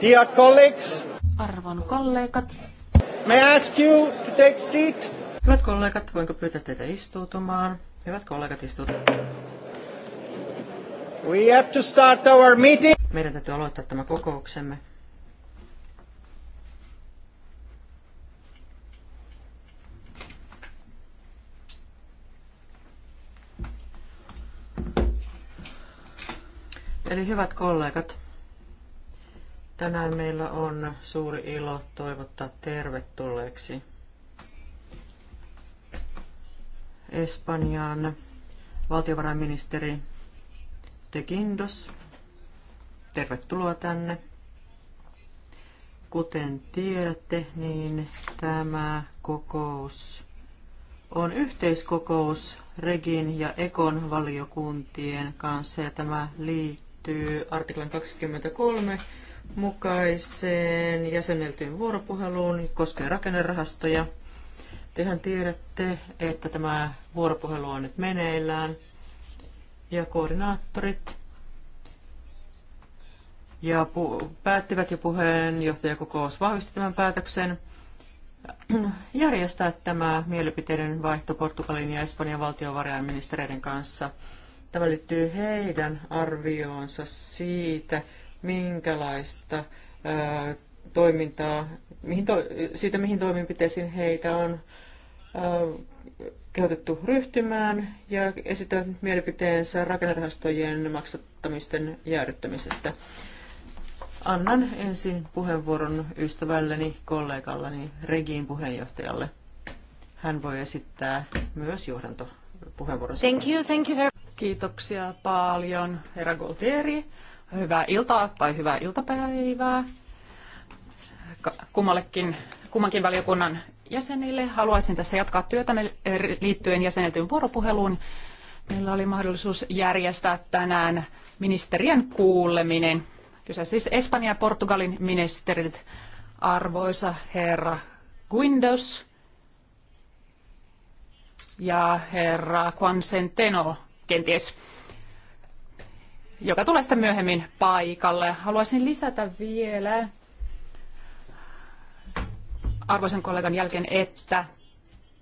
Dear colleagues, Arvon kollegat, may I ask you to take seat? Hyvät kollegat, voinko pyytää teitä istuutumaan? Hyvät kollegat, istuutumaan. We have to start our meeting. Meidän täytyy aloittaa tämä kokouksemme. Eli hyvät kollegat, Tänään meillä on suuri ilo toivottaa tervetulleeksi Espanjan valtiovarainministeri Tekindos. Tervetuloa tänne. Kuten tiedätte, niin tämä kokous on yhteiskokous Regin ja Ekon valiokuntien kanssa ja tämä liittyy artiklan 23 mukaiseen jäsenneltyyn vuoropuheluun koskien rakennerahastoja. Tehän tiedätte, että tämä vuoropuhelu on nyt meneillään ja koordinaattorit ja pu- päättivät jo puheenjohtajakokous vahvisti tämän päätöksen järjestää tämä mielipiteiden vaihto Portugalin ja Espanjan valtiovarainministereiden kanssa. Tämä liittyy heidän arvioonsa siitä, minkälaista ää, toimintaa, mihin to, siitä mihin toimenpiteisiin heitä on ää, kehotettu ryhtymään ja esittävät mielipiteensä rakennerahastojen maksattamisten jäädyttämisestä. Annan ensin puheenvuoron ystävälleni, kollegallani, Regin puheenjohtajalle. Hän voi esittää myös johdantopuheenvuoron. Thank you, thank you very... Kiitoksia paljon, herra Goltieri hyvää iltaa tai hyvää iltapäivää kummallekin, kummankin valiokunnan jäsenille. Haluaisin tässä jatkaa työtä liittyen jäsenetyn vuoropuheluun. Meillä oli mahdollisuus järjestää tänään ministerien kuuleminen. Kyse siis Espanjan ja Portugalin ministerit. Arvoisa herra Guindos ja herra Juan Centeno kenties joka tulee sitten myöhemmin paikalle. Haluaisin lisätä vielä arvoisen kollegan jälkeen, että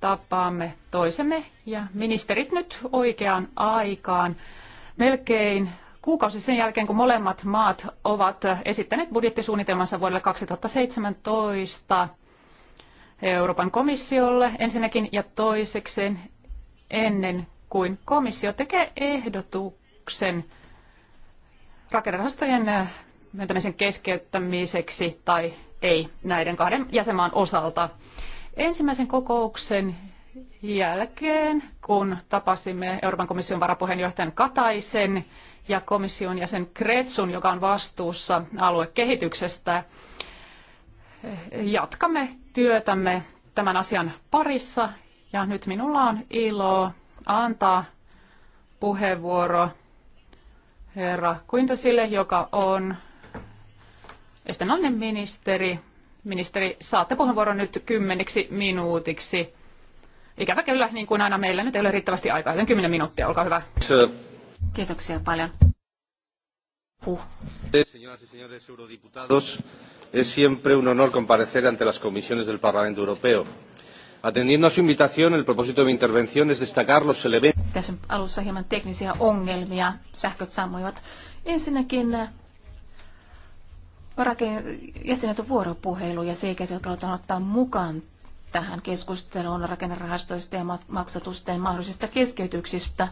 tapaamme toisemme ja ministerit nyt oikeaan aikaan. Melkein kuukausi sen jälkeen, kun molemmat maat ovat esittäneet budjettisuunnitelmansa vuodelle 2017 Euroopan komissiolle ensinnäkin ja toisekseen ennen kuin komissio tekee ehdotuksen rakennerahastojen äh, myöntämisen keskeyttämiseksi tai ei näiden kahden jäsenmaan osalta. Ensimmäisen kokouksen jälkeen, kun tapasimme Euroopan komission varapuheenjohtajan Kataisen ja komission jäsen Kretsun, joka on vastuussa aluekehityksestä, jatkamme työtämme tämän asian parissa. Ja nyt minulla on ilo antaa puheenvuoro herra sille joka on Espanjan ministeri. Ministeri, saatte puheenvuoron nyt kymmeniksi minuutiksi. Ikävä kyllä, niin kuin aina meillä nyt ei ole riittävästi aikaa, joten kymmenen minuuttia, olkaa hyvä. Kiitoksia paljon. Puh. Señoras y señores eurodiputados, es siempre un honor comparecer ante las comisiones del Parlamento Europeo. Atendiendo a su invitación, el propósito de mi intervención es destacar los elementos. Tässä on alussa hieman teknisiä ongelmia. Sähköt sammuivat. Ensinnäkin eh, jäsenet on vuoropuhelu ja seikat, jotka halutaan ottaa mukaan tähän keskusteluun rakennerahastoista ja maksatusten mahdollisista keskeytyksistä.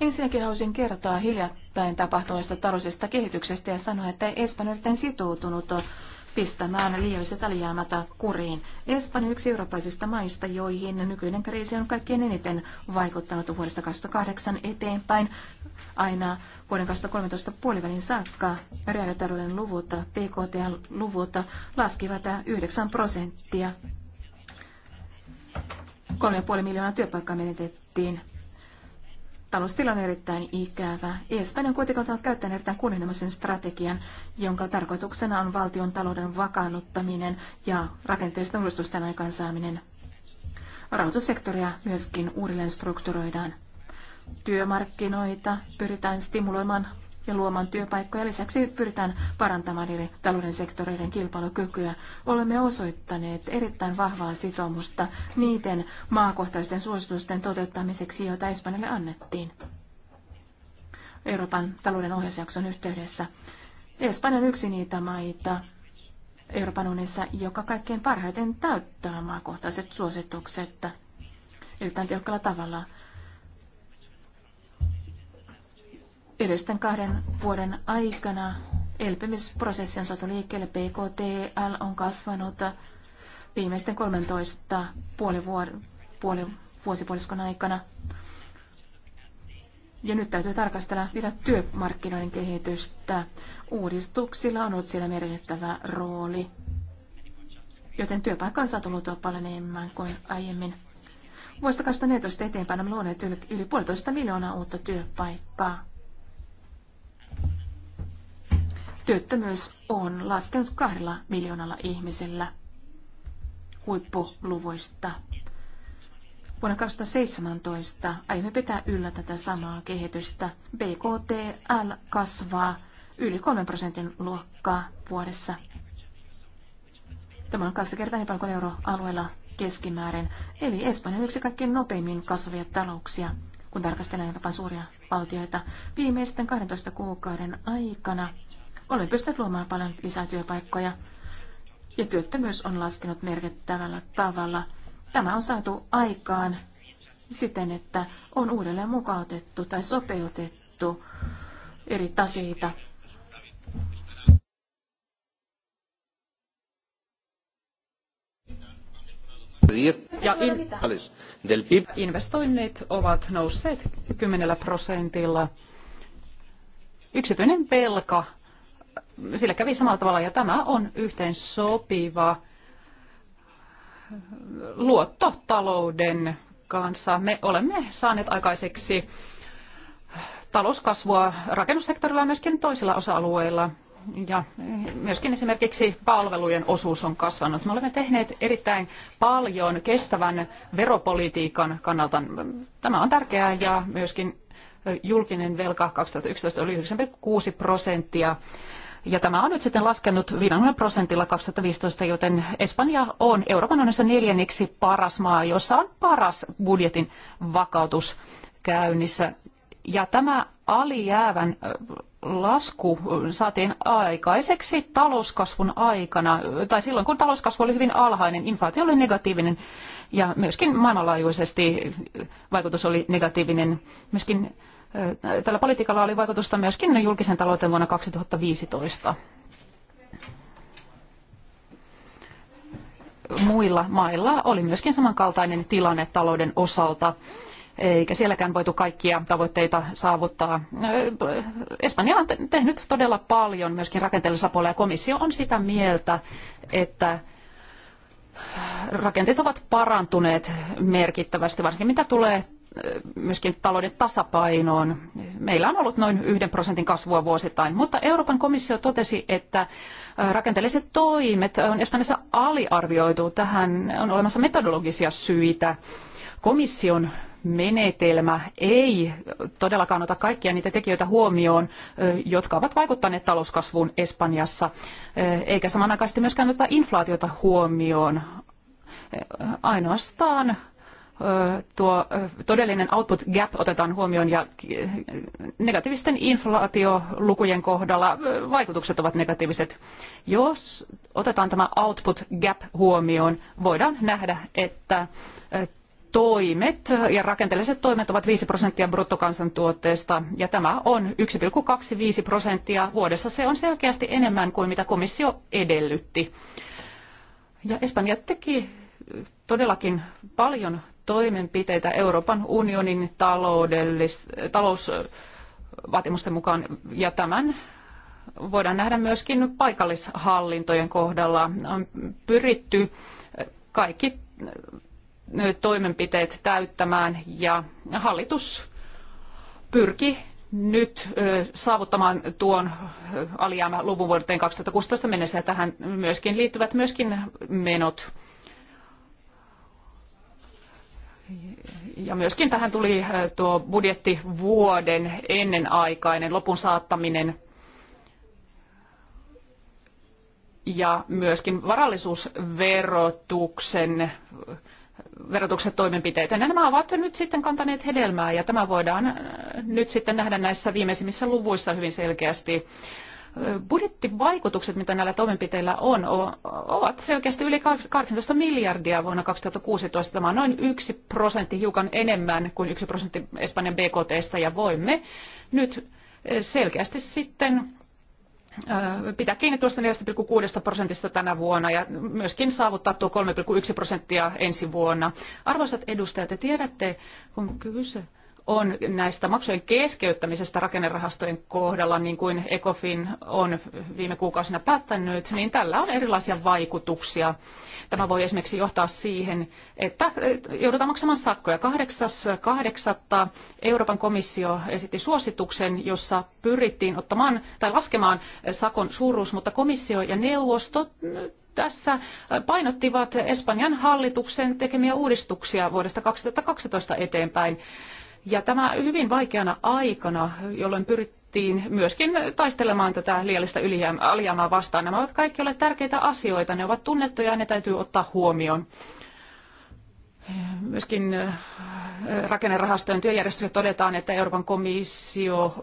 Ensinnäkin haluaisin kertoa hiljattain tapahtuneesta taloudellisesta kehityksestä ja sanoa, että Espanja on erittäin sitoutunut pistämään liialliset alijäämät kuriin. Espanja yksi eurooppalaisista maista, joihin nykyinen kriisi on kaikkein eniten vaikuttanut vuodesta 2008 eteenpäin aina vuoden 2013 puolivälin saakka reaalitalouden luvut, PKT-luvut laskivat 9 prosenttia. 3,5 miljoonaa työpaikkaa menetettiin Taloustilanne on erittäin ikävä. Espanja on kuitenkin käyttänyt erittäin kunnianhimoisen strategian, jonka tarkoituksena on valtion talouden vakaannuttaminen ja rakenteisten uudistusten aikaansaaminen. Rahoitussektoria myöskin uudelleen strukturoidaan. Työmarkkinoita pyritään stimuloimaan ja luomaan työpaikkoja. Lisäksi pyritään parantamaan eri talouden sektoreiden kilpailukykyä. Olemme osoittaneet erittäin vahvaa sitoumusta niiden maakohtaisten suositusten toteuttamiseksi, joita Espanjalle annettiin Euroopan talouden ohjausjakson yhteydessä. Espanja on yksi niitä maita, Euroopan unionissa, joka kaikkein parhaiten täyttää maakohtaiset suositukset erittäin tehokkaalla tavalla. Edellisten kahden vuoden aikana elpymisprosessi on saatu liikkeelle. PKTL on kasvanut viimeisten 13 puoli, vuor- puoli vuosipuoliskon aikana. Ja nyt täytyy tarkastella vielä työmarkkinoiden kehitystä. Uudistuksilla on ollut siellä merkittävä rooli, joten työpaikka on saatu luotua paljon enemmän kuin aiemmin. Vuodesta 2014 eteenpäin on luoneet yli, yli puolitoista miljoonaa uutta työpaikkaa. työttömyys on laskenut kahdella miljoonalla ihmisellä huippuluvuista. Vuonna 2017 aiemme pitää yllä tätä samaa kehitystä. BKTL kasvaa yli 3 prosentin luokkaa vuodessa. Tämä on kaksi kertaa niin paljon kuin euroalueella keskimäärin, eli Espanja on yksi kaikkein nopeimmin kasvavia talouksia, kun tarkastellaan jopa suuria valtioita. Viimeisten 12 kuukauden aikana Olemme pystyneet luomaan paljon lisää työpaikkoja ja työttömyys on laskenut merkittävällä tavalla. Tämä on saatu aikaan siten, että on uudelleen mukautettu tai sopeutettu eri taseita. Ja in, investoinnit ovat nousseet 10 prosentilla. Yksityinen velka sillä kävi samalla tavalla ja tämä on yhteen sopiva luottotalouden kanssa. Me olemme saaneet aikaiseksi talouskasvua rakennussektorilla ja myöskin toisilla osa-alueilla. Ja myöskin esimerkiksi palvelujen osuus on kasvanut. Me olemme tehneet erittäin paljon kestävän veropolitiikan kannalta. Tämä on tärkeää ja myöskin julkinen velka 2011 oli 9,6 prosenttia ja tämä on nyt sitten laskenut 50 prosentilla 2015, joten Espanja on Euroopan unionissa neljänneksi paras maa, jossa on paras budjetin vakautus käynnissä. Ja tämä alijäävän lasku saatiin aikaiseksi talouskasvun aikana, tai silloin kun talouskasvu oli hyvin alhainen, inflaatio oli negatiivinen ja myöskin maailmanlaajuisesti vaikutus oli negatiivinen. Myöskin tällä politiikalla oli vaikutusta myöskin julkisen talouteen vuonna 2015. Muilla mailla oli myöskin samankaltainen tilanne talouden osalta, eikä sielläkään voitu kaikkia tavoitteita saavuttaa. Espanja on tehnyt todella paljon myöskin rakenteellisella puolella ja komissio on sitä mieltä, että rakenteet ovat parantuneet merkittävästi, varsinkin mitä tulee myöskin talouden tasapainoon. Meillä on ollut noin yhden prosentin kasvua vuosittain, mutta Euroopan komissio totesi, että rakenteelliset toimet on Espanjassa aliarvioitu. Tähän on olemassa metodologisia syitä. Komission menetelmä ei todellakaan ota kaikkia niitä tekijöitä huomioon, jotka ovat vaikuttaneet talouskasvuun Espanjassa, eikä samanaikaisesti myöskään ota inflaatiota huomioon. Ainoastaan tuo todellinen output gap otetaan huomioon ja negatiivisten inflaatiolukujen kohdalla vaikutukset ovat negatiiviset. Jos otetaan tämä output gap huomioon, voidaan nähdä, että toimet ja rakenteelliset toimet ovat 5 prosenttia bruttokansantuotteesta ja tämä on 1,25 prosenttia vuodessa. Se on selkeästi enemmän kuin mitä komissio edellytti. Ja Espanja teki todellakin paljon toimenpiteitä Euroopan unionin taloudellis, talousvaatimusten mukaan. Ja tämän voidaan nähdä myöskin paikallishallintojen kohdalla. On pyritty kaikki toimenpiteet täyttämään ja hallitus pyrki nyt saavuttamaan tuon alijäämäluvun vuoteen 2016 mennessä ja tähän myöskin liittyvät myöskin menot. Ja myöskin tähän tuli äh, tuo budjettivuoden ennenaikainen lopun saattaminen ja myöskin varallisuusverotuksen verotuksen toimenpiteitä. Nämä ovat nyt sitten kantaneet hedelmää ja tämä voidaan äh, nyt sitten nähdä näissä viimeisimmissä luvuissa hyvin selkeästi budjettivaikutukset, mitä näillä toimenpiteillä on, ovat selkeästi yli 18 miljardia vuonna 2016. Tämä on noin yksi prosentti, hiukan enemmän kuin yksi prosentti Espanjan BKTstä, ja voimme nyt eh, selkeästi sitten eh, pitää kiinni tuosta 4,6 prosentista tänä vuonna ja myöskin saavuttaa tuo 3,1 prosenttia ensi vuonna. Arvoisat edustajat, te tiedätte, kun kyse on näistä maksujen keskeyttämisestä rakennerahastojen kohdalla, niin kuin ECOFIN on viime kuukausina päättänyt, niin tällä on erilaisia vaikutuksia. Tämä voi esimerkiksi johtaa siihen, että joudutaan maksamaan sakkoja. 8.8. Euroopan komissio esitti suosituksen, jossa pyrittiin ottamaan tai laskemaan sakon suuruus, mutta komissio ja neuvosto tässä painottivat Espanjan hallituksen tekemiä uudistuksia vuodesta 2012 eteenpäin. Ja tämä hyvin vaikeana aikana, jolloin pyrittiin myöskin taistelemaan tätä liiallista alijäämää vastaan. Nämä ovat kaikki olleet tärkeitä asioita, ne ovat tunnettuja ja ne täytyy ottaa huomioon myöskin eh, rakennerahastojen työjärjestössä todetaan, että Euroopan komissio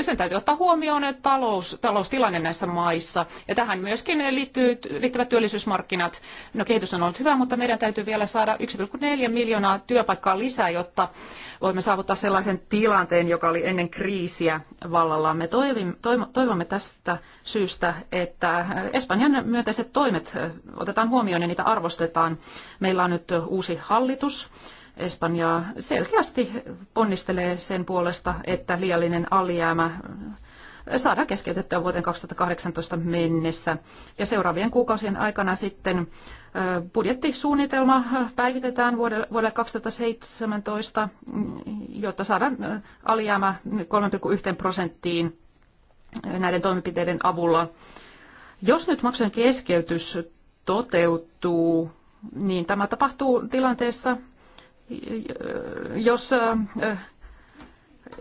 sen täytyy ottaa huomioon että talous, taloustilanne näissä maissa. Ja tähän myöskin liittyy, liittyvät työllisyysmarkkinat. No kehitys on ollut hyvä, mutta meidän täytyy vielä saada 1,4 miljoonaa työpaikkaa lisää, jotta voimme saavuttaa sellaisen tilanteen, joka oli ennen kriisiä vallalla. Me toivomme tästä syystä, että Espanjan myönteiset toimet otetaan huomioon ja niitä arvostetaan. Meillä on nyt uusi hallitus Espanjaa selkeästi ponnistelee sen puolesta, että liiallinen alijäämä saadaan keskeytettyä vuoteen 2018 mennessä. Ja seuraavien kuukausien aikana sitten budjettisuunnitelma päivitetään vuodelle 2017, jotta saadaan alijäämä 3,1 prosenttiin näiden toimenpiteiden avulla. Jos nyt maksujen keskeytys toteutuu, niin tämä tapahtuu tilanteessa, jos,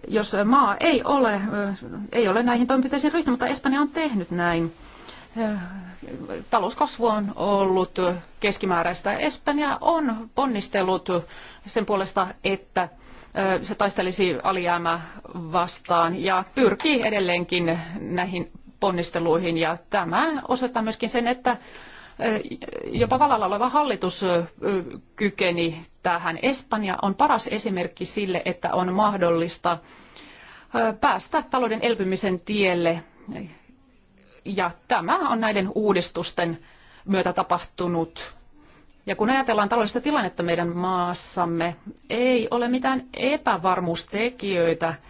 jos maa ei ole, ei ole näihin toimenpiteisiin ryhtynyt, mutta Espanja on tehnyt näin. Talouskasvu on ollut keskimääräistä. Espanja on ponnistellut sen puolesta, että se taistelisi alijäämä vastaan ja pyrkii edelleenkin näihin ponnisteluihin. Ja tämä osoittaa myöskin sen, että jopa valalla oleva hallitus kykeni tähän. Espanja on paras esimerkki sille, että on mahdollista päästä talouden elpymisen tielle. Ja tämä on näiden uudistusten myötä tapahtunut. Ja kun ajatellaan taloudellista tilannetta meidän maassamme, ei ole mitään epävarmuustekijöitä –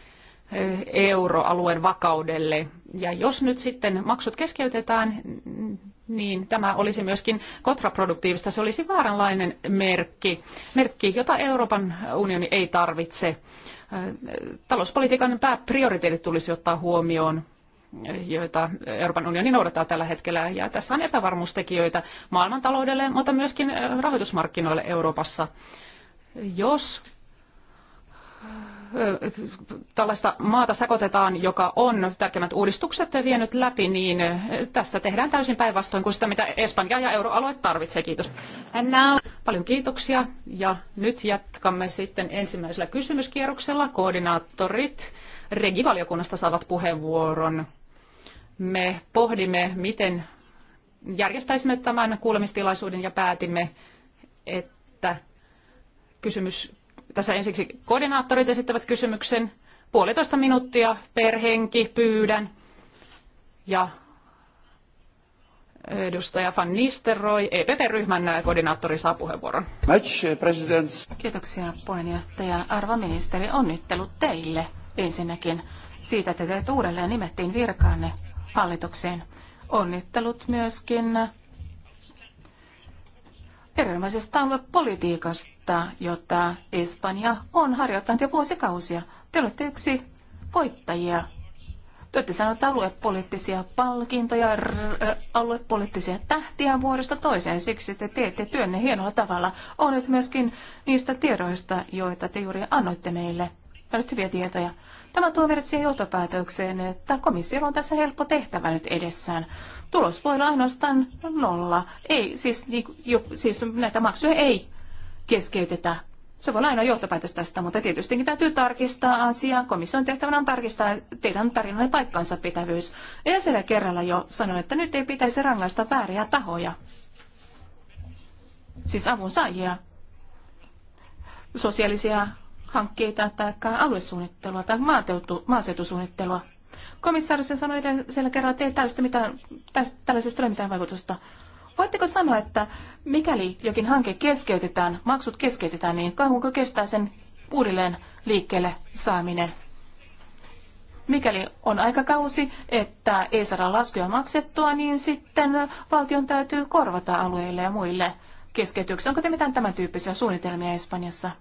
euroalueen vakaudelle. Ja jos nyt sitten maksut keskeytetään, niin tämä olisi myöskin kontraproduktiivista. Se olisi vaaranlainen merkki, merkki jota Euroopan unioni ei tarvitse. Talouspolitiikan pääprioriteetit tulisi ottaa huomioon joita Euroopan unioni noudattaa tällä hetkellä. Ja tässä on epävarmuustekijöitä maailmantaloudelle, mutta myöskin rahoitusmarkkinoille Euroopassa. Jos tällaista maata sakotetaan, joka on tärkeimmät uudistukset vienyt läpi, niin tässä tehdään täysin päinvastoin kuin sitä, mitä Espanja ja euroalue tarvitsee. Kiitos. Paljon kiitoksia. Ja nyt jatkamme sitten ensimmäisellä kysymyskierroksella. Koordinaattorit regivaliokunnasta saavat puheenvuoron. Me pohdimme, miten järjestäisimme tämän kuulemistilaisuuden ja päätimme, että kysymys tässä ensiksi koordinaattorit esittävät kysymyksen. Puolitoista minuuttia per henki pyydän. Ja Edustaja Van Nisterroy, EPP-ryhmän koordinaattori saa puheenvuoron. Eh, president. Kiitoksia puheenjohtaja. Arva ministeri, onnittelut teille ensinnäkin siitä, että teidät uudelleen nimettiin virkaanne hallitukseen. Onnittelut myöskin erinomaisesta aluepolitiikasta, jota Espanja on harjoittanut jo vuosikausia. Te olette yksi voittajia. Te olette saaneet aluepoliittisia palkintoja, rr, aluepoliittisia tähtiä vuodesta toiseen. Siksi te teette työnne hienolla tavalla. On nyt myöskin niistä tiedoista, joita te juuri annoitte meille nyt hyviä tietoja. Tämä tuo meidät siihen johtopäätökseen, että komissio on tässä helppo tehtävä nyt edessään. Tulos voi olla ainoastaan nolla. Ei, siis, niin, jo, siis näitä maksuja ei keskeytetä. Se voi olla ainoa johtopäätös tästä, mutta tietystikin täytyy tarkistaa asiaa. Komission tehtävänä on tarkistaa teidän tarinanne paikkansa pitävyys. Edellisellä kerralla jo sanon, että nyt ei pitäisi rangaista vääriä tahoja. Siis avun saajia, sosiaalisia hankkeita tai aluesuunnittelua tai maaseutu, maaseutusuunnittelua. Komissaarissa sanoi edellisellä kerralla, että ei tällaista mitään, tällaisesta ole mitään vaikutusta. Voitteko sanoa, että mikäli jokin hanke keskeytetään, maksut keskeytetään, niin kauanko kestää sen uudelleen liikkeelle saaminen? Mikäli on aikakausi, että ei saada laskuja maksettua, niin sitten valtion täytyy korvata alueille ja muille keskeytyksiä. Onko te mitään tämän tyyppisiä suunnitelmia Espanjassa?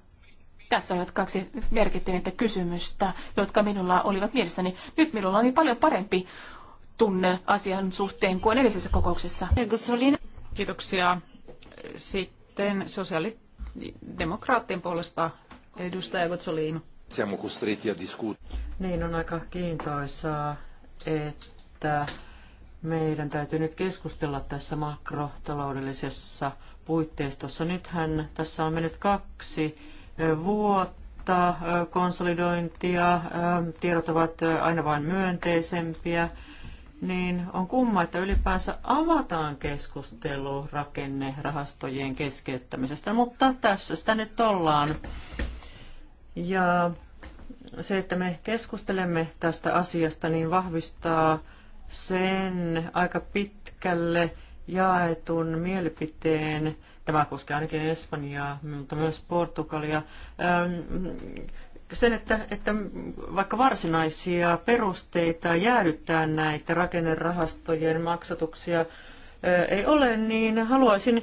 Tässä olivat kaksi merkittävintä kysymystä, jotka minulla olivat mielessäni. Nyt minulla on niin paljon parempi tunne asian suhteen kuin edellisessä kokouksessa. Kiitoksia. Sitten sosiaalidemokraattien puolesta edustaja gotsolino. Siamo Niin on aika kiintoisaa, että meidän täytyy nyt keskustella tässä makrotaloudellisessa puitteistossa. Nythän tässä on mennyt kaksi vuotta konsolidointia, ähm, tiedot ovat äh, aina vain myönteisempiä, niin on kumma, että ylipäänsä avataan keskustelu rakennerahastojen keskeyttämisestä, mutta tässä sitä nyt ollaan. Ja se, että me keskustelemme tästä asiasta, niin vahvistaa sen aika pitkälle jaetun mielipiteen Tämä koskee ainakin Espanjaa, mutta myös Portugalia. Ähm, sen, että, että vaikka varsinaisia perusteita jäädyttää näitä rakennerahastojen maksatuksia, äh, ei ole, niin haluaisin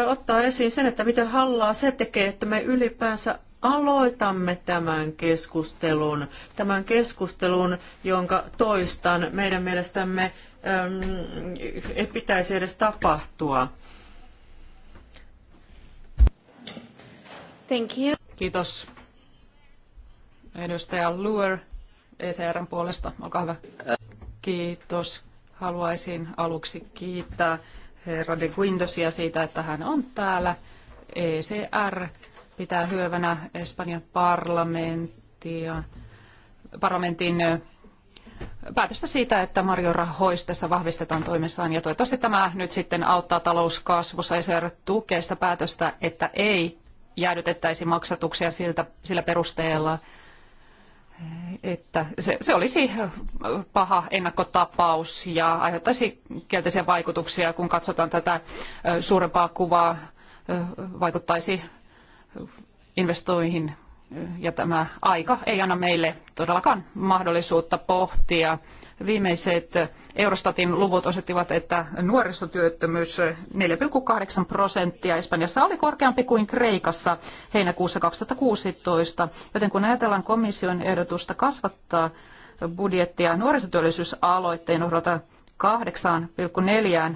äh, ottaa esiin sen, että mitä hallaa se tekee, että me ylipäänsä aloitamme tämän keskustelun, tämän keskustelun, jonka toistan meidän mielestämme ähm, ei pitäisi edes tapahtua. Thank you. Kiitos. Edustaja Luer ECRn puolesta, olkaa hyvä. Kiitos. Haluaisin aluksi kiittää herra de Guindosia siitä, että hän on täällä. ECR pitää hyvänä Espanjan parlamenttia, parlamentin päätöstä siitä, että Mario Rahois tässä vahvistetaan toimessaan. Ja toivottavasti tämä nyt sitten auttaa talouskasvussa ja e seurata tukee sitä päätöstä, että ei jäädytettäisi maksatuksia siltä, sillä perusteella, että se, se olisi paha ennakkotapaus ja aiheuttaisi kielteisiä vaikutuksia, kun katsotaan tätä suurempaa kuvaa, vaikuttaisi investoihin ja tämä aika ei anna meille todellakaan mahdollisuutta pohtia Viimeiset Eurostatin luvut osoittivat, että nuorisotyöttömyys 4,8 prosenttia Espanjassa oli korkeampi kuin Kreikassa heinäkuussa 2016. Joten kun ajatellaan komission ehdotusta kasvattaa budjettia nuorisotyöllisyysaloitteen osalta 8,4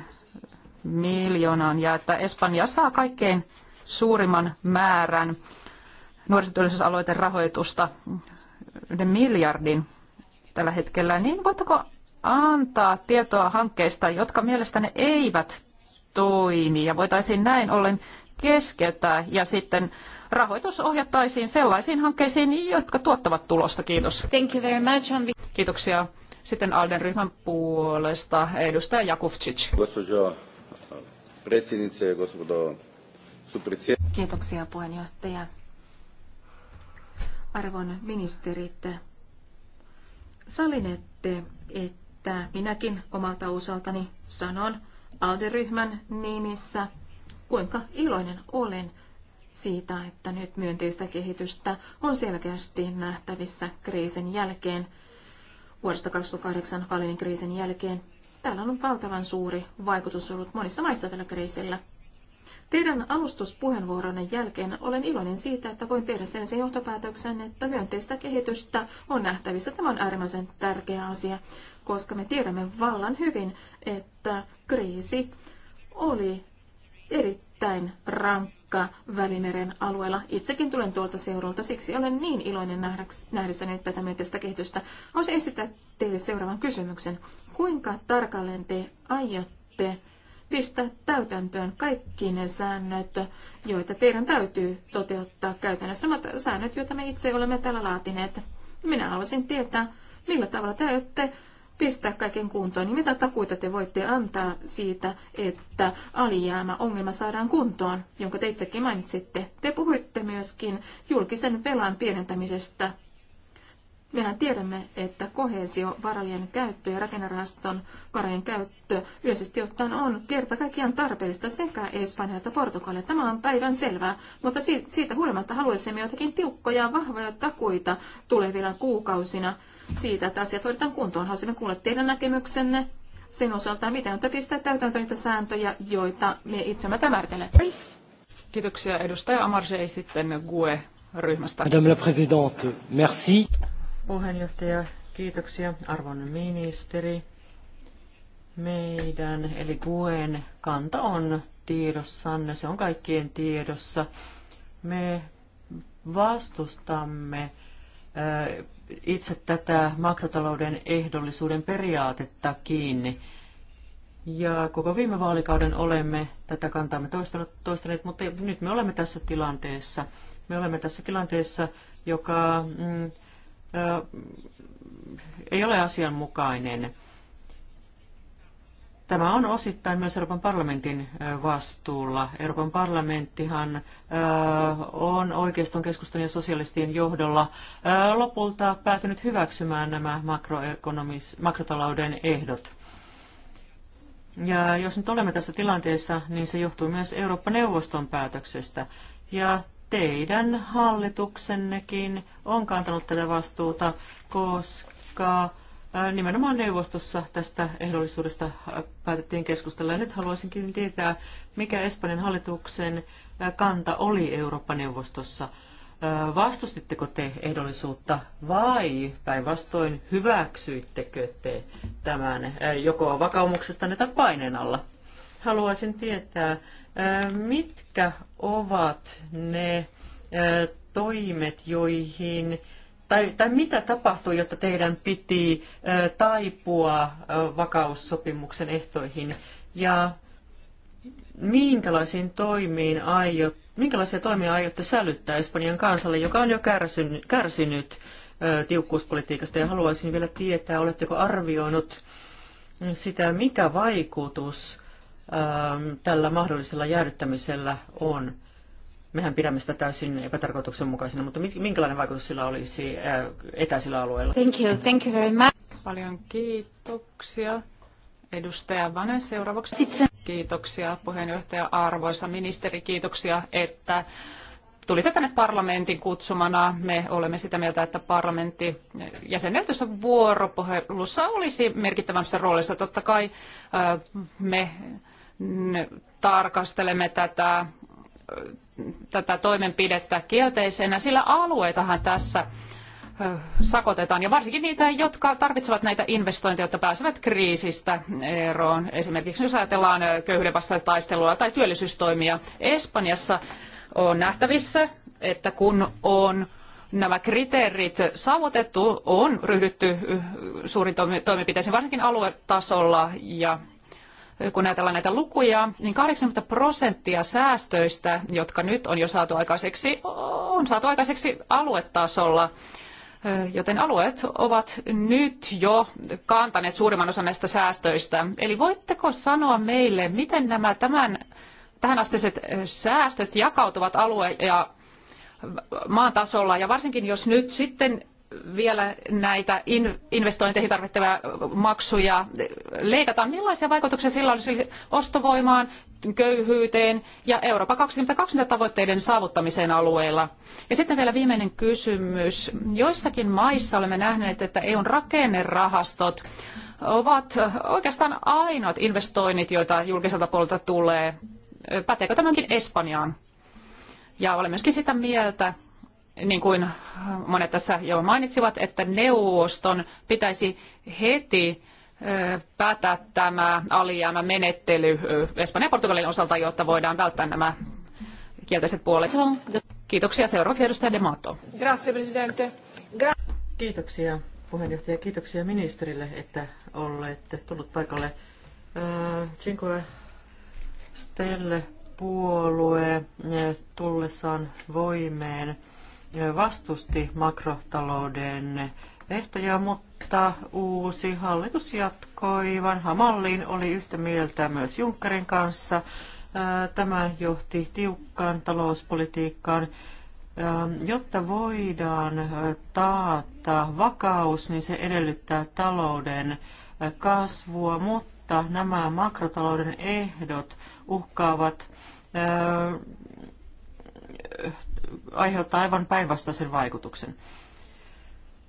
miljoonaan ja että Espanja saa kaikkein suurimman määrän nuorisotyöllisyysaloiten rahoitusta yhden miljardin tällä hetkellä, niin voitteko antaa tietoa hankkeista, jotka mielestäne eivät toimi ja voitaisiin näin ollen keskeyttää ja sitten rahoitus ohjattaisiin sellaisiin hankkeisiin, jotka tuottavat tulosta. Kiitos. Thank you very much. Kiitoksia. Sitten Alden ryhmän puolesta edustaja Jakovčić. Kiitoksia puheenjohtaja. Arvon ministerit, salinette, että minäkin omalta osaltani sanon ALDE-ryhmän nimissä, kuinka iloinen olen siitä, että nyt myönteistä kehitystä on selkeästi nähtävissä kriisin jälkeen, vuodesta 2008 Valinin kriisin jälkeen. Täällä on valtavan suuri vaikutus ollut monissa maissa tällä kriisillä. Teidän alustuspuheenvuoronne jälkeen olen iloinen siitä, että voin tehdä sen sen johtopäätöksen, että myönteistä kehitystä on nähtävissä. Tämä on äärimmäisen tärkeä asia, koska me tiedämme vallan hyvin, että kriisi oli erittäin rankka Välimeren alueella. Itsekin tulen tuolta seuralta, siksi olen niin iloinen nähdessä nyt tätä myönteistä kehitystä. Haluaisin esittää teille seuraavan kysymyksen. Kuinka tarkalleen te aiotte pistää täytäntöön kaikki ne säännöt, joita teidän täytyy toteuttaa käytännössä. Samat säännöt, joita me itse olemme täällä laatineet. Minä haluaisin tietää, millä tavalla te aiotte pistää kaiken kuntoon, niin mitä takuita te voitte antaa siitä, että alijäämä ongelma saadaan kuntoon, jonka te itsekin mainitsitte. Te puhuitte myöskin julkisen velan pienentämisestä Mehän tiedämme, että kohesiovarojen käyttö ja rakennerahaston varojen käyttö yleisesti ottaen on kerta kaikkiaan tarpeellista sekä Espanja että Portugalia. Tämä on päivän selvää, mutta siitä huolimatta haluaisimme jotakin tiukkoja, vahvoja takuita tulevina kuukausina siitä, että asiat hoidetaan kuntoon. Haluaisimme kuulla teidän näkemyksenne sen osalta, miten on pistää täytäntöön niitä sääntöjä, joita me itsemme määritellään. Kiitoksia edustaja Amarje sitten GUE ryhmästä. Madame la Présidente, merci puheenjohtaja. Kiitoksia, arvon ministeri. Meidän, eli puheen kanta on tiedossanne, se on kaikkien tiedossa. Me vastustamme eh, itse tätä makrotalouden ehdollisuuden periaatetta kiinni. Ja koko viime vaalikauden olemme tätä kantaamme toistaneet, mutta nyt me olemme tässä tilanteessa. Me olemme tässä tilanteessa, joka mm, ei ole asianmukainen. Tämä on osittain myös Euroopan parlamentin vastuulla. Euroopan parlamenttihan on oikeiston keskustan ja sosialistien johdolla lopulta päätynyt hyväksymään nämä makrotalouden ehdot. Ja jos nyt olemme tässä tilanteessa, niin se johtuu myös Eurooppa-neuvoston päätöksestä. Ja teidän hallituksennekin on kantanut tätä vastuuta, koska nimenomaan neuvostossa tästä ehdollisuudesta päätettiin keskustella. Ja nyt haluaisinkin tietää, mikä Espanjan hallituksen kanta oli Eurooppa-neuvostossa. Vastustitteko te ehdollisuutta vai päinvastoin hyväksyittekö te tämän joko vakaumuksestanne tai paineen alla? Haluaisin tietää, Mitkä ovat ne toimet, joihin tai, tai mitä tapahtui, jotta teidän piti taipua vakaussopimuksen ehtoihin ja minkälaisiin toimiin aiot, minkälaisia toimia aiotte sälyttää Espanjan kansalle, joka on jo kärsinyt, kärsinyt tiukkuuspolitiikasta ja haluaisin vielä tietää, oletteko arvioinut sitä, mikä vaikutus Ähm, tällä mahdollisella jäädyttämisellä on? Mehän pidämme sitä täysin epätarkoituksenmukaisena, mutta minkälainen vaikutus sillä olisi äh, etäisillä alueilla? Thank you, thank you very much. Paljon kiitoksia. Edustaja seuraavaksi. Sitten. Kiitoksia puheenjohtaja arvoisa ministeri, kiitoksia, että tulitte tänne parlamentin kutsumana. Me olemme sitä mieltä, että parlamentti jäsenneltyssä vuoropuhelussa olisi merkittävämmässä roolissa. Totta kai äh, me tarkastelemme tätä, tätä toimenpidettä kielteisenä, sillä alueitahan tässä sakotetaan, ja varsinkin niitä, jotka tarvitsevat näitä investointeja, jotta pääsevät kriisistä eroon. Esimerkiksi jos ajatellaan köyhyyden vastaista taistelua tai työllisyystoimia. Espanjassa on nähtävissä, että kun on nämä kriteerit saavutettu, on ryhdytty suurin toimenpiteisiin, varsinkin aluetasolla, ja kun ajatellaan näitä lukuja, niin 80 prosenttia säästöistä, jotka nyt on jo saatu aikaiseksi, on saatu aikaiseksi aluetasolla. Joten alueet ovat nyt jo kantaneet suurimman osan näistä säästöistä. Eli voitteko sanoa meille, miten nämä tämän, tähänastiset säästöt jakautuvat alue- ja maan tasolla, ja varsinkin jos nyt sitten vielä näitä investointeihin tarvittavia maksuja leikataan, millaisia vaikutuksia sillä olisi ostovoimaan, köyhyyteen ja Eurooppa 2020 tavoitteiden saavuttamiseen alueilla? Ja sitten vielä viimeinen kysymys. Joissakin maissa olemme nähneet, että EUn rakennerahastot ovat oikeastaan ainoat investoinnit, joita julkiselta puolelta tulee. Päteekö tämäkin Espanjaan? Ja olen myöskin sitä mieltä, niin kuin monet tässä jo mainitsivat, että neuvoston pitäisi heti päättää tämä menettely Espanjan ja Portugalin osalta, jotta voidaan välttää nämä kielteiset puolet. Kiitoksia. Seuraavaksi edustaja Demato. Grazie, presidente. Gra- Kiitoksia puheenjohtaja. Kiitoksia ministerille, että olette tullut paikalle. Cinque Stelle puolue tullessaan voimeen vastusti makrotalouden ehtoja, mutta uusi hallitus jatkoi. Vanha malliin oli yhtä mieltä myös Junckerin kanssa. Tämä johti tiukkaan talouspolitiikkaan. Jotta voidaan taata vakaus, niin se edellyttää talouden kasvua, mutta nämä makrotalouden ehdot uhkaavat aiheuttaa aivan päinvastaisen vaikutuksen.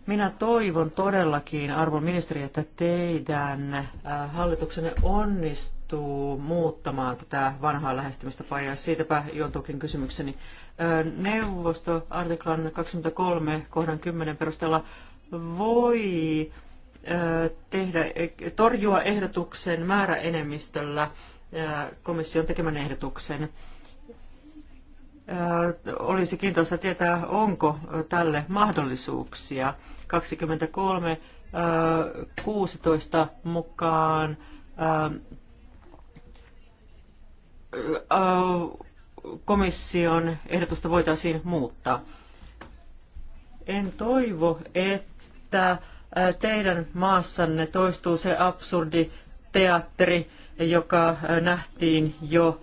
Minä toivon todellakin, arvon ministeri, että teidän äh, hallituksenne onnistuu muuttamaan tätä vanhaa lähestymistapaa, ja siitäpä joutuukin kysymykseni. Äh, neuvosto artiklan 23 kohdan 10 perusteella voi äh, tehdä, eh, torjua ehdotuksen määräenemmistöllä komission tekemän ehdotuksen olisi kiintoista tietää, onko tälle mahdollisuuksia. 23 16 mukaan komission ehdotusta voitaisiin muuttaa. En toivo, että teidän maassanne toistuu se absurdi teatteri, joka nähtiin jo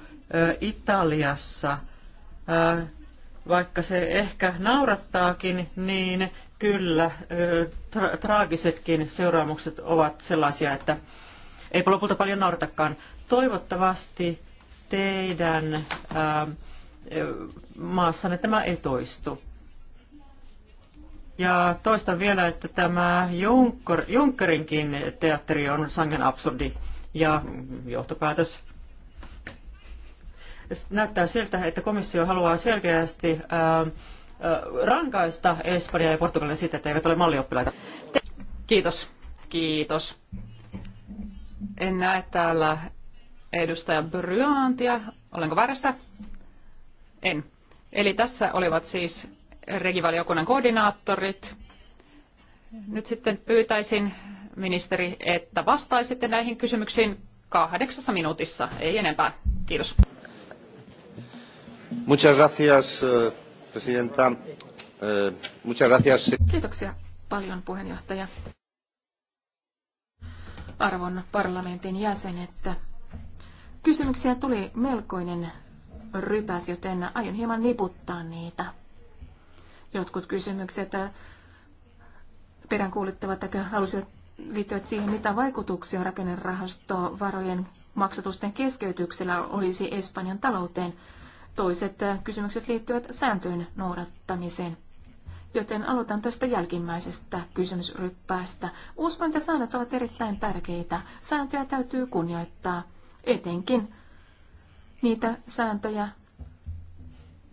Italiassa – vaikka se ehkä naurattaakin, niin kyllä tra- traagisetkin seuraamukset ovat sellaisia, että eipä lopulta paljon nauratakaan. Toivottavasti teidän ää, maassanne tämä ei toistu. Ja toistan vielä, että tämä Junkerinkin teatteri on sangen absurdi ja johtopäätös näyttää siltä, että komissio haluaa selkeästi rankaista Espanjaa ja Portugalia siitä, että eivät ole mallioppilaita. Kiitos. Kiitos. En näe täällä edustaja Bryantia. Olenko väärässä? En. Eli tässä olivat siis regivaliokunnan koordinaattorit. Nyt sitten pyytäisin ministeri, että vastaisitte näihin kysymyksiin kahdeksassa minuutissa, ei enempää. Kiitos. Muchas gracias, eh, presidenta. Eh, muchas gracias. Kiitoksia paljon, puheenjohtaja. Arvon parlamentin jäsenet. Kysymyksiä tuli melkoinen rypäs, joten aion hieman niputtaa niitä. Jotkut kysymykset eh, peräänkuulittavat tai halusivat liittyä siihen, mitä vaikutuksia rakennerahastovarojen maksatusten keskeytyksellä olisi Espanjan talouteen. Toiset äh, kysymykset liittyvät sääntöjen noudattamiseen. Joten aloitan tästä jälkimmäisestä kysymysryppäästä. Uskon, että säännöt ovat erittäin tärkeitä. Sääntöjä täytyy kunnioittaa, etenkin niitä sääntöjä,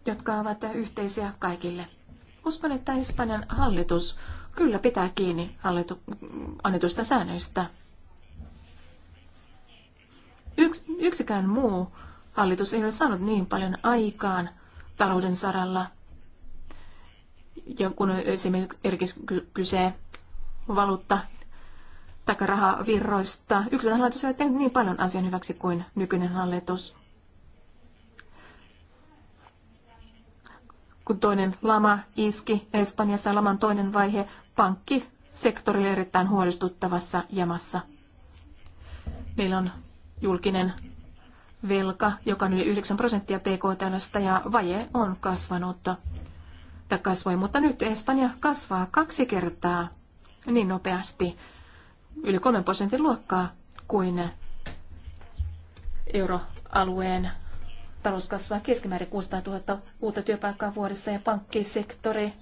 jotka ovat yhteisiä kaikille. Uskon, että Espanjan hallitus kyllä pitää kiinni hallitu- annetusta säännöistä. Yks, yksikään muu Hallitus ei ole saanut niin paljon aikaan talouden saralla, ja kun esimerkiksi kyse valuutta tai rahavirroista. Yksikään hallitus ei ole tehnyt niin paljon asian hyväksi kuin nykyinen hallitus. Kun toinen lama iski Espanjassa laman toinen vaihe, pankki sektorille erittäin huolestuttavassa jamassa. Meillä on julkinen velka, joka on yli 9 prosenttia PKT, ja vaje on kasvanut. Tai kasvoi, mutta nyt Espanja kasvaa kaksi kertaa niin nopeasti yli 3 prosentin luokkaa kuin euroalueen talous kasvaa keskimäärin 600 000 uutta työpaikkaa vuodessa ja pankkisektori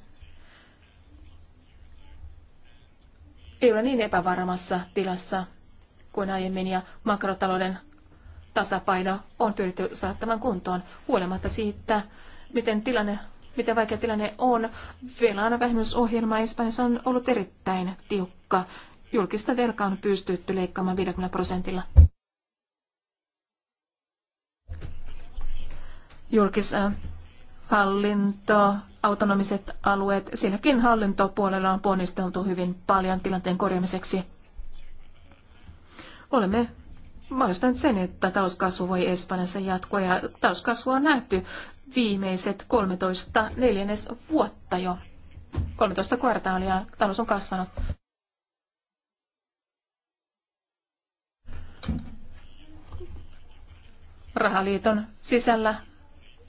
ei ole niin epävarmassa tilassa kuin aiemmin ja makrotalouden tasapaino on pyritty saattamaan kuntoon huolimatta siitä, miten tilanne miten vaikea tilanne on. Velan vähennysohjelma Espanjassa on ollut erittäin tiukka. Julkista velkaa on pystytty leikkaamaan 50 prosentilla. Julkisa hallinto, autonomiset alueet, siinäkin hallintopuolella on ponnisteltu hyvin paljon tilanteen korjaamiseksi. Olemme mahdollistanut sen, että talouskasvu voi Espanjassa jatkua ja talouskasvu on nähty viimeiset 13 neljännes vuotta jo. 13 kvartaalia talous on kasvanut. Rahaliiton sisällä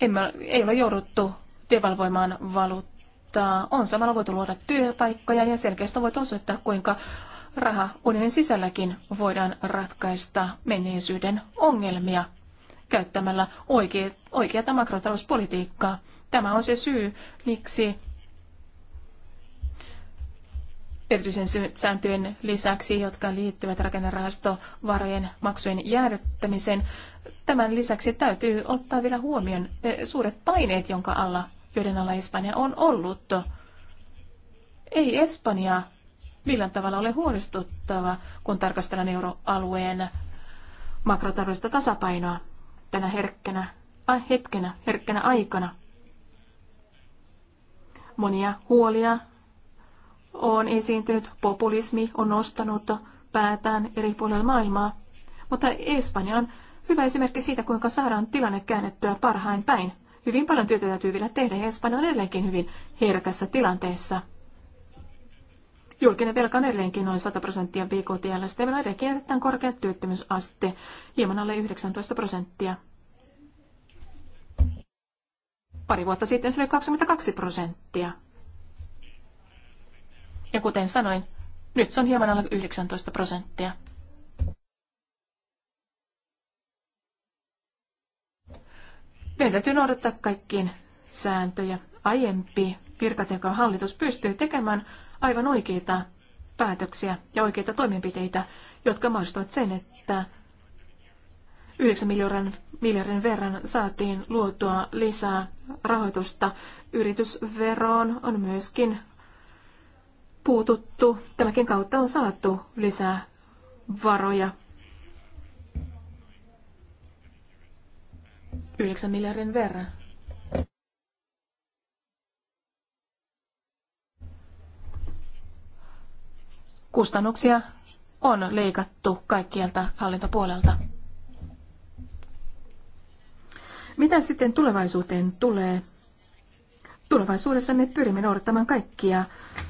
emme, ei ole jouduttu devalvoimaan valuuttaa. On samalla voitu luoda työpaikkoja ja selkeästi voit osoittaa, kuinka raha unionin sisälläkin voidaan ratkaista menneisyyden ongelmia käyttämällä oikea, oikeata makrotalouspolitiikkaa. Tämä on se syy, miksi erityisen sääntöjen lisäksi, jotka liittyvät rakennerahastovarojen maksujen jäädyttämiseen. Tämän lisäksi täytyy ottaa vielä huomioon eh, suuret paineet, jonka alla, joiden alla Espanja on ollut. Ei Espanja millään tavalla ole huolestuttava, kun tarkastellaan euroalueen makrotaloudellista tasapainoa tänä herkkänä hetkenä, herkkänä aikana. Monia huolia on esiintynyt, populismi on nostanut päätään eri puolilla maailmaa, mutta Espanja on hyvä esimerkki siitä, kuinka saadaan tilanne käännettyä parhain päin. Hyvin paljon työtä täytyy vielä tehdä ja Espanja on edelleenkin hyvin herkässä tilanteessa. Julkinen velka on edelleenkin noin 100 prosenttia BKTL, ja meillä on edelleenkin erittäin korkea työttömyysaste, hieman alle 19 prosenttia. Pari vuotta sitten se oli 22 prosenttia. Ja kuten sanoin, nyt se on hieman alle 19 prosenttia. Meidän täytyy noudattaa kaikkiin sääntöjä. Aiempi virkatekohallitus pystyy tekemään aivan oikeita päätöksiä ja oikeita toimenpiteitä, jotka mahdollistavat sen, että 9 miljardin, miljardin verran saatiin luotua lisää rahoitusta. Yritysveroon on myöskin puututtu. Tämäkin kautta on saatu lisää varoja. 9 miljardin verran. Kustannuksia on leikattu kaikkialta hallintopuolelta. Mitä sitten tulevaisuuteen tulee? Tulevaisuudessa me pyrimme noudattamaan kaikkia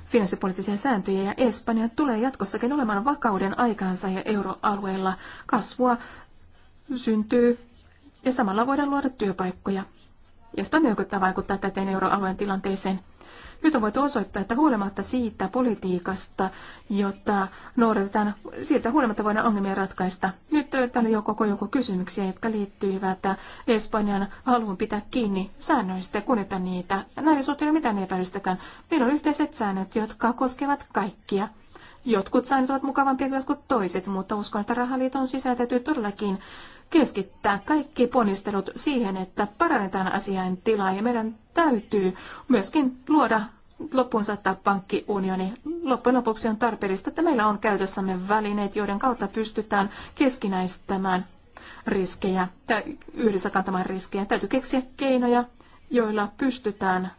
finanssipoliittisia sääntöjä ja Espanja tulee jatkossakin olemaan vakauden aikaansa ja euroalueella kasvua syntyy ja samalla voidaan luoda työpaikkoja. Ja sitä myötä vaikuttaa täten euroalueen tilanteeseen. Nyt on voitu osoittaa, että huolimatta siitä politiikasta, jota noudatetaan, siltä huolimatta voidaan ongelmia ratkaista. Nyt täällä on koko joukko kysymyksiä, jotka liittyvät Espanjan haluun pitää kiinni säännöistä ja kunnioittaa niitä. Näiden suhteen ei ole mitään epäilystäkään. Meillä on yhteiset säännöt, jotka koskevat kaikkia. Jotkut säännöt ovat mukavampia kuin jotkut toiset, mutta uskon, että rahaliiton sisällä täytyy todellakin keskittää kaikki ponnistelut siihen, että parannetaan asian tilaa ja meidän täytyy myöskin luoda loppuun saattaa pankkiunioni. Loppujen lopuksi on tarpeellista, että meillä on käytössämme välineet, joiden kautta pystytään keskinäistämään riskejä tai yhdessä kantamaan riskejä. Täytyy keksiä keinoja, joilla pystytään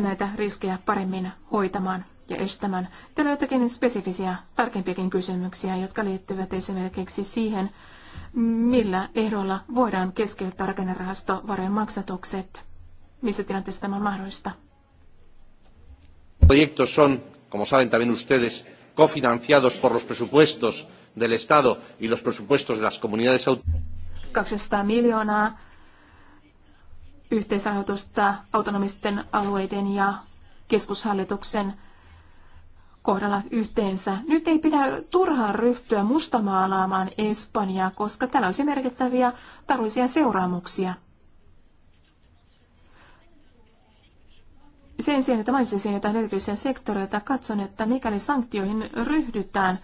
näitä riskejä paremmin hoitamaan ja estämään. Täällä on jotakin spesifisiä, tarkempiakin kysymyksiä, jotka liittyvät esimerkiksi siihen, millä ehdoilla voidaan keskeyttää rakennerahastovarojen maksatukset. Missä tilanteessa tämä on mahdollista? proyectos son, como saben también ustedes, cofinanciados por los presupuestos del Estado y los presupuestos de las comunidades autónomas. 200 keskushallituksen kohdalla yhteensä. Nyt ei pidä turhaan ryhtyä mustamaalaamaan Espanjaa, koska tällä olisi merkittäviä taloudellisia seuraamuksia. Sen sijaan, että mainitsin jotain erityisiä sektoreita, katson, että mikäli sanktioihin ryhdytään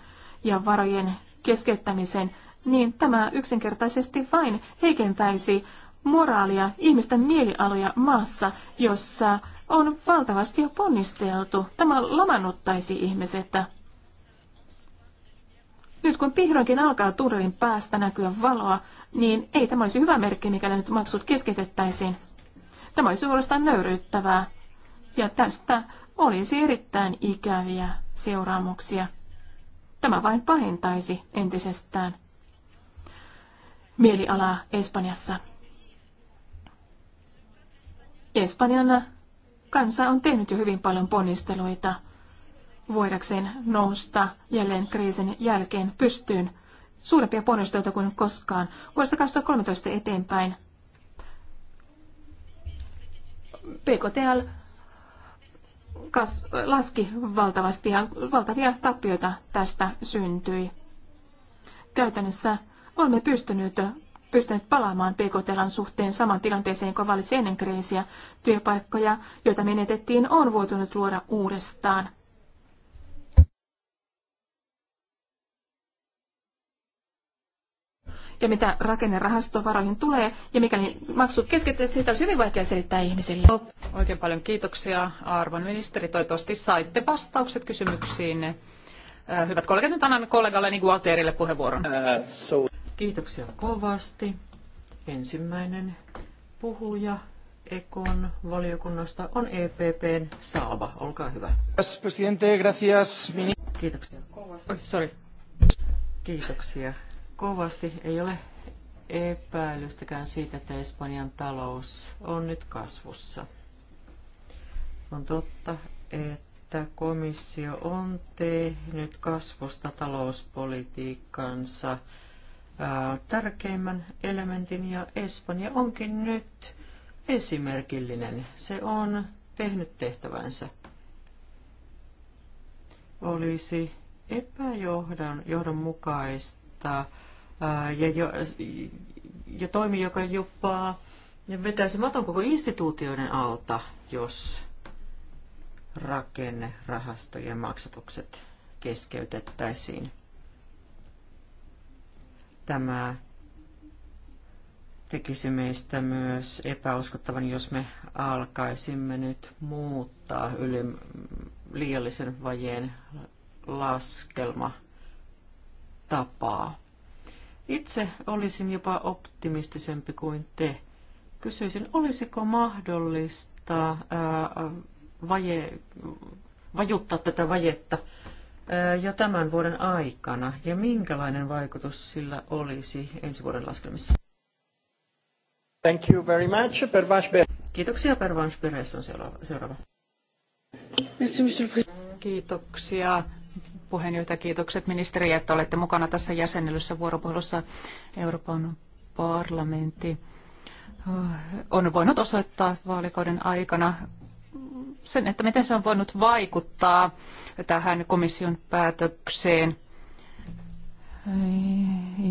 ja varojen keskeyttämiseen, niin tämä yksinkertaisesti vain heikentäisi moraalia, ihmisten mielialoja maassa, jossa on valtavasti jo ponnisteltu. Tämä lamannuttaisi ihmiset. Nyt kun vihdoinkin alkaa tunnelin päästä näkyä valoa, niin ei tämä olisi hyvä merkki, mikäli nyt maksut keskeytettäisiin. Tämä olisi suorastaan nöyryyttävää ja tästä olisi erittäin ikäviä seuraamuksia. Tämä vain pahentaisi entisestään mielialaa Espanjassa. Espanjana kansa on tehnyt jo hyvin paljon ponnisteluita voidakseen nousta jälleen kriisin jälkeen pystyyn. Suurempia ponnisteluita kuin koskaan. Vuodesta 2013 eteenpäin PKTL kas, laski valtavasti ja valtavia tappioita tästä syntyi. Käytännössä olemme pystyneet, pystyneet palaamaan pkt suhteen saman tilanteeseen kuin valitsi ennen kriisiä. Työpaikkoja, joita menetettiin, on voitunut luoda uudestaan. ja mitä rakennerahastovaroihin tulee, ja mikäli maksut keskittyvät, siitä olisi hyvin vaikea selittää ihmisille. Oikein paljon kiitoksia, arvon ministeri. Toivottavasti saitte vastaukset kysymyksiin. Äh, hyvät kollegat, nyt annan kollegalleni niin Gualterille puheenvuoron. Äh, kiitoksia kovasti. Ensimmäinen puhuja Ekon valiokunnasta on EPPn Saava. Olkaa hyvä. Presidente, gracias. Kiitoksia kovasti. Oh, sorry. Kiitoksia kovasti. Ei ole epäilystäkään siitä, että Espanjan talous on nyt kasvussa. On totta, että komissio on tehnyt kasvusta talouspolitiikkansa tärkeimmän elementin ja Espanja onkin nyt esimerkillinen. Se on tehnyt tehtävänsä. Olisi epäjohdonmukaista Epäjohdon, ja, jo, ja toimi, joka jopa vetäisi maton koko instituutioiden alta, jos rakennerahastojen maksatukset keskeytettäisiin. Tämä tekisi meistä myös epäuskottavan, jos me alkaisimme nyt muuttaa yli liiallisen vajeen laskelma tapaa. Itse olisin jopa optimistisempi kuin te. Kysyisin, olisiko mahdollista ää, vaje, vajuttaa tätä vajetta ää, jo tämän vuoden aikana, ja minkälainen vaikutus sillä olisi ensi vuoden laskelmissa? Thank you very much. Per Kiitoksia. Pervash Beres on seuraava. Kiitoksia puheenjohtaja. Kiitokset ministeri, että olette mukana tässä jäsennellyssä vuoropuhelussa Euroopan parlamentti eh, on voinut osoittaa vaalikauden aikana sen, että miten se on voinut vaikuttaa tähän komission päätökseen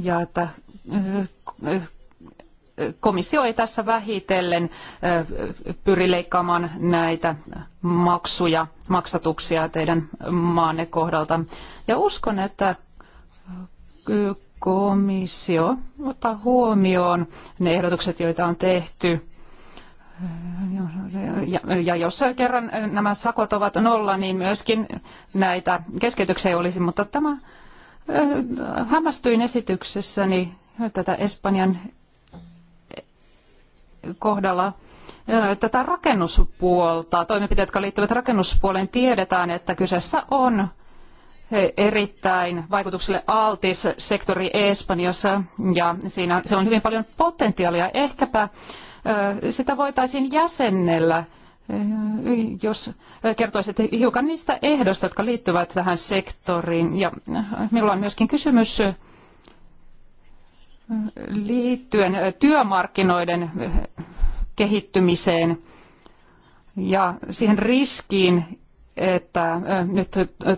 ja että eh, komissio ei tässä vähitellen pyri leikkaamaan näitä maksuja, maksatuksia teidän maanne kohdalta. Ja uskon, että komissio ottaa huomioon ne ehdotukset, joita on tehty. Ja, jos kerran nämä sakot ovat nolla, niin myöskin näitä keskeytyksiä ei olisi, mutta tämä hämmästyin esityksessäni tätä Espanjan kohdalla tätä rakennuspuolta, toimenpiteet, jotka liittyvät rakennuspuoleen, tiedetään, että kyseessä on erittäin vaikutukselle altis sektori Espanjassa ja siinä se on hyvin paljon potentiaalia. Ehkäpä sitä voitaisiin jäsennellä, jos kertoisit hiukan niistä ehdoista, jotka liittyvät tähän sektoriin. Ja minulla on myöskin kysymys liittyen työmarkkinoiden kehittymiseen ja siihen riskiin, että nyt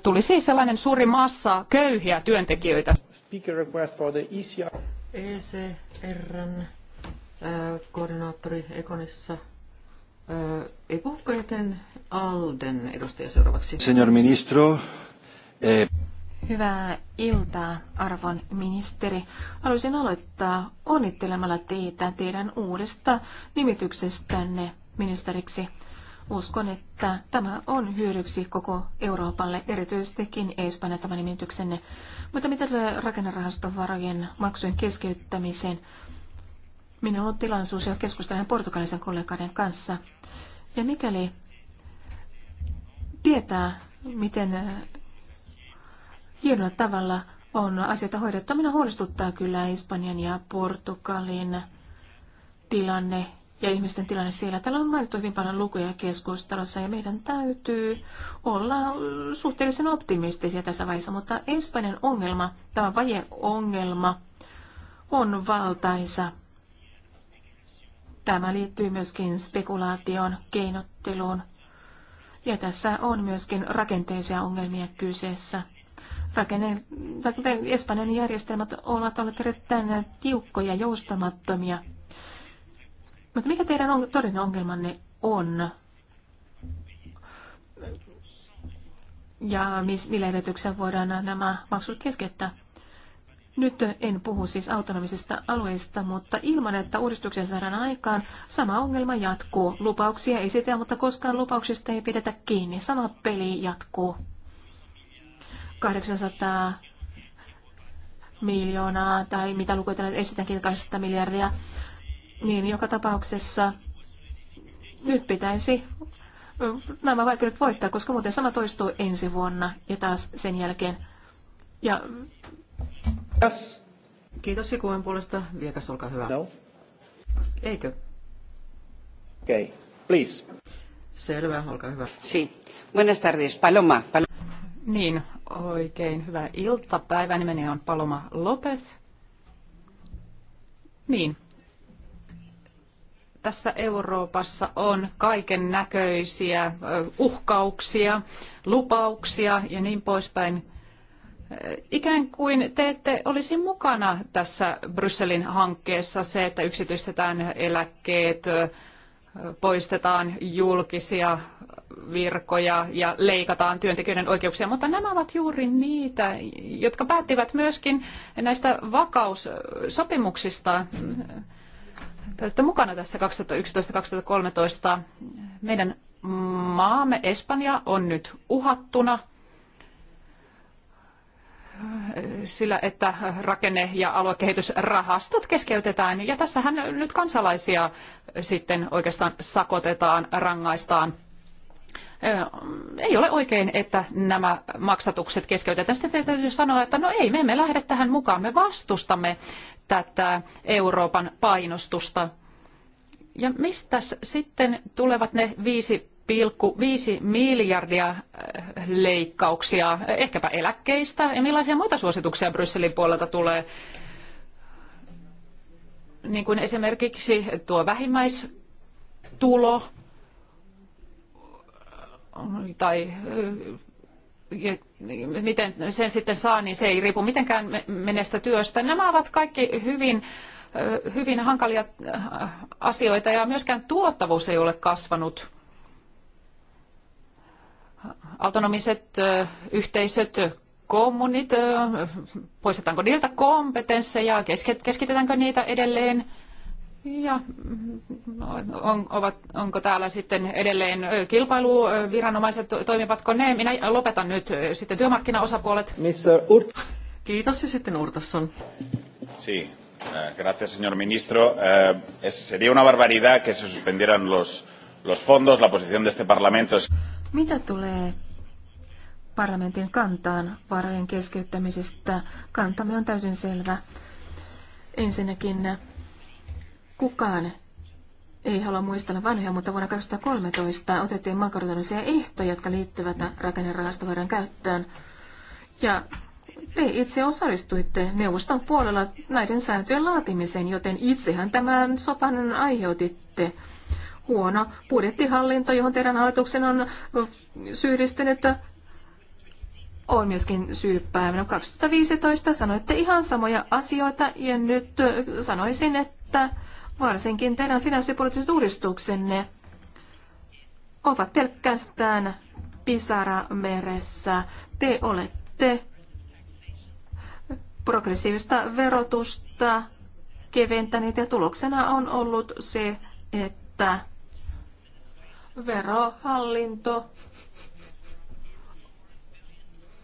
tulisi sellainen suuri massa köyhiä työntekijöitä. ECRn e koordinaattori Ekonissa ei puhunko joten Alden edustaja seuraavaksi. Señor ministro, eh... Hyvää iltaa, arvon ministeri. Haluaisin aloittaa onnittelemalla teitä teidän uudesta nimityksestänne ministeriksi. Uskon, että tämä on hyödyksi koko Euroopalle, erityisestikin Espanja tämän nimityksenne. Mutta mitä tulee rakennerahaston varojen maksujen keskeyttämiseen? Minulla on tilaisuus jo keskustella portugalisen kollegaiden kanssa. Ja mikäli tietää, miten hienolla tavalla on asioita hoidettu. Minä huolestuttaa kyllä Espanjan ja Portugalin tilanne ja ihmisten tilanne siellä. Täällä on mainittu hyvin paljon lukuja keskustelussa ja meidän täytyy olla suhteellisen optimistisia tässä vaiheessa, mutta Espanjan ongelma, tämä vajeongelma, on valtaisa. Tämä liittyy myöskin spekulaation, keinotteluun ja tässä on myöskin rakenteisia ongelmia kyseessä rakenne, Espanjan järjestelmät ovat olleet erittäin tiukkoja, joustamattomia. Mutta mikä teidän on, todellinen ongelmanne on? Ja mis, millä edellytyksellä voidaan nämä maksut keskeyttää? Nyt en puhu siis autonomisista alueista, mutta ilman, että uudistuksen saadaan aikaan, sama ongelma jatkuu. Lupauksia esitään, mutta koskaan lupauksista ei pidetä kiinni. Sama peli jatkuu. 800 miljoonaa tai mitä lukuja esitänkin 800 miljardia, niin joka tapauksessa nyt pitäisi nämä vaikeudet voittaa, koska muuten sama toistuu ensi vuonna ja taas sen jälkeen. Ja... Yes. Kiitos Sikuen puolesta. Viekas, olkaa hyvä. No. Eikö? Okei, okay. please. Selvä, olkaa hyvä. Si. Buenas tardes, Paloma. Pal- niin, Oikein hyvää iltapäivää. Nimeni on Paloma Lopes. Niin. Tässä Euroopassa on kaiken näköisiä uhkauksia, lupauksia ja niin poispäin. Ikään kuin te ette olisi mukana tässä Brysselin hankkeessa se, että yksityistetään eläkkeet, poistetaan julkisia virkoja ja leikataan työntekijöiden oikeuksia, mutta nämä ovat juuri niitä, jotka päättivät myöskin näistä vakaussopimuksista te olette mukana tässä 2011-2013. Meidän maamme Espanja on nyt uhattuna sillä, että rakenne- ja aluekehitysrahastot keskeytetään. Ja tässähän nyt kansalaisia sitten oikeastaan sakotetaan, rangaistaan ei ole oikein, että nämä maksatukset keskeytetään. Sitten täytyy sanoa, että no ei, me emme lähde tähän mukaan. Me vastustamme tätä Euroopan painostusta. Ja mistä sitten tulevat ne viisi viisi miljardia leikkauksia, ehkäpä eläkkeistä. Ja millaisia muita suosituksia Brysselin puolelta tulee? Niin kuin esimerkiksi tuo vähimmäistulo, tai miten sen sitten saa, niin se ei riipu mitenkään menestä työstä. Nämä ovat kaikki hyvin, hyvin hankalia asioita ja myöskään tuottavuus ei ole kasvanut. Autonomiset yhteisöt, kommunit, poistetaanko niiltä kompetensseja, keskitetäänkö niitä edelleen – ja on, ovat, onko täällä sitten edelleen kilpailuviranomaiset, toimivatko ne? Minä lopetan nyt sitten työmarkkinaosapuolet. Mr. Urt. Kiitos ja sitten Urtasson. Si. Ah, gracias, señor ministro. Eh, sería una barbaridad que se suspendieran los, los fondos. La posición de este parlamento es... Mitä tulee parlamentin kantaan varojen keskeyttämisestä? Kantamme on täysin selvä. Ensinnäkin Kukaan ei halua muistella vanhoja, mutta vuonna 2013 otettiin makrotaloudellisia ehtoja, jotka liittyvät rakennerahastovaran käyttöön. Ja te itse osallistuitte neuvoston puolella näiden sääntöjen laatimiseen, joten itsehän tämän sopan aiheutitte. Huono budjettihallinto, johon teidän hallituksen on syyllistynyt, on myöskin syypääminen. 2015 sanoitte ihan samoja asioita ja nyt sanoisin, että Varsinkin teidän finanssipoliittiset uudistuksenne ovat pelkästään pisara meressä. Te olette progressiivista verotusta keventäneet ja tuloksena on ollut se, että verohallinto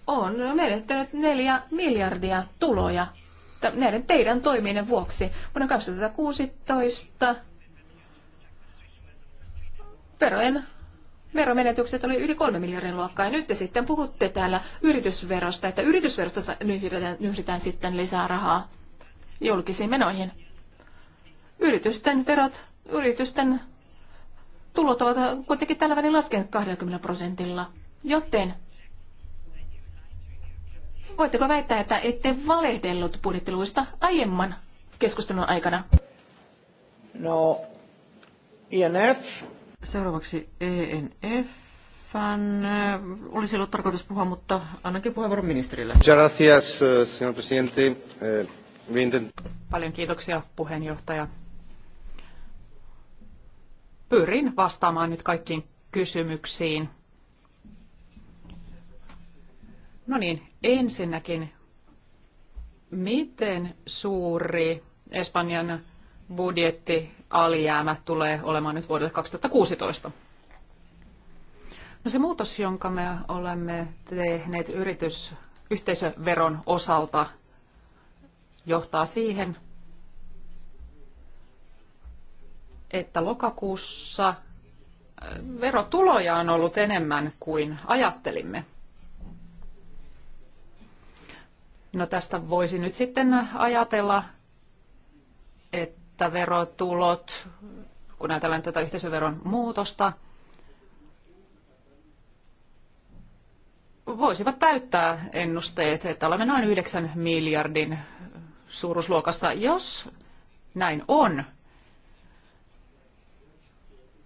on menettänyt neljä miljardia tuloja näiden teidän toimien vuoksi vuonna 2016 verojen veromenetykset oli yli kolme miljardin luokkaa. Ja nyt te sitten puhutte täällä yritysverosta, että yritysverosta nyhdytään, nyhdytään sitten lisää rahaa julkisiin menoihin. Yritysten verot, yritysten tulot ovat kuitenkin tällä välin laskeneet 20 prosentilla. Joten Voitteko väittää, että ette valehdellut budjettiluista aiemman keskustelun aikana? No, INF. E Seuraavaksi ENF. Fan, äh, olisi ollut tarkoitus puhua, mutta annankin puheenvuoron ministerille. Gracias, eh, señor presidente. Eh, Paljon kiitoksia, puheenjohtaja. Pyrin vastaamaan nyt kaikkiin kysymyksiin No niin, ensinnäkin, miten suuri Espanjan alijäämä tulee olemaan nyt vuodelle 2016? No se muutos, jonka me olemme tehneet yritys yhteisöveron osalta, johtaa siihen, että lokakuussa verotuloja on ollut enemmän kuin ajattelimme. No tästä voisi nyt sitten ajatella, että verotulot, kun ajatellaan tätä yhteisöveron muutosta, voisivat täyttää ennusteet, että olemme noin 9 miljardin suuruusluokassa. Jos näin on,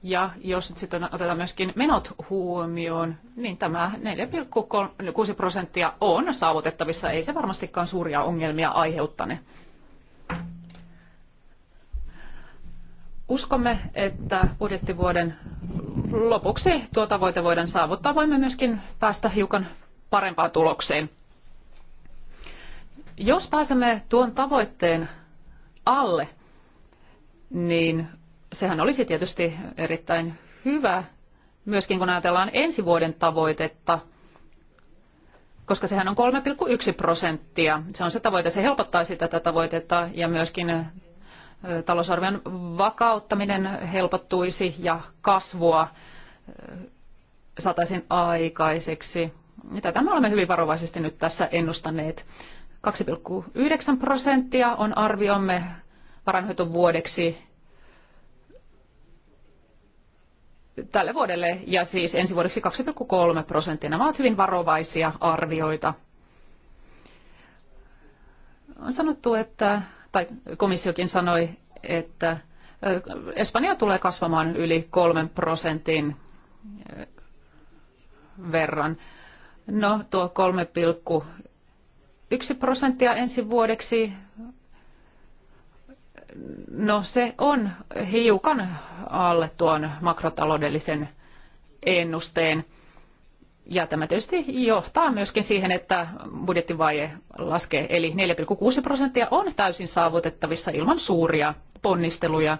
ja jos sitten otetaan myöskin menot huomioon, niin tämä 4,6 prosenttia on saavutettavissa. Ei se varmastikaan suuria ongelmia aiheuttane. Uskomme, että budjettivuoden lopuksi tuo tavoite voidaan saavuttaa. Voimme myöskin päästä hiukan parempaan tulokseen. Jos pääsemme tuon tavoitteen alle, niin sehän olisi tietysti erittäin hyvä, myöskin kun ajatellaan ensi vuoden tavoitetta, koska sehän on 3,1 prosenttia. Se on se tavoite, se helpottaisi tätä tavoitetta ja myöskin talousarvion vakauttaminen helpottuisi ja kasvua saataisiin aikaiseksi. Tätä me olemme hyvin varovaisesti nyt tässä ennustaneet. 2,9 prosenttia on arviomme varainhoitovuodeksi tälle vuodelle ja siis ensi vuodeksi 2,3 prosenttia. Nämä ovat hyvin varovaisia arvioita. On sanottu, että, tai komissiokin sanoi, että Espanja tulee kasvamaan yli kolmen prosentin verran. No tuo 3,1 prosenttia ensi vuodeksi no se on hiukan alle tuon makrotaloudellisen ennusteen. Ja tämä tietysti johtaa myöskin siihen, että budjettivaje laskee, eli 4,6 prosenttia on täysin saavutettavissa ilman suuria ponnisteluja.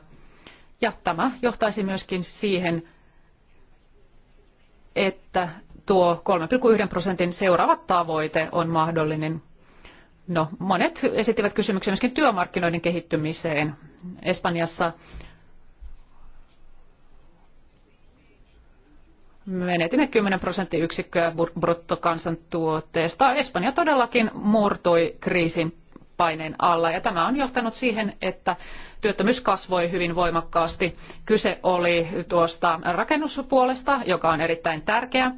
Ja tämä johtaisi myöskin siihen, että tuo 3,1 prosentin seuraava tavoite on mahdollinen No, monet esittivät kysymyksiä myöskin työmarkkinoiden kehittymiseen. Espanjassa menetimme 10 prosenttiyksikköä bruttokansantuotteesta. Espanja todellakin murtui kriisin paineen alla ja tämä on johtanut siihen, että työttömyys kasvoi hyvin voimakkaasti. Kyse oli tuosta rakennuspuolesta, joka on erittäin tärkeä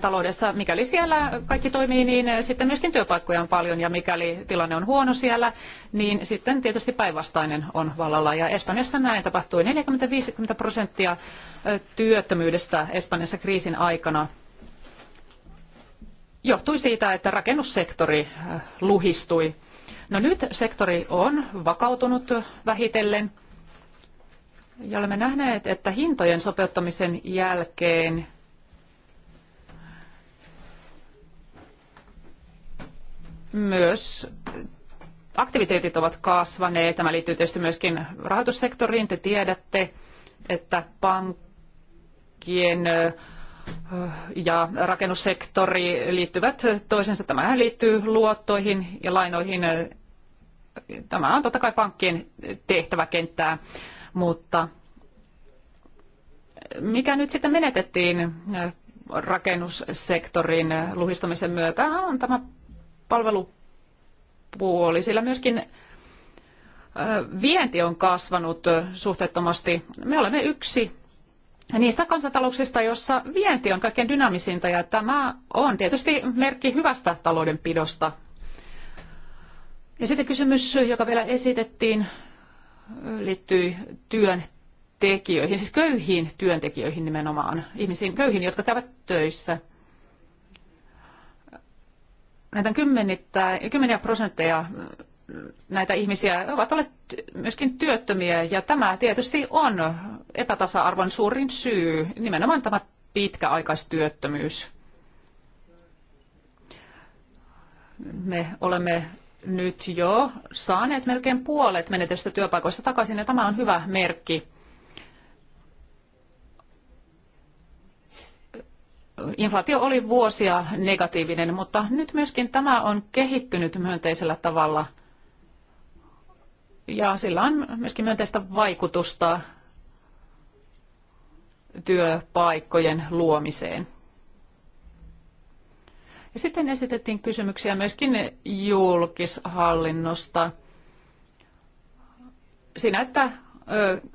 taloudessa. Mikäli siellä kaikki toimii, niin sitten myöskin työpaikkoja on paljon ja mikäli tilanne on huono siellä, niin sitten tietysti päinvastainen on vallalla. Ja Espanjassa näin tapahtui 40-50 prosenttia työttömyydestä Espanjassa kriisin aikana johtui siitä, että rakennussektori luhistui. No nyt sektori on vakautunut vähitellen ja olemme nähneet, että hintojen sopeuttamisen jälkeen myös aktiviteetit ovat kasvaneet. Tämä liittyy tietysti myöskin rahoitussektoriin. Te tiedätte, että pankkien ja rakennussektori liittyvät toisensa. tämä liittyy luottoihin ja lainoihin. Tämä on totta kai pankkien tehtäväkenttää, mutta mikä nyt sitten menetettiin rakennussektorin luhistumisen myötä on tämä palvelupuoli, sillä myöskin vienti on kasvanut suhteettomasti. Me olemme yksi niistä kansantalouksista, jossa vienti on kaikkein dynaamisinta ja tämä on tietysti merkki hyvästä taloudenpidosta. Ja sitten kysymys, joka vielä esitettiin, liittyy työn tekijöihin, siis köyhiin työntekijöihin nimenomaan, ihmisiin köyhiin, jotka käyvät töissä näitä kymmeniä prosentteja näitä ihmisiä ovat olleet myöskin työttömiä ja tämä tietysti on epätasa-arvon suurin syy, nimenomaan tämä pitkäaikaistyöttömyys. Me olemme nyt jo saaneet melkein puolet menetystä työpaikoista takaisin ja tämä on hyvä merkki. inflaatio oli vuosia negatiivinen, mutta nyt myöskin tämä on kehittynyt myönteisellä tavalla ja sillä on myöskin myönteistä vaikutusta työpaikkojen luomiseen. Ja sitten esitettiin kysymyksiä myöskin julkishallinnosta. Siinä, että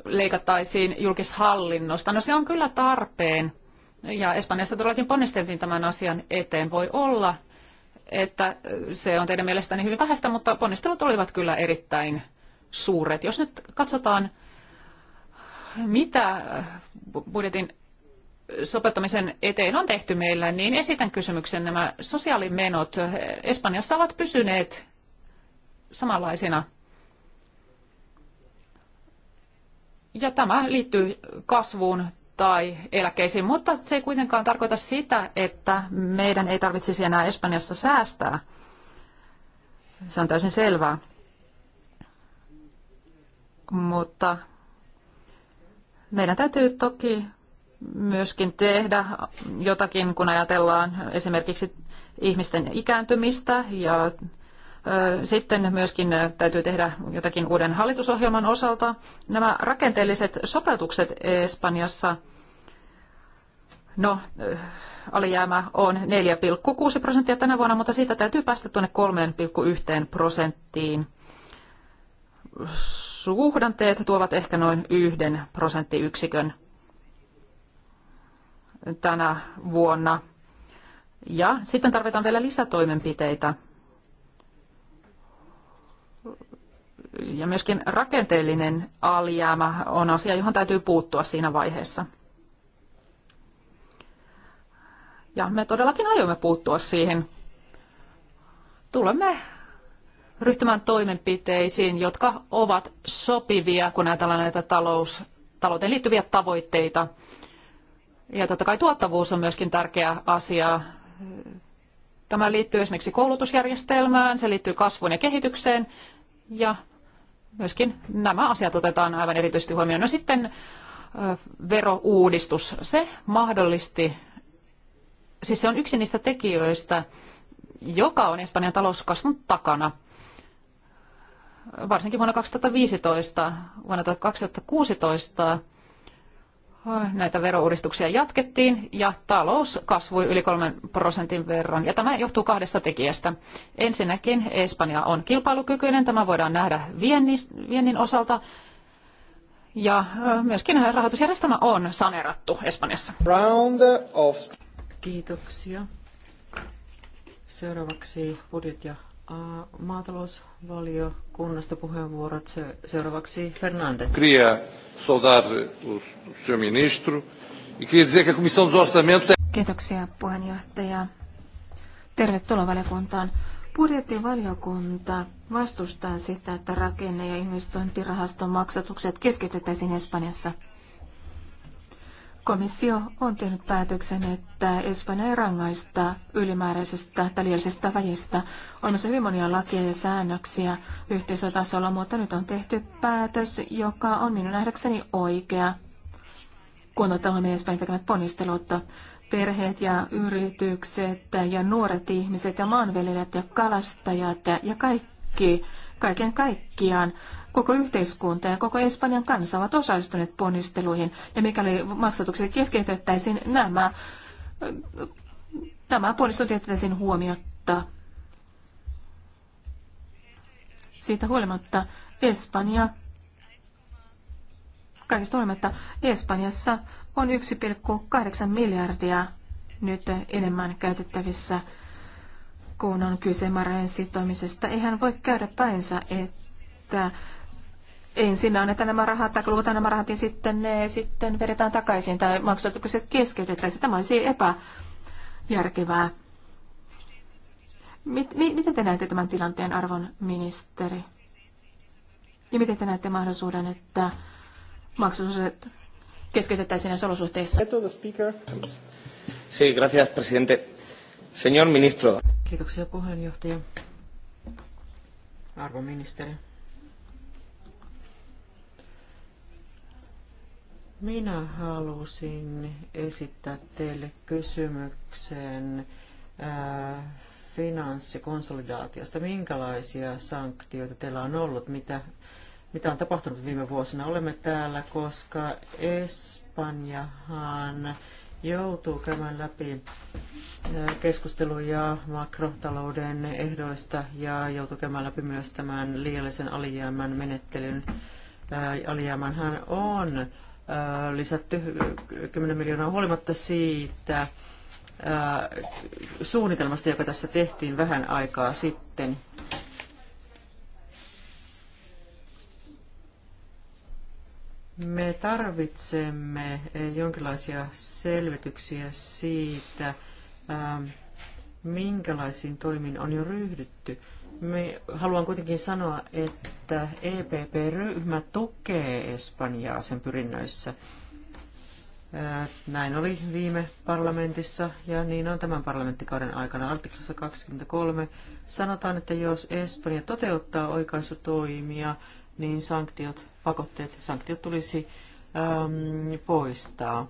leikattaisiin julkishallinnosta. No se on kyllä tarpeen ja Espanjassa todellakin ponnisteltiin tämän asian eteen. Voi olla, että se on teidän mielestäni hyvin vähäistä, mutta ponnistelut olivat kyllä erittäin suuret. Jos nyt katsotaan, mitä budjetin sopeuttamisen eteen on tehty meillä, niin esitän kysymyksen. Nämä sosiaalimenot Espanjassa ovat pysyneet samanlaisina. Ja tämä liittyy kasvuun tai eläkkeisiin, mutta se ei kuitenkaan tarkoita sitä, että meidän ei tarvitsisi enää Espanjassa säästää. Se on täysin selvää. Mutta meidän täytyy toki myöskin tehdä jotakin, kun ajatellaan esimerkiksi ihmisten ikääntymistä ja sitten myöskin täytyy tehdä jotakin uuden hallitusohjelman osalta. Nämä rakenteelliset sopeutukset Espanjassa, no alijäämä on 4,6 prosenttia tänä vuonna, mutta siitä täytyy päästä tuonne 3,1 prosenttiin. Suhdanteet tuovat ehkä noin yhden prosenttiyksikön tänä vuonna. Ja sitten tarvitaan vielä lisätoimenpiteitä ja myöskin rakenteellinen alijäämä on asia, johon täytyy puuttua siinä vaiheessa. Ja me todellakin aiomme puuttua siihen. Tulemme ryhtymään toimenpiteisiin, jotka ovat sopivia, kun ajatellaan näitä talous, talouteen liittyviä tavoitteita. Ja totta kai tuottavuus on myöskin tärkeä asia. Tämä liittyy esimerkiksi koulutusjärjestelmään, se liittyy kasvuun ja kehitykseen ja myöskin nämä asiat otetaan aivan erityisesti huomioon. No sitten verouudistus. Se mahdollisti, siis se on yksi niistä tekijöistä, joka on Espanjan talouskasvun takana. Varsinkin vuonna 2015, vuonna 2016 Äh, näitä verouudistuksia jatkettiin ja talous kasvui yli kolmen prosentin verran. Ja tämä johtuu kahdesta tekijästä. Ensinnäkin Espanja on kilpailukykyinen, tämä voidaan nähdä viennin osalta. Ja äh, myöskin rahoitusjärjestelmä on saneerattu Espanjassa. Round of... Kiitoksia. Seuraavaksi budjet- ja maatalousvaliokunnasta puheenvuorot seuraavaksi Fernandes. Queria saudar o senhor ministro e queria dizer que a Comissão dos Orçamentos... Kiitoksia puheenjohtaja. Tervetuloa valiokuntaan. Budjettivaliokunta vastustaa sitä, että rakenne- ja investointirahaston maksatukset keskeytettäisiin Espanjassa – Komissio on tehnyt päätöksen, että Espanja ei rangaista ylimääräisestä tai liiallisesta On myös hyvin monia lakia ja säännöksiä yhteisötasolla, mutta nyt on tehty päätös, joka on minun nähdäkseni oikea. Kun otamme Espanjan tekemät ponnistelut, perheet ja yritykset ja nuoret ihmiset ja maanviljelijät ja kalastajat ja kaikki, kaiken kaikkiaan Koko yhteiskunta ja koko Espanjan kansa ovat osallistuneet ponnisteluihin, ja mikäli maksatukset keskeytettäisiin nämä, tämä ponnistelu tietäisiin huomiotta. Siitä huolimatta Espanja kaikista huolimatta Espanjassa on 1,8 miljardia nyt enemmän käytettävissä, kun on kyse marajen sitomisesta. Eihän voi käydä päinsä, että ensin annetaan nämä rahat tai luvataan nämä rahat ja sitten ne sitten vedetään takaisin tai maksatukset keskeytetään. Siis tämä olisi epäjärkevää. Mit, mi, miten te näette tämän tilanteen, arvon ministeri? Ja miten te näette mahdollisuuden, että maksatukset keskeytettäisiin näissä olosuhteissa? Sí, gracias, presidente. Señor ministro. Kiitoksia puheenjohtaja. Arvon ministeri. Minä halusin esittää teille kysymyksen ää, äh, finanssikonsolidaatiosta. Minkälaisia sanktioita teillä on ollut? Mitä, mitä on tapahtunut viime vuosina? Olemme täällä, koska Espanjahan joutuu käymään läpi äh, keskusteluja makrotalouden ehdoista ja joutuu käymään läpi myös tämän liiallisen alijäämän menettelyn. Äh, alijäämähän on Äh, lisätty 10 miljoonaa huolimatta siitä äh, suunnitelmasta, joka tässä tehtiin vähän aikaa sitten. Me tarvitsemme äh, jonkinlaisia selvityksiä siitä, minkälaisiin toimiin on jo ryhdytty. Me haluan kuitenkin sanoa, että EPP-ryhmä tukee Espanjaa sen pyrinnöissä. Näin oli viime parlamentissa ja niin on tämän parlamenttikauden aikana. Artiklassa 23 sanotaan, että jos Espanja toteuttaa oikaisutoimia, niin sanktiot, pakotteet, sanktiot tulisi äm, poistaa.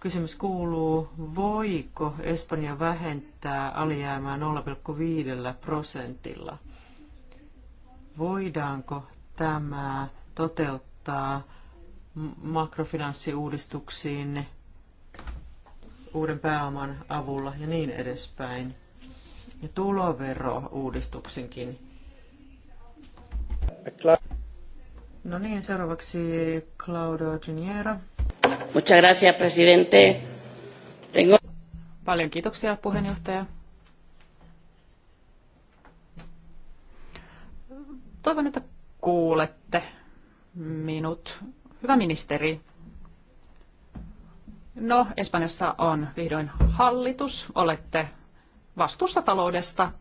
Kysymys kuuluu, voiko Espanja vähentää alijäämää 0,5 prosentilla? Voidaanko tämä toteuttaa makrofinanssiuudistuksiin uuden pääoman avulla ja niin edespäin. Ja tuloverro-uudistuksenkin? No niin, seuraavaksi Claudio Giniera. Muchas gracias, presidente. Tengo... Paljon kiitoksia, puheenjohtaja. Toivon, että kuulette minut. Hyvä ministeri. No, Espanjassa on vihdoin hallitus. Olette vastuussa taloudesta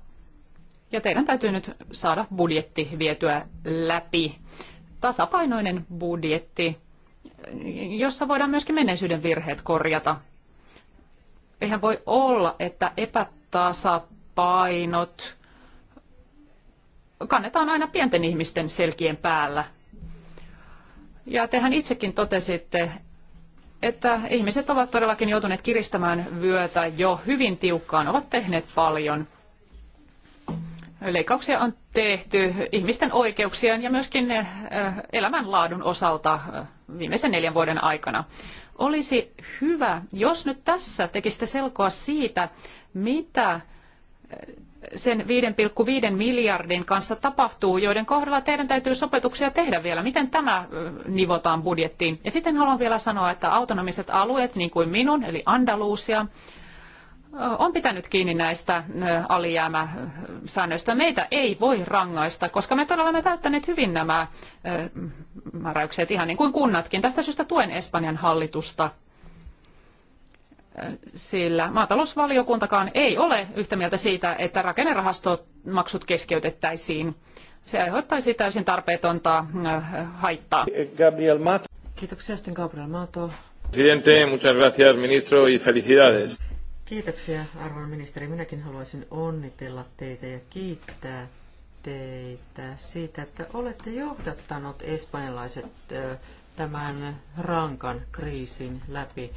ja teidän täytyy nyt saada budjetti vietyä läpi. Tasapainoinen budjetti jossa voidaan myöskin menneisyyden virheet korjata. Eihän voi olla, että epätasapainot kannetaan aina pienten ihmisten selkien päällä. Ja tehän itsekin totesitte, että ihmiset ovat todellakin joutuneet kiristämään vyötä jo hyvin tiukkaan, ovat tehneet paljon – leikkauksia on tehty ihmisten oikeuksien ja myöskin eh, elämänlaadun osalta eh, viimeisen neljän vuoden aikana. Olisi hyvä, jos nyt tässä tekisitte selkoa siitä, mitä eh, sen 5,5 miljardin kanssa tapahtuu, joiden kohdalla teidän täytyy sopetuksia tehdä vielä. Miten tämä nivotaan budjettiin? Ja sitten haluan vielä sanoa, että autonomiset alueet, niin kuin minun, eli Andalusia, on pitänyt kiinni näistä alijäämäsäännöistä. Meitä ei voi rangaista, koska me todella olemme täyttäneet hyvin nämä määräykset, ihan niin kuin kunnatkin. Tästä syystä tuen Espanjan hallitusta, sillä maatalousvaliokuntakaan ei ole yhtä mieltä siitä, että rakennerahastomaksut keskeytettäisiin. Se aiheuttaisi täysin tarpeetonta haittaa. Gabriel Mato. Kiitoksia sitten Gabriel Mato. Presidente, muchas gracias, ministro, y felicidades. Kiitoksia, arvon ministeri. Minäkin haluaisin onnitella teitä ja kiittää teitä siitä, että olette johdattanut espanjalaiset tämän rankan kriisin läpi.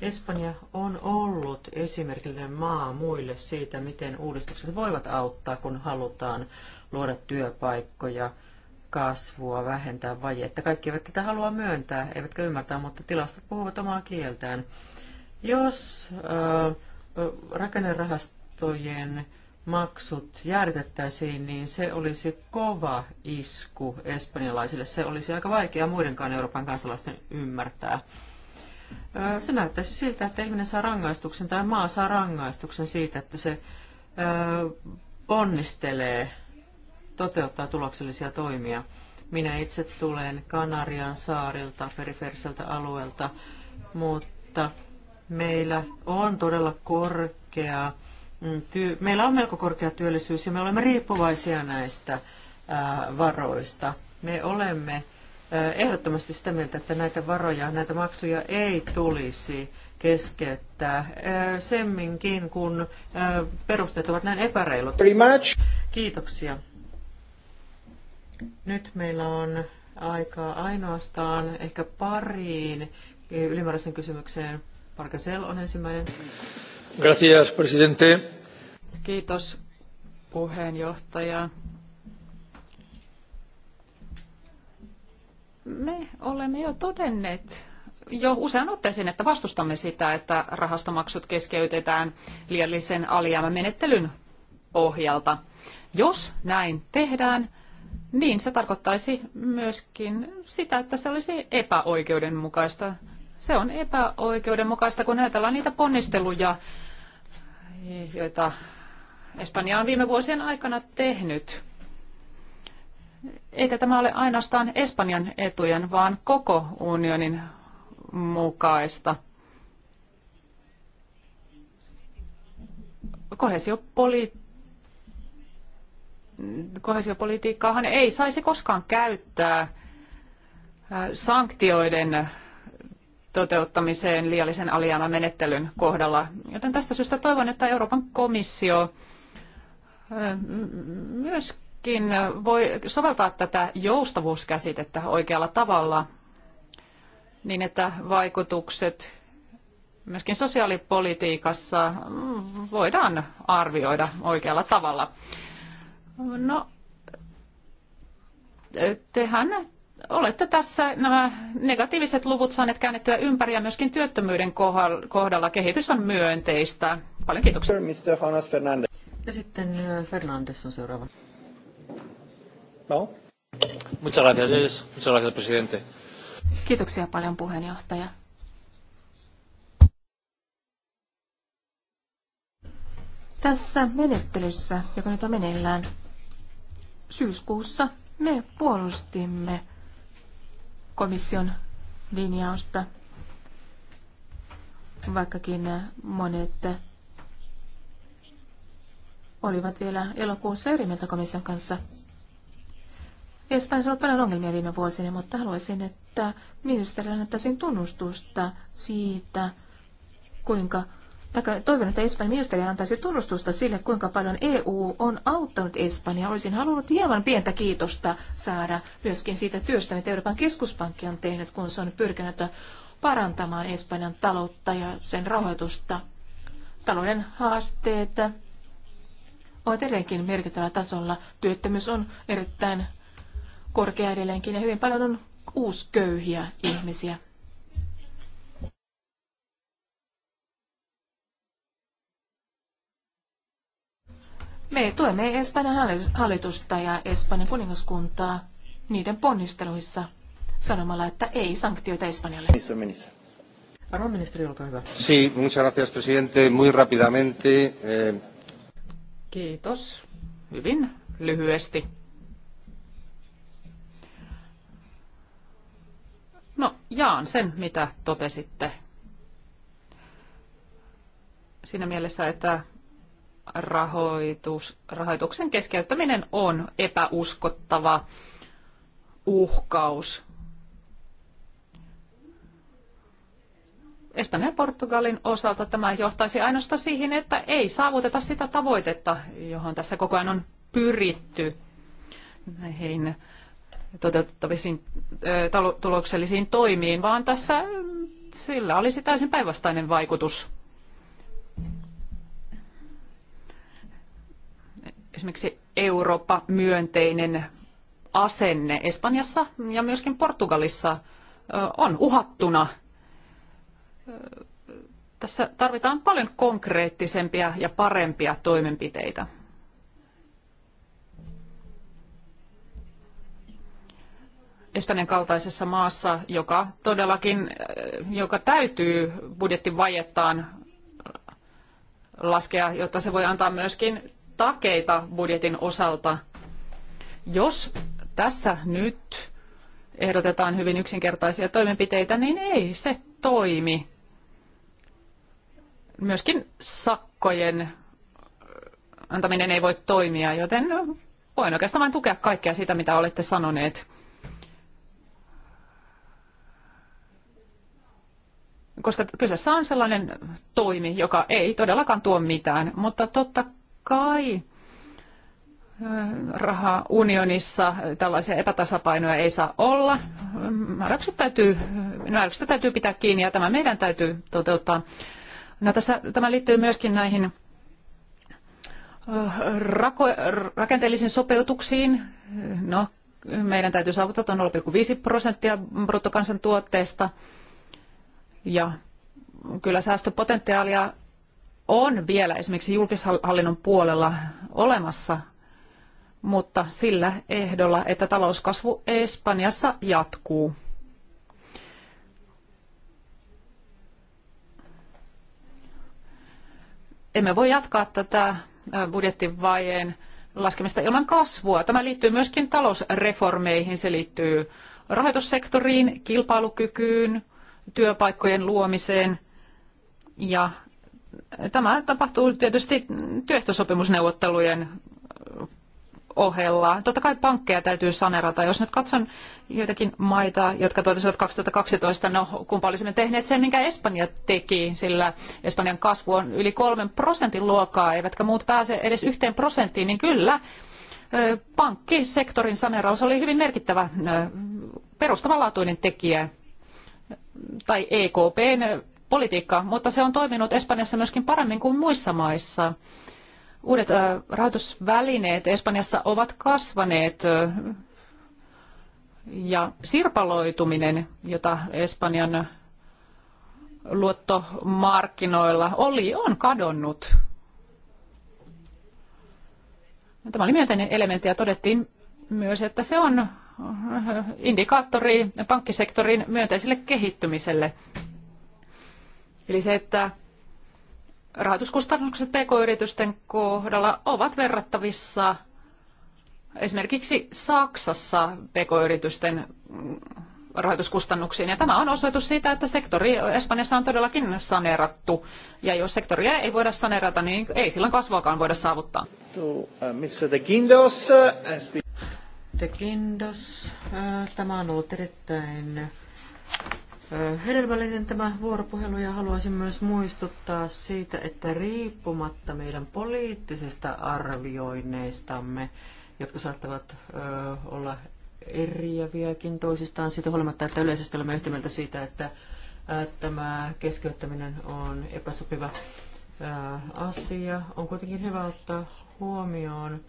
Espanja on ollut esimerkillinen maa muille siitä, miten uudistukset voivat auttaa, kun halutaan luoda työpaikkoja, kasvua, vähentää vajetta. Kaikki eivät tätä halua myöntää, eivätkä ymmärtää, mutta tilastot puhuvat omaa kieltään. Jos äh, rakennerahastojen maksut jäädytettäisiin, niin se olisi kova isku espanjalaisille. Se olisi aika vaikea muidenkaan Euroopan kansalaisten ymmärtää. Se näyttäisi siltä, että ihminen saa rangaistuksen tai maa saa rangaistuksen siitä, että se ponnistelee toteuttaa tuloksellisia toimia. Minä itse tulen Kanarian saarilta, periferiseltä alueelta, mutta meillä on todella korkea, mm, meillä on melko korkea työllisyys ja me olemme riippuvaisia näistä äh, varoista. Me olemme äh, ehdottomasti sitä mieltä, että näitä varoja, näitä maksuja ei tulisi keskeyttää äh, semminkin, kun perusteet ovat näin epäreilut. Kiitoksia. Nyt meillä on aikaa ainoastaan ehkä pariin ylimääräisen kysymykseen Parkasel on ensimmäinen. Gracias, presidente. Kiitos, puheenjohtaja. Me olemme jo todenneet jo usean otteeseen, että vastustamme sitä, että rahastomaksut keskeytetään liiallisen alijäämämenettelyn pohjalta. Jos näin tehdään, niin se tarkoittaisi myöskin sitä, että se olisi epäoikeudenmukaista se on epäoikeudenmukaista, kun ajatellaan niitä ponnisteluja, joita Espanja on viime vuosien aikana tehnyt. Eikä tämä ole ainoastaan Espanjan etujen, vaan koko unionin mukaista. Kohesiopolitiikka kohesiopolitiikkaahan ei saisi koskaan käyttää sanktioiden toteuttamiseen liiallisen alijäämän menettelyn kohdalla. Joten tästä syystä toivon, että Euroopan komissio myöskin voi soveltaa tätä joustavuuskäsitettä oikealla tavalla niin, että vaikutukset myöskin sosiaalipolitiikassa voidaan arvioida oikealla tavalla. No, tehän olette tässä nämä negatiiviset luvut saaneet käännettyä ympäri ja myöskin työttömyyden kohdalla kehitys on myönteistä. Paljon kiitoksia. Mr. Jonas Fernandes. Ja sitten äh, Fernandes on seuraava. No. Muchas gracias, Muchas gracias, presidente. Kiitoksia paljon puheenjohtaja. Tässä menettelyssä, joka nyt on meneillään, syyskuussa me puolustimme komission linjausta, vaikkakin monet olivat vielä elokuussa eri mieltä komission kanssa. Espanjassa on paljon ongelmia viime vuosina, mutta haluaisin, että ministerille annettaisiin tunnustusta siitä, kuinka toivon, että Espanjan ministeri antaisi tunnustusta sille, kuinka paljon EU on auttanut Espanjaa. Olisin halunnut hieman pientä kiitosta saada myöskin siitä työstä, mitä Euroopan keskuspankki on tehnyt, kun se on pyrkinyt parantamaan Espanjan taloutta ja sen rahoitusta. Talouden haasteet ovat edelleenkin merkittävällä tasolla. Työttömyys on erittäin korkea edelleenkin ja hyvin paljon on uusköyhiä ihmisiä. Me tuemme Espanjan hallitusta ja Espanjan kuningaskuntaa niiden ponnisteluissa sanomalla, että ei sanktioita Espanjalle. Arvon ministeri, olkaa hyvä. Sí, muchas gracias, presidente. Muy rápidamente. Eh, Kiitos. Hyvin lyhyesti. No, jaan sen, mitä totesitte. Siinä mielessä, että rahoitus, rahoituksen keskeyttäminen on epäuskottava uhkaus. Espanjan ja Portugalin osalta tämä johtaisi ainoastaan siihen, että ei saavuteta sitä tavoitetta, johon tässä koko ajan on pyritty näihin toteutettavisiin tuloksellisiin toimiin, vaan tässä mm, sillä olisi täysin päinvastainen vaikutus. esimerkiksi Eurooppa-myönteinen asenne Espanjassa ja myöskin Portugalissa on uhattuna. Tässä tarvitaan paljon konkreettisempia ja parempia toimenpiteitä. Espanjan kaltaisessa maassa, joka todellakin, joka täytyy budjettivajettaan laskea, jotta se voi antaa myöskin takeita budjetin osalta. Jos tässä nyt ehdotetaan hyvin yksinkertaisia toimenpiteitä, niin ei se toimi. Myöskin sakkojen antaminen ei voi toimia, joten voin oikeastaan vain tukea kaikkea sitä, mitä olette sanoneet. Koska kyseessä on sellainen toimi, joka ei todellakaan tuo mitään, mutta totta kai rahaunionissa tällaisia epätasapainoja ei saa olla. Määräykset täytyy, määräyksistä täytyy pitää kiinni ja tämä meidän täytyy toteuttaa. No tässä, tämä liittyy myöskin näihin rako, rakenteellisiin sopeutuksiin. No, meidän täytyy saavuttaa 0,5 prosenttia bruttokansantuotteesta ja kyllä säästöpotentiaalia on vielä esimerkiksi julkishallinnon puolella olemassa, mutta sillä ehdolla, että talouskasvu Espanjassa jatkuu. Emme voi jatkaa tätä budjettivajeen laskemista ilman kasvua. Tämä liittyy myöskin talousreformeihin, se liittyy rahoitussektoriin, kilpailukykyyn, työpaikkojen luomiseen ja Tämä tapahtuu tietysti työehtosopimusneuvottelujen ohella. Totta kai pankkeja täytyy sanerata. Jos nyt katson joitakin maita, jotka totesivat 2012, no kumpa olisimme tehneet sen, minkä Espanja teki, sillä Espanjan kasvu on yli kolmen prosentin luokkaa, eivätkä muut pääse edes yhteen prosenttiin, niin kyllä pankkisektorin saneraus oli hyvin merkittävä perustavanlaatuinen tekijä. Tai EKPn politiikka, mutta se on toiminut Espanjassa myöskin paremmin kuin muissa maissa. Uudet rahoitusvälineet Espanjassa ovat kasvaneet ja sirpaloituminen, jota Espanjan luottomarkkinoilla oli, on kadonnut. Tämä oli myönteinen elementti ja todettiin myös, että se on indikaattori pankkisektorin myönteiselle kehittymiselle. Eli se, että rahoituskustannukset pk-yritysten kohdalla ovat verrattavissa esimerkiksi Saksassa pk-yritysten rahoituskustannuksiin. Ja tämä on osoitus siitä, että sektori Espanjassa on todellakin saneerattu. Ja jos sektoria ei voida saneerata, niin ei silloin kasvuakaan voida saavuttaa. Uh, De Guindos, uh, De uh, tämä on ollut erittäin hedelmällinen tämä vuoropuhelu ja haluaisin myös muistuttaa siitä, että riippumatta meidän poliittisista arvioinneistamme, jotka saattavat olla eriäviäkin toisistaan siitä huolimatta, että yleisesti olemme yhtä mieltä siitä, että tämä keskeyttäminen on epäsopiva asia. On kuitenkin hyvä ottaa huomioon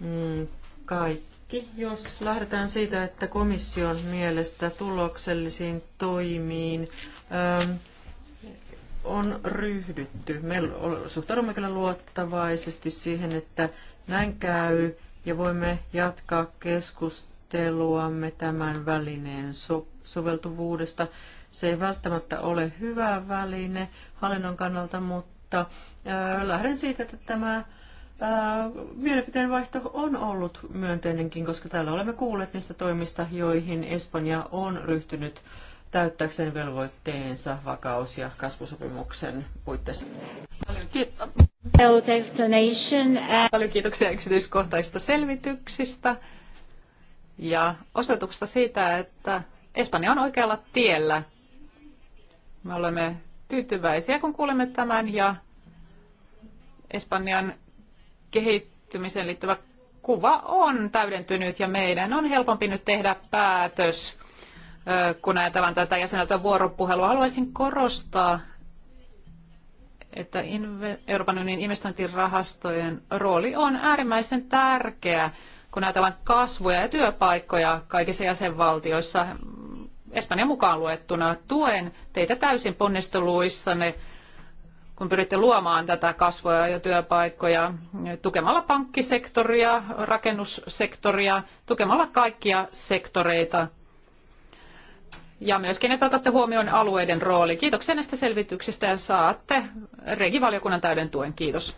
mm, kaikki kaikki, jos lähdetään siitä, että komission mielestä tuloksellisiin toimiin ähm, on ryhdytty. Me suhtaudumme kyllä luottavaisesti siihen, että näin käy ja voimme jatkaa keskusteluamme tämän välineen so- soveltuvuudesta. Se ei välttämättä ole hyvä väline hallinnon kannalta, mutta äh, lähden siitä, että tämä Äh, mielipiteen vaihto on ollut myönteinenkin, koska täällä olemme kuulleet niistä toimista, joihin Espanja on ryhtynyt täyttääkseen velvoitteensa vakaus- ja kasvusopimuksen puitteissa. Paljon, uh, Paljon kiitoksia yksityiskohtaisista selvityksistä ja osoituksesta siitä, että Espanja on oikealla tiellä. Me olemme tyytyväisiä, kun kuulemme tämän ja Espanjan kehittymiseen liittyvä kuva on täydentynyt ja meidän on helpompi nyt tehdä päätös, kun ajatellaan tätä jäseneltyä vuoropuhelua. Haluaisin korostaa, että Euroopan unionin investointirahastojen rooli on äärimmäisen tärkeä, kun ajatellaan kasvuja ja työpaikkoja kaikissa jäsenvaltioissa, Espanja mukaan luettuna. Tuen teitä täysin ponnisteluissanne kun pyritte luomaan tätä kasvua ja työpaikkoja tukemalla pankkisektoria, rakennussektoria, tukemalla kaikkia sektoreita. Ja myöskin, että otatte huomioon alueiden rooli. Kiitoksia näistä selvityksistä ja saatte regivaliokunnan täyden tuen. Kiitos.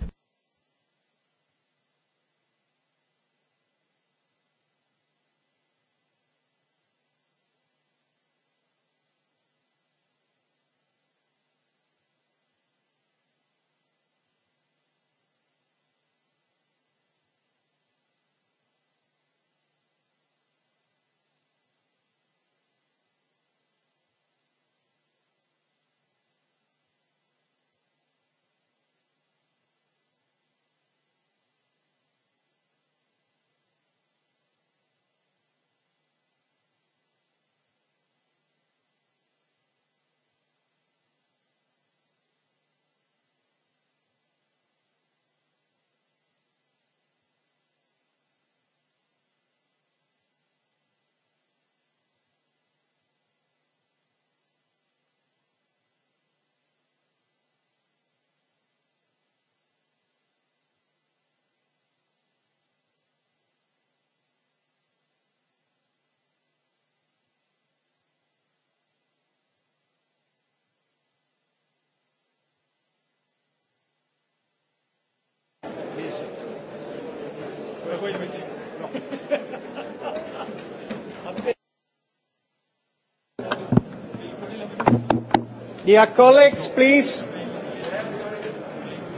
Dear colleagues, please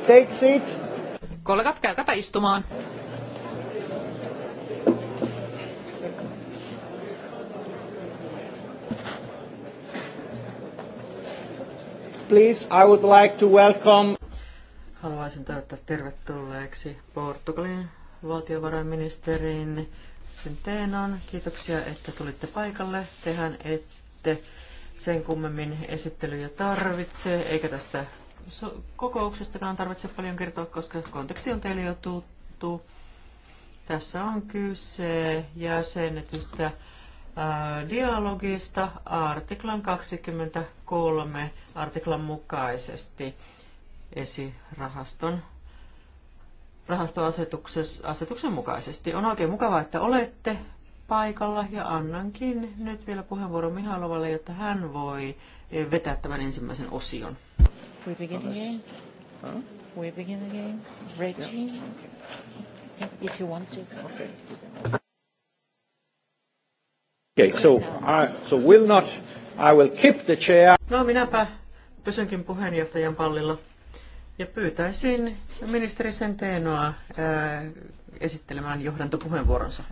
take seat. Kollegat, käykääpä istumaan. Please, I would like to welcome. Haluaisin toivottaa tervetulleeksi Portugalin valtiovarainministerin Senteenon. Kiitoksia, että tulitte paikalle. Tehän ette sen kummemmin esittelyjä tarvitse, eikä tästä kokouksestakaan tarvitse paljon kertoa, koska konteksti on teille jo tuttu. Tässä on kyse jäsenetystä äh, dialogista artiklan 23 artiklan mukaisesti esirahaston rahastoasetuksen mukaisesti. On oikein mukavaa, että olette paikalla ja annankin nyt vielä puheenvuoron Mihailovalle, jotta hän voi eh, vetää tämän ensimmäisen osion. We begin again. Huh? We begin again. yeah. okay. if you want to. Okay. Okay, so I, so will not, I will keep the chair. No minäpä pysynkin puheenjohtajan pallilla. Ja pyytäisin ministeri Centenoa ää, esittelemään johdantopuheenvuoronsa.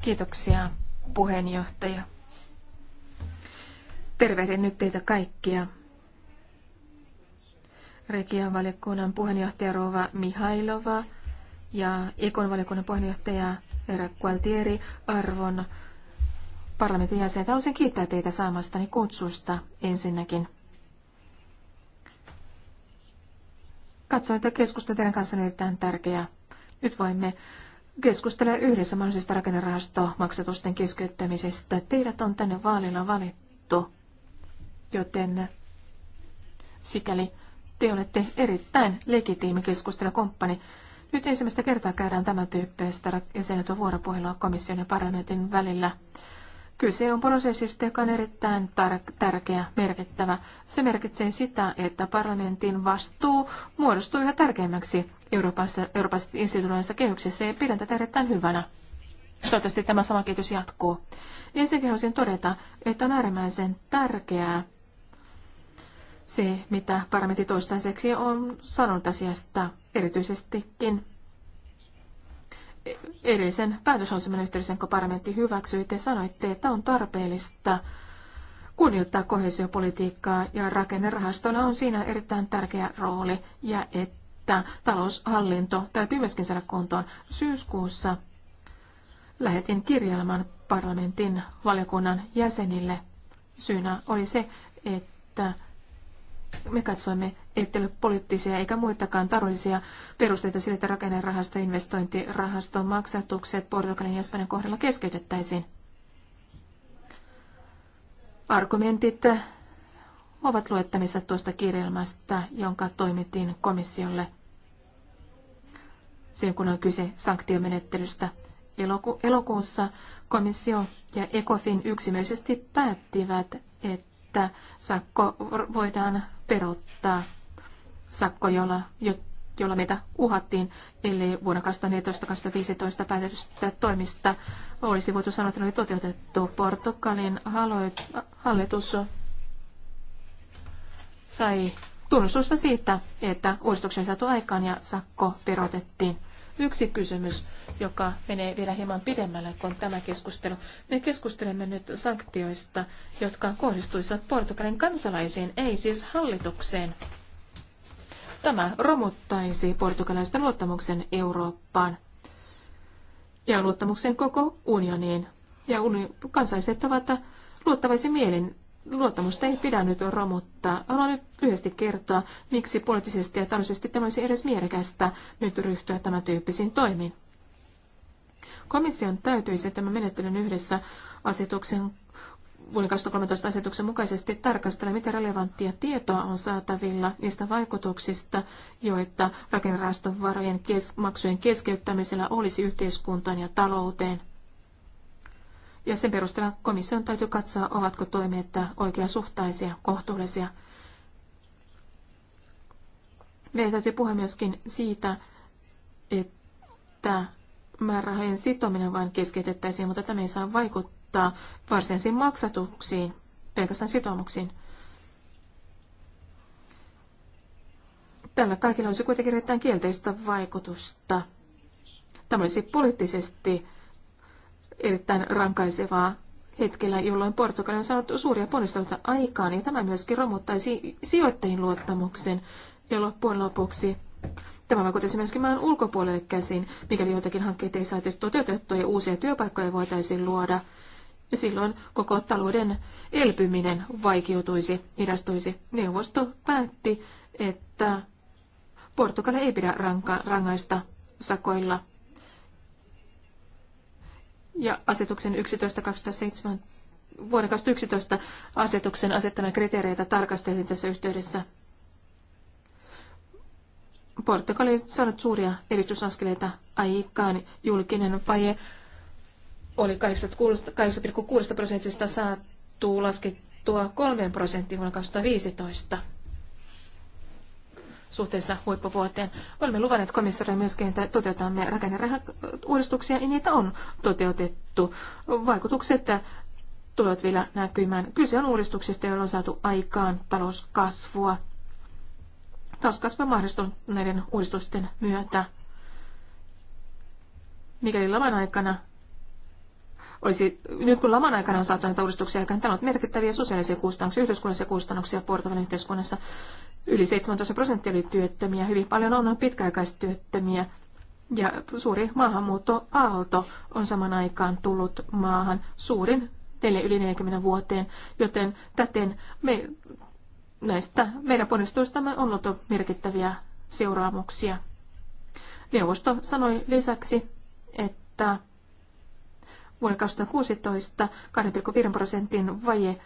Kiitoksia puheenjohtaja. Tervehdin nyt teitä kaikkia. Region valiokunnan puheenjohtaja Rova Mihailova ja Ekon valiokunnan puheenjohtaja Herra Gualtieri, arvon parlamentin jäsenet. Haluaisin kiittää teitä saamastani kutsusta ensinnäkin. Katsoin, että keskustelu teidän kanssa on erittäin tärkeää. Nyt voimme keskustella yhdessä mahdollisesta rakennerahastomaksatusten keskeyttämisestä. Teidät on tänne vaalilla valittu, joten sikäli te olette erittäin legitiimi keskustelukumppani. Nyt ensimmäistä kertaa käydään tämän tyyppistä jäsenetön vuoropuhelua komission ja parlamentin välillä. Kyse on prosessista, joka on erittäin tärkeä, merkittävä. Se merkitsee sitä, että parlamentin vastuu muodostuu yhä tärkeämmäksi Euroopassa, Euroopassa instituutioissa kehyksessä ja pidän tätä erittäin hyvänä. Toivottavasti tämä sama kehitys jatkuu. Ensinnäkin haluaisin todeta, että on äärimmäisen tärkeää se, mitä parlamentti toistaiseksi on sanonut asiasta, erityisestikin edellisen päätöslauselman yhteydessä, kun parlamentti hyväksyi, te sanoitte, että on tarpeellista kunnioittaa kohesiopolitiikkaa ja rakennerahastoilla on siinä erittäin tärkeä rooli ja että taloushallinto täytyy myöskin saada kuntoon. Syyskuussa lähetin kirjelmän parlamentin valiokunnan jäsenille. Syynä oli se, että me katsoimme, ettei ole poliittisia eikä muitakaan taloudellisia perusteita sille, että rakennerahasto- ja investointirahaston maksatukset Portugalin ja Espanjan kohdalla keskeytettäisiin. Argumentit ovat luettamissa tuosta kirjelmästä, jonka toimittiin komissiolle silloin, kun on kyse sanktiomenettelystä. Eloku- elokuussa komissio ja ECOFIN yksimielisesti päättivät, että että sakko voidaan perottaa. Sakko, jolla, jolla meitä uhattiin, eli vuonna 2014-2015 päätetystä toimista olisi voitu sanoa, että oli toteutettu. Portugalin hallitus sai tunnustusta siitä, että uudistuksen saatu aikaan ja sakko perotettiin. Yksi kysymys, joka menee vielä hieman pidemmälle kuin tämä keskustelu. Me keskustelemme nyt sanktioista, jotka kohdistuisivat Portugalin kansalaisiin, ei siis hallitukseen. Tämä romuttaisi portugalaisten luottamuksen Eurooppaan ja luottamuksen koko unioniin. Ja uni- kansalaiset ovat luottavaisin mielin luottamusta ei pidä nyt romuttaa. Haluan nyt lyhyesti kertoa, miksi poliittisesti ja taloudellisesti tämä olisi edes mielekästä nyt ryhtyä tämän tyyppisiin toimiin. Komission täytyisi tämän menettelyn yhdessä asetuksen vuoden 2013 asetuksen mukaisesti tarkastella, mitä relevanttia tietoa on saatavilla niistä vaikutuksista, joita rakennerahaston varojen kes- maksujen keskeyttämisellä olisi yhteiskuntaan ja talouteen. Ja sen perusteella komission täytyy katsoa, ovatko toimet oikeasuhtaisia, kohtuullisia. Meidän täytyy puhua myöskin siitä, että määrärahojen sitominen vain keskeytettäisiin, mutta tämä ei saa vaikuttaa varsinaisiin maksatuksiin, pelkästään sitoumuksiin. Tällä kaikilla olisi kuitenkin erittäin kielteistä vaikutusta. Tämä olisi poliittisesti erittäin rankaisevaa hetkellä, jolloin Portugali on saanut suuria ponnisteluita aikaan, ja tämä myöskin romuttaisi sijoittajien luottamuksen, ja loppujen lopuksi Tämä vaikuttaisi myöskin maan ulkopuolelle käsin, mikäli joitakin hankkeita ei saataisi toteutettua ja uusia työpaikkoja voitaisiin luoda. Ja silloin koko talouden elpyminen vaikeutuisi, hidastuisi. Neuvosto päätti, että Portugali ei pidä ranka- rangaista sakoilla. Ja asetuksen 11.2007 vuoden 2011 asetuksen asettamia kriteereitä tarkasteltiin tässä yhteydessä. Portugali on saanut suuria edistysaskeleita aikaan. Julkinen vaje oli 8,6 prosentista saatu laskettua 3 prosenttia vuonna 2015 suhteessa huippuvuoteen. Olemme luvanneet komissaria myöskin, että toteutamme rakennerahauudistuksia, ja niitä on toteutettu. Vaikutukset tulevat vielä näkymään. Kyse on uudistuksista, joilla on saatu aikaan talouskasvua talouskasvu on mahdollistunut näiden uudistusten myötä. Mikäli laman aikana olisi, nyt kun laman aikana on saatu näitä uudistuksia aikaan, tämä on merkittäviä sosiaalisia kustannuksia, yhteiskunnallisia kustannuksia Portugalin yhteiskunnassa. Yli 17 prosenttia oli työttömiä, hyvin paljon on pitkäaikaistyöttömiä. Ja suuri maahanmuuttoaalto on saman aikaan tullut maahan, suurin yli 40 vuoteen, joten täten me näistä meidän ponnistuistamme on ollut merkittäviä seuraamuksia. Neuvosto sanoi lisäksi, että vuonna 2016 2,5 prosentin vaje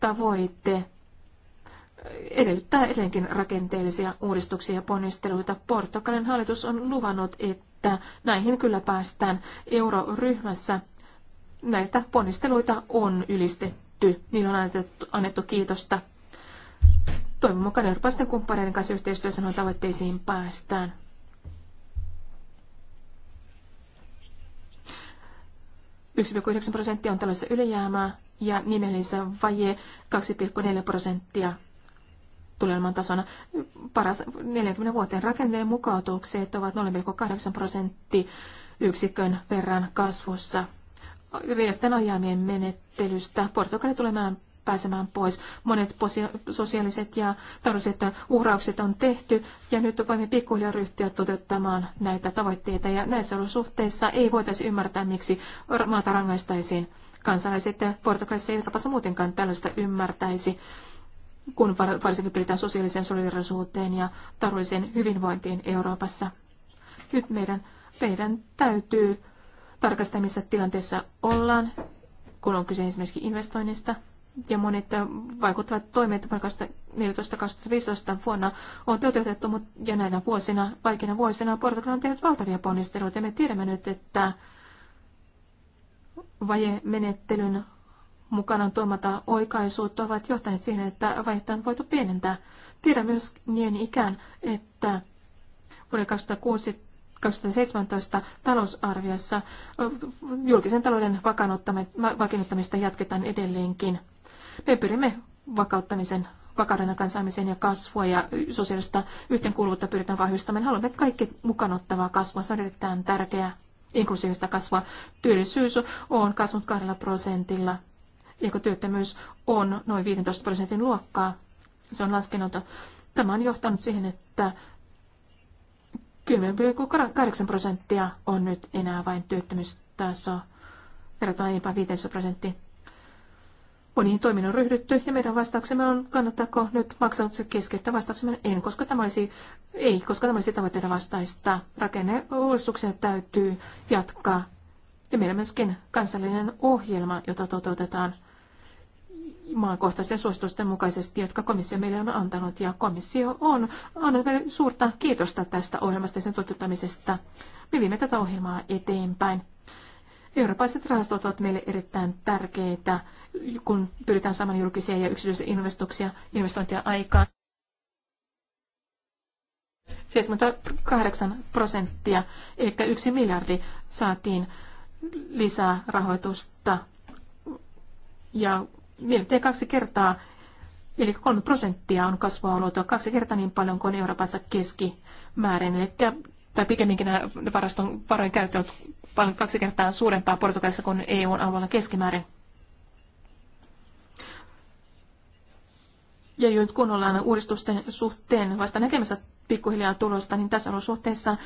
tavoite edellyttää edelleenkin rakenteellisia uudistuksia ja ponnisteluita. Portugalin hallitus on luvannut, että näihin kyllä päästään euroryhmässä. Näitä ponnisteluita on ylistetty, niillä on annettu, annettu kiitosta. Toivon mukaan eurooppalaisten kumppaneiden kanssa yhteistyössä noin tavoitteisiin päästään. Yksi prosenttia on tällaisessa ylijäämää ja nimellisessä vaje 2,4 prosenttia tuleman tasona. Paras 40 vuoteen rakenteen mukautukset ovat 0,8 yksikön verran kasvussa. Riisten ajamien menettelystä Portugali tulee pääsemään pois. Monet sosiaaliset ja taloudelliset uhraukset on tehty ja nyt voimme pikkuhiljaa ryhtyä toteuttamaan näitä tavoitteita. Ja näissä olosuhteissa ei voitaisi ymmärtää, miksi maata rangaistaisiin. Kansalaiset Portugalissa ei Euroopassa muutenkaan tällaista ymmärtäisi kun varsinkin pyritään sosiaaliseen solidarisuuteen ja taloudelliseen hyvinvointiin Euroopassa. Nyt meidän, meidän täytyy tarkastaa, missä tilanteessa ollaan, kun on kyse esimerkiksi investoinnista, ja monet vaikuttavat toimet vuonna 2014-2015 vuonna on toteutettu, ja näinä vuosina, vaikeina vuosina, Portugal on tehnyt valtavia ponnisteluita. Me tiedämme nyt, että vajemenettelyn mukanaan tuomata oikaisuutta ovat johtaneet siihen, että vaihetta on voitu pienentää. Tiedän myös niin ikään, että vuoden 2017 talousarviossa julkisen talouden vakiinnuttamista jatketaan edelleenkin. Me pyrimme vakauttamisen vakauden aikaansaamiseen ja kasvua ja sosiaalista yhteenkuuluvuutta pyritään vahvistamaan. Haluamme kaikki mukaan ottavaa kasvua. Se on erittäin tärkeää inklusiivista kasvua. Työllisyys on kasvanut kahdella prosentilla ja kun työttömyys on noin 15 prosentin luokkaa, se on laskenut. Tämä on johtanut siihen, että 10,8 prosenttia on nyt enää vain työttömyystaso verrattuna aiempaan 15 prosenttiin. Moniin toimiin on ryhdytty ja meidän vastauksemme on, kannattaako nyt maksatukset keskeyttää vastauksemme en, koska tämä olisi, ei, koska tämä olisi tavoitteiden vastaista. Rakenneuudistuksia täytyy jatkaa. Ja meillä on myöskin kansallinen ohjelma, jota toteutetaan maankohtaisten suositusten mukaisesti, jotka komissio meille on antanut. Ja komissio on annettu meille suurta kiitosta tästä ohjelmasta ja sen toteuttamisesta. Me viimme tätä ohjelmaa eteenpäin. Eurooppalaiset rahastot ovat meille erittäin tärkeitä, kun pyritään saamaan julkisia ja yksityisiä investointeja, investointia aikaan. 78 prosenttia, eli yksi miljardi saatiin lisää rahoitusta ja miltei kaksi kertaa, eli kolme prosenttia on kasvua ollut kaksi kertaa niin paljon kuin Euroopassa keskimäärin. Eli tai pikemminkin nämä varaston varojen käyttö on paljon kaksi kertaa suurempaa Portugalissa kuin EUn alueella keskimäärin. Ja nyt kun ollaan uudistusten suhteen vasta näkemässä pikkuhiljaa tulosta, niin tässä on suhteessa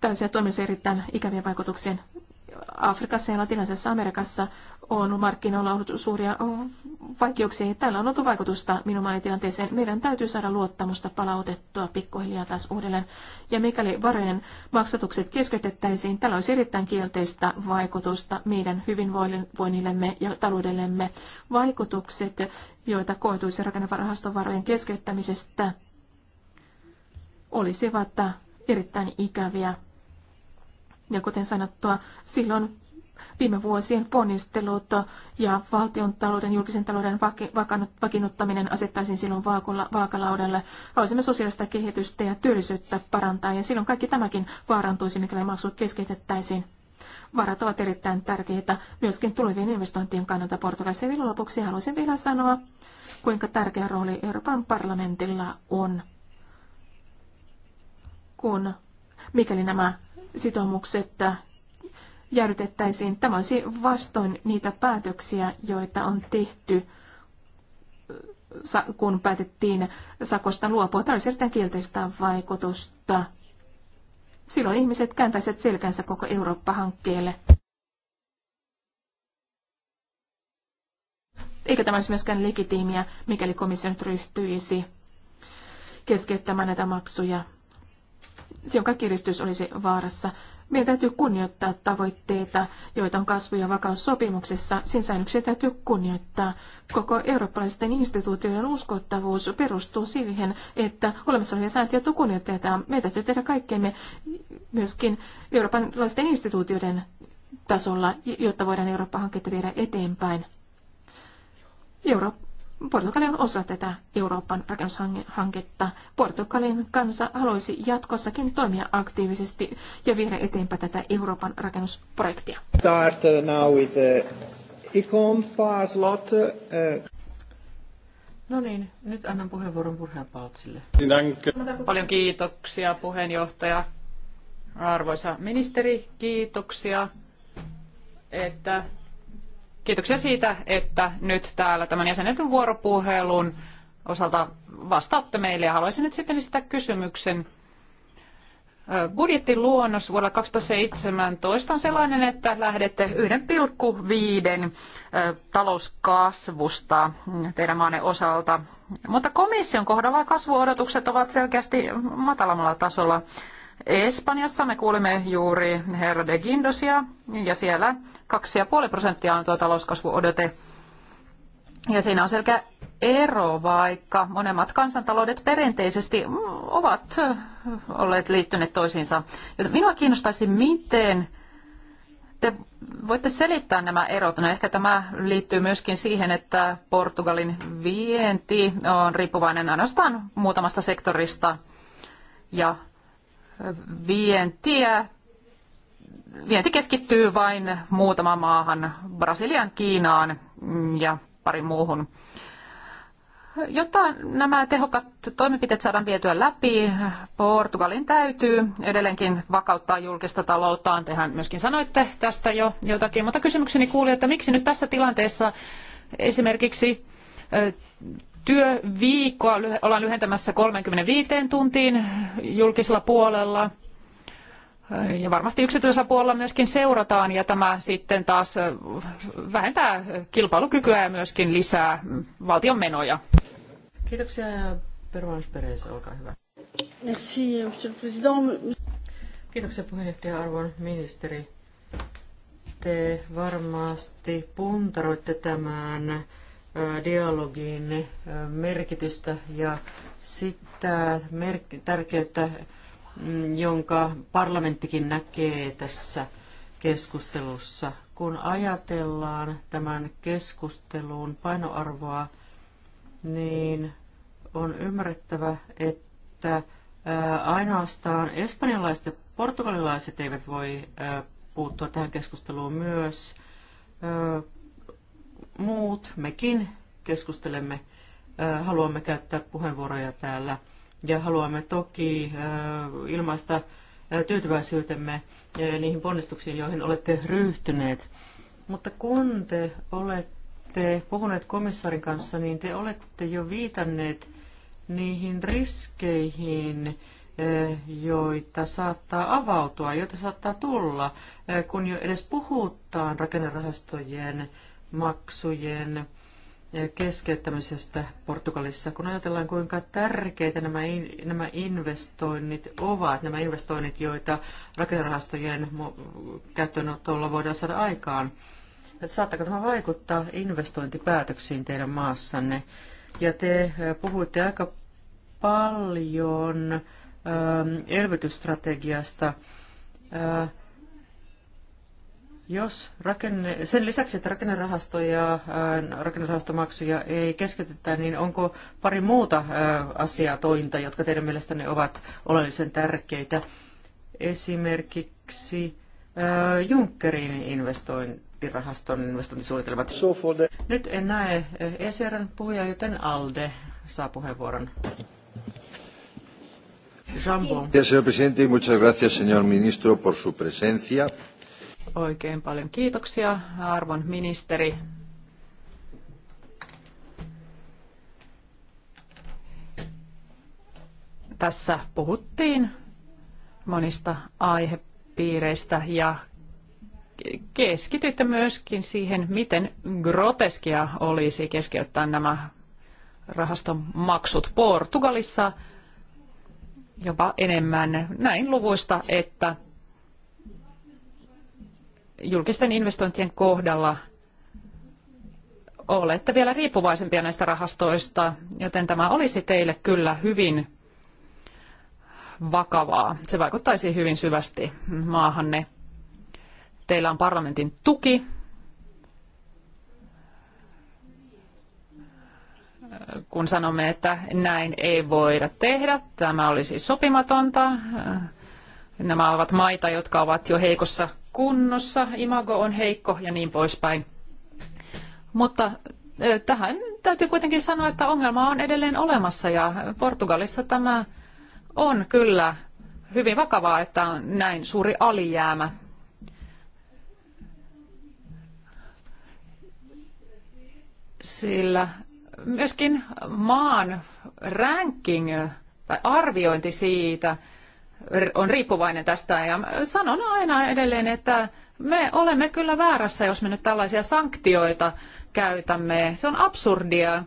tällaisia toimisi erittäin ikäviä vaikutuksia. Afrikassa ja Latinalaisessa Amerikassa on markkinoilla ollut suuria vaikeuksia. Tällä on ollut vaikutusta minun maanitilanteeseen. Meidän täytyy saada luottamusta palautettua pikkuhiljaa taas uudelleen. Ja mikäli varojen maksatukset keskeytettäisiin, tällä olisi erittäin kielteistä vaikutusta meidän hyvinvoinnillemme ja taloudellemme. Vaikutukset, joita koituisi rakennevarahaston varojen keskeyttämisestä, olisivat erittäin ikäviä ja kuten sanottua, silloin viime vuosien ponnistelut ja valtion talouden, julkisen talouden vakiinnuttaminen asettaisiin silloin vaakalaudalle. Haluaisimme sosiaalista kehitystä ja työllisyyttä parantaa, ja silloin kaikki tämäkin vaarantuisi, mikäli maksut keskitettäisiin. Varat ovat erittäin tärkeitä myöskin tulevien investointien kannalta Portugalissa. Vielä lopuksi haluaisin vielä sanoa, kuinka tärkeä rooli Euroopan parlamentilla on, kun mikäli nämä sitoumuksetta jäädytettäisiin. Tämä olisi vastoin niitä päätöksiä, joita on tehty, kun päätettiin sakosta luopua. Tämä olisi erittäin kielteistä vaikutusta. Silloin ihmiset kääntäisivät selkänsä koko Eurooppa-hankkeelle. Eikä tämä olisi myöskään legitiimiä, mikäli komissio nyt ryhtyisi keskeyttämään näitä maksuja jonka kiristys olisi vaarassa. Meidän täytyy kunnioittaa tavoitteita, joita on kasvu- ja vakaussopimuksessa. Sen säännöksiä täytyy kunnioittaa. Koko eurooppalaisten instituutioiden uskottavuus perustuu siihen, että olemassa olevia sääntöjä kunnioitettava. Meidän täytyy tehdä kaikkemme myöskin eurooppalaisten instituutioiden tasolla, jotta voidaan Eurooppa-hanketta viedä eteenpäin. Eurooppa Portugali on osa tätä Euroopan rakennushanketta. Portugalin kansa haluaisi jatkossakin toimia aktiivisesti ja viedä eteenpäin tätä Euroopan rakennusprojektia. Start uh, now with the uh, Ikompa slot. Uh, no niin, nyt annan puheenvuoron Paltsille. Paljon kiitoksia puheenjohtaja. Arvoisa ministeri, kiitoksia, että kiitoksia siitä, että nyt täällä tämän jäsenetyn vuoropuhelun osalta vastaatte meille. Ja haluaisin nyt sitten esittää kysymyksen. Budjettiluonnos vuodelle 2017 on sellainen, että lähdette 1,5 talouskasvusta teidän maanne osalta. Mutta komission kohdalla kasvuodotukset ovat selkeästi matalammalla tasolla. Espanjassa me kuulimme juuri herra de Guindosia ja siellä 2,5 prosenttia on tuo talouskasvuodote. Ja siinä on selkeä ero, vaikka monemmat kansantaloudet perinteisesti ovat olleet liittyneet toisiinsa. Joten minua kiinnostaisi, miten te voitte selittää nämä erot. No ehkä tämä liittyy myöskin siihen, että Portugalin vienti on riippuvainen ainoastaan muutamasta sektorista ja vientiä vienti keskittyy vain muutamaan maahan, Brasilian, Kiinaan ja pari muuhun. Jotta nämä tehokkaat toimenpiteet saadaan vietyä läpi, Portugalin täytyy edelleenkin vakauttaa julkista talouttaan. Tehän myöskin sanoitte tästä jo jotakin, mutta kysymykseni kuuli, että miksi nyt tässä tilanteessa esimerkiksi työviikkoa ollaan lyhentämässä 35 tuntiin julkisella puolella. Ja varmasti yksityisellä puolella myöskin seurataan ja tämä sitten taas vähentää kilpailukykyä ja myöskin lisää valtion menoja. Kiitoksia ja Perez, olkaa hyvä. Merci, monsieur le président. Kiitoksia puheenjohtaja arvon ministeri. Te varmasti puntaroitte tämän dialogin merkitystä ja sitä tärkeyttä, mm, jonka parlamenttikin näkee tässä keskustelussa. Kun ajatellaan tämän keskustelun painoarvoa, niin on ymmärrettävä, että ainoastaan espanjalaiset ja portugalilaiset eivät voi puuttua tähän keskusteluun myös muut, mekin keskustelemme, haluamme käyttää puheenvuoroja täällä ja haluamme toki ilmaista tyytyväisyytemme niihin ponnistuksiin, joihin olette ryhtyneet. Mutta kun te olette puhuneet komissarin kanssa, niin te olette jo viitanneet niihin riskeihin, joita saattaa avautua, joita saattaa tulla, kun jo edes puhutaan rakennerahastojen maksujen keskeyttämisestä Portugalissa, kun ajatellaan kuinka tärkeitä nämä, nämä investoinnit ovat, nämä investoinnit, joita rakennerahastojen käyttöönotolla voidaan saada aikaan. Että saattaako tämä vaikuttaa investointipäätöksiin teidän maassanne? Ja te puhuitte aika paljon elvytysstrategiasta. Jos rakenne, sen lisäksi, että rakennerahastoja, äh, rakennerahastomaksuja ei keskitytä, niin onko pari muuta äh, asiaa tointa, jotka teidän mielestänne ovat oleellisen tärkeitä? Esimerkiksi äh, Junckerin investointirahaston investointisuunnitelmat. Nyt en näe ECRn puhujaa, joten ALDE saa puheenvuoron. Sambo. Gracias, señor presidente, muchas gracias, señor ministro, por su presencia. Oikein paljon kiitoksia, arvon ministeri. Tässä puhuttiin monista aihepiireistä ja keskitytte myöskin siihen, miten groteskia olisi keskeyttää nämä rahaston maksut Portugalissa jopa enemmän näin luvuista, että julkisten investointien kohdalla olette vielä riippuvaisempia näistä rahastoista, joten tämä olisi teille kyllä hyvin vakavaa. Se vaikuttaisi hyvin syvästi maahanne. Teillä on parlamentin tuki. Kun sanomme, että näin ei voida tehdä, tämä olisi sopimatonta. Nämä ovat maita, jotka ovat jo heikossa kunnossa, imago on heikko ja niin poispäin. Mutta tähän täytyy kuitenkin sanoa, että ongelma on edelleen olemassa ja Portugalissa tämä on kyllä hyvin vakavaa, että on näin suuri alijäämä. Sillä myöskin maan ranking tai arviointi siitä, on riippuvainen tästä ja sanon aina edelleen, että me olemme kyllä väärässä, jos me nyt tällaisia sanktioita käytämme. Se on absurdia.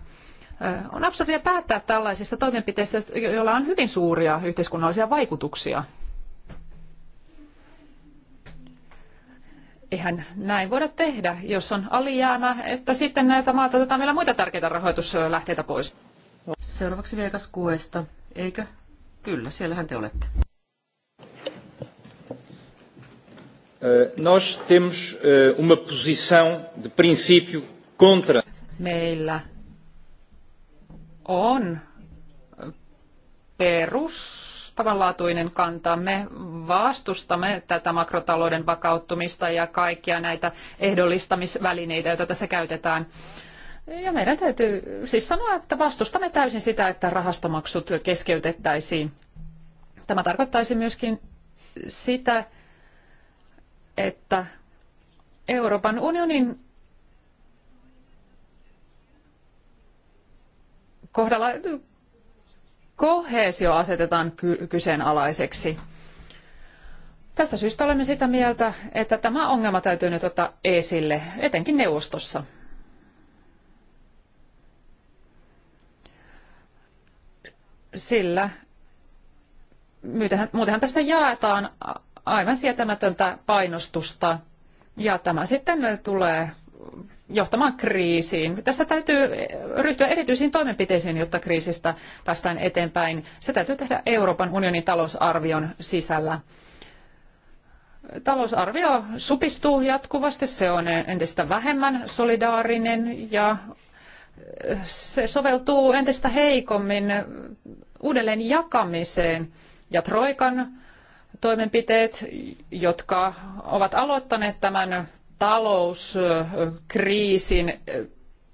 On absurdia päättää tällaisista toimenpiteistä, joilla on hyvin suuria yhteiskunnallisia vaikutuksia. Eihän näin voida tehdä, jos on alijäämä, että sitten näitä maata otetaan vielä muita tärkeitä rahoituslähteitä pois. Seuraavaksi Vegas Kuesta, eikö? Kyllä, siellähän te olette. Eh, nós temos eh, uma posição de princípio contra. Meillä on perustavanlaatuinen kanta. Me vastustamme tätä makrotalouden vakauttumista ja kaikkia näitä ehdollistamisvälineitä, joita tässä käytetään. Ja meidän täytyy siis sanoa, että vastustamme täysin sitä, että rahastomaksut keskeytettäisiin. Tämä tarkoittaisi myöskin sitä, että Euroopan unionin kohdalla kohesio asetetaan kyseenalaiseksi. Tästä syystä olemme sitä mieltä, että tämä ongelma täytyy nyt ottaa esille, etenkin neuvostossa. Sillä muutenhan tässä jaetaan aivan sietämätöntä painostusta ja tämä sitten tulee johtamaan kriisiin. Tässä täytyy ryhtyä erityisiin toimenpiteisiin, jotta kriisistä päästään eteenpäin. Se täytyy tehdä Euroopan unionin talousarvion sisällä. Talousarvio supistuu jatkuvasti, se on entistä vähemmän solidaarinen ja se soveltuu entistä heikommin uudelleen jakamiseen ja troikan toimenpiteet, jotka ovat aloittaneet tämän talouskriisin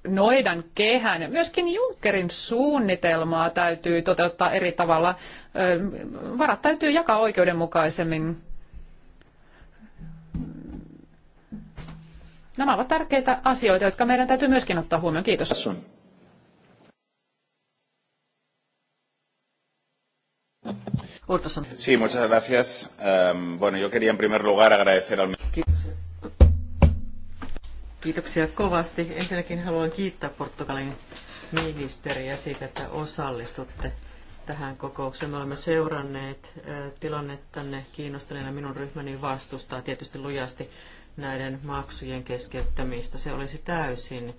noidan kehän. Myöskin Junckerin suunnitelmaa täytyy toteuttaa eri tavalla. Varat täytyy jakaa oikeudenmukaisemmin. Nämä ovat tärkeitä asioita, jotka meidän täytyy myöskin ottaa huomioon. Kiitos. Sí, muchas gracias. Um, bueno, yo quería en primer lugar agradecer al... Kiitoksia. Kiitoksia kovasti. Ensinnäkin haluan kiittää Portugalin ministeriä siitä, että osallistutte tähän kokoukseen. Me olemme seuranneet tilannettanne kiinnostuneena. Minun ryhmäni vastustaa tietysti lujasti näiden maksujen keskeyttämistä. Se olisi täysin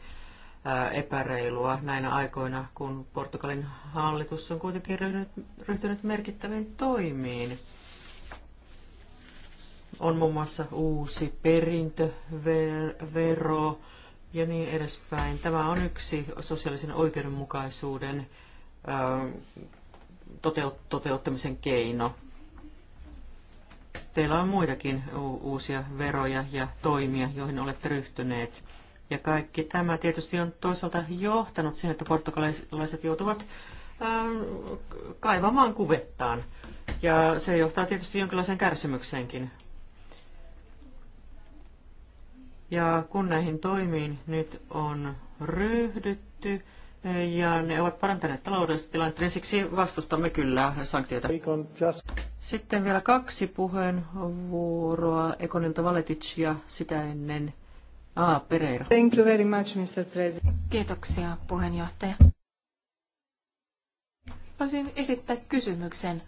epäreilua näinä aikoina, kun Portugalin hallitus on kuitenkin ryhtynyt, ryhtynyt merkittäviin toimiin. On muun muassa uusi perintövero ja niin edespäin. Tämä on yksi sosiaalisen oikeudenmukaisuuden toteuttamisen keino. Teillä on muitakin uusia veroja ja toimia, joihin olette ryhtyneet ja kaikki tämä tietysti on toisaalta johtanut siihen, että portugalilaiset joutuvat ähm, kaivamaan kuvettaan. Ja se johtaa tietysti jonkinlaiseen kärsimykseenkin. Ja kun näihin toimiin nyt on ryhdytty, eh, ja ne ovat parantaneet taloudellista tilannetta, niin siksi vastustamme kyllä sanktioita. Sitten vielä kaksi puheenvuoroa Ekonilta Valetic ja sitä ennen A. Pereira. Thank you very much, Mr. President. Kiitoksia, puheenjohtaja. Voisin esittää kysymyksen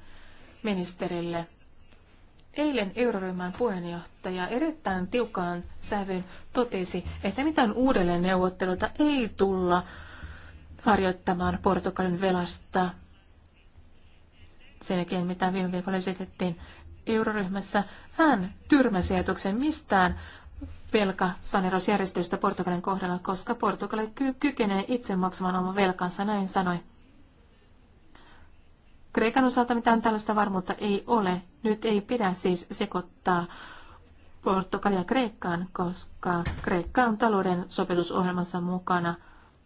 ministerille. Eilen euroryhmän puheenjohtaja erittäin tiukaan sävyyn totesi, että mitään uudelleen neuvotteluta ei tulla harjoittamaan Portugalin velasta. Sen jälkeen, mitä viime viikolla esitettiin euroryhmässä, hän tyrmäsi ajatuksen mistään Velka velkasaneerausjärjestelystä Portugalin kohdalla, koska Portugali ky- kykenee itse maksamaan oman velkansa, näin sanoi. Kreikan osalta mitään tällaista varmuutta ei ole. Nyt ei pidä siis sekoittaa Portugalia Kreikkaan, koska Kreikka on talouden sopetusohjelmassa mukana.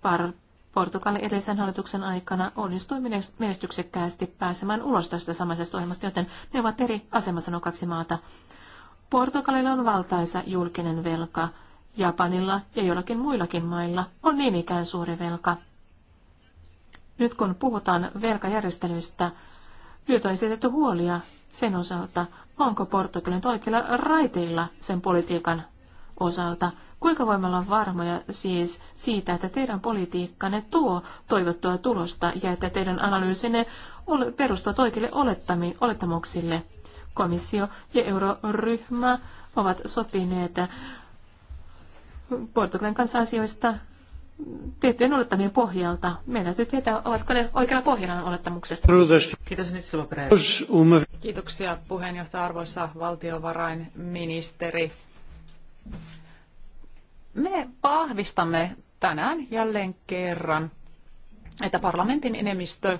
Par- Portugalin edellisen hallituksen aikana onnistui menestyksekkäästi pääsemään ulos tästä samaisesta ohjelmasta, joten ne ovat eri asemassa nuo kaksi maata. Portugalilla on valtaisa julkinen velka. Japanilla ja joillakin muillakin mailla on niin ikään suuri velka. Nyt kun puhutaan velkajärjestelyistä, nyt on esitetty huolia sen osalta, onko Portugalin oikeilla raiteilla sen politiikan osalta. Kuinka voimme olla varmoja siis siitä, että teidän politiikkanne tuo toivottua tulosta ja että teidän analyysinne perustuu oikeille olettamuksille? komissio ja euroryhmä ovat sopineet Portugalin kanssa asioista tiettyjen olettamien pohjalta. Meidän täytyy tietää, ovatko ne oikealla pohjalla olettamukset. Kiitos nyt Kiitoksia puheenjohtaja arvoisa valtiovarainministeri. Me vahvistamme tänään jälleen kerran, että parlamentin enemmistö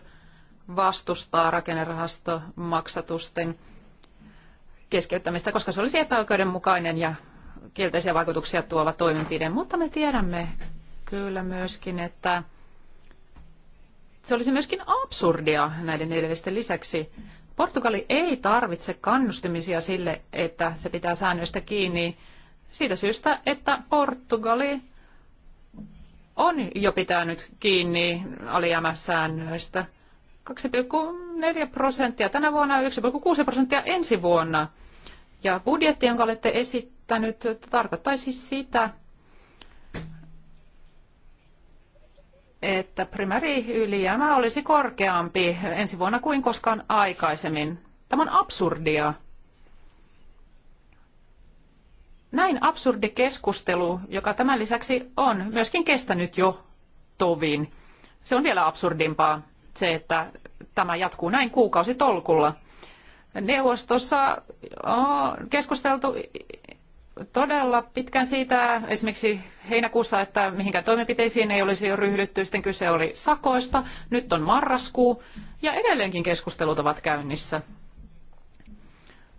vastustaa rakennerahastomaksatusten maksatusten keskeyttämistä, koska se olisi epäoikeudenmukainen ja kielteisiä vaikutuksia tuova toimenpide. Mutta me tiedämme kyllä myöskin, että se olisi myöskin absurdia näiden edellisten lisäksi. Portugali ei tarvitse kannustimisia sille, että se pitää säännöistä kiinni siitä syystä, että Portugali on jo pitänyt kiinni alijäämäsäännöistä. 2,4 prosenttia tänä vuonna, 1,6 prosenttia ensi vuonna. Ja budjetti, jonka olette esittänyt, tarkoittaisi sitä, että primäri ylijäämä olisi korkeampi ensi vuonna kuin koskaan aikaisemmin. Tämä on absurdia. Näin absurdi keskustelu, joka tämän lisäksi on myöskin kestänyt jo tovin. Se on vielä absurdimpaa se, että tämä jatkuu näin kuukausitolkulla. Neuvostossa on keskusteltu todella pitkään siitä, esimerkiksi heinäkuussa, että mihinkään toimenpiteisiin ei olisi jo ryhdytty, sitten kyse oli sakoista, nyt on marraskuu ja edelleenkin keskustelut ovat käynnissä.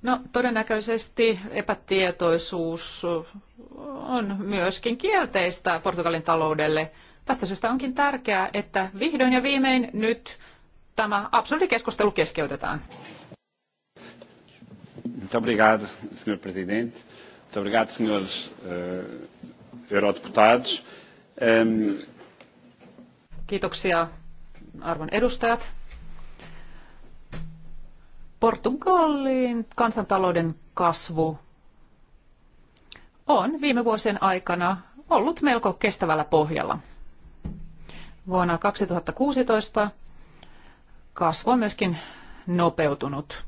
No todennäköisesti epätietoisuus on myöskin kielteistä Portugalin taloudelle – Tästä syystä onkin tärkeää, että vihdoin ja viimein nyt tämä absurdikeskustelu keskeytetään. Muito obrigado, Presidente. Muito obrigado, senhores uh, eurodeputados. Um... Kiitoksia, arvon edustajat. Portugalin kansantalouden kasvu on viime vuosien aikana ollut melko kestävällä pohjalla vuonna 2016 kasvu on myöskin nopeutunut.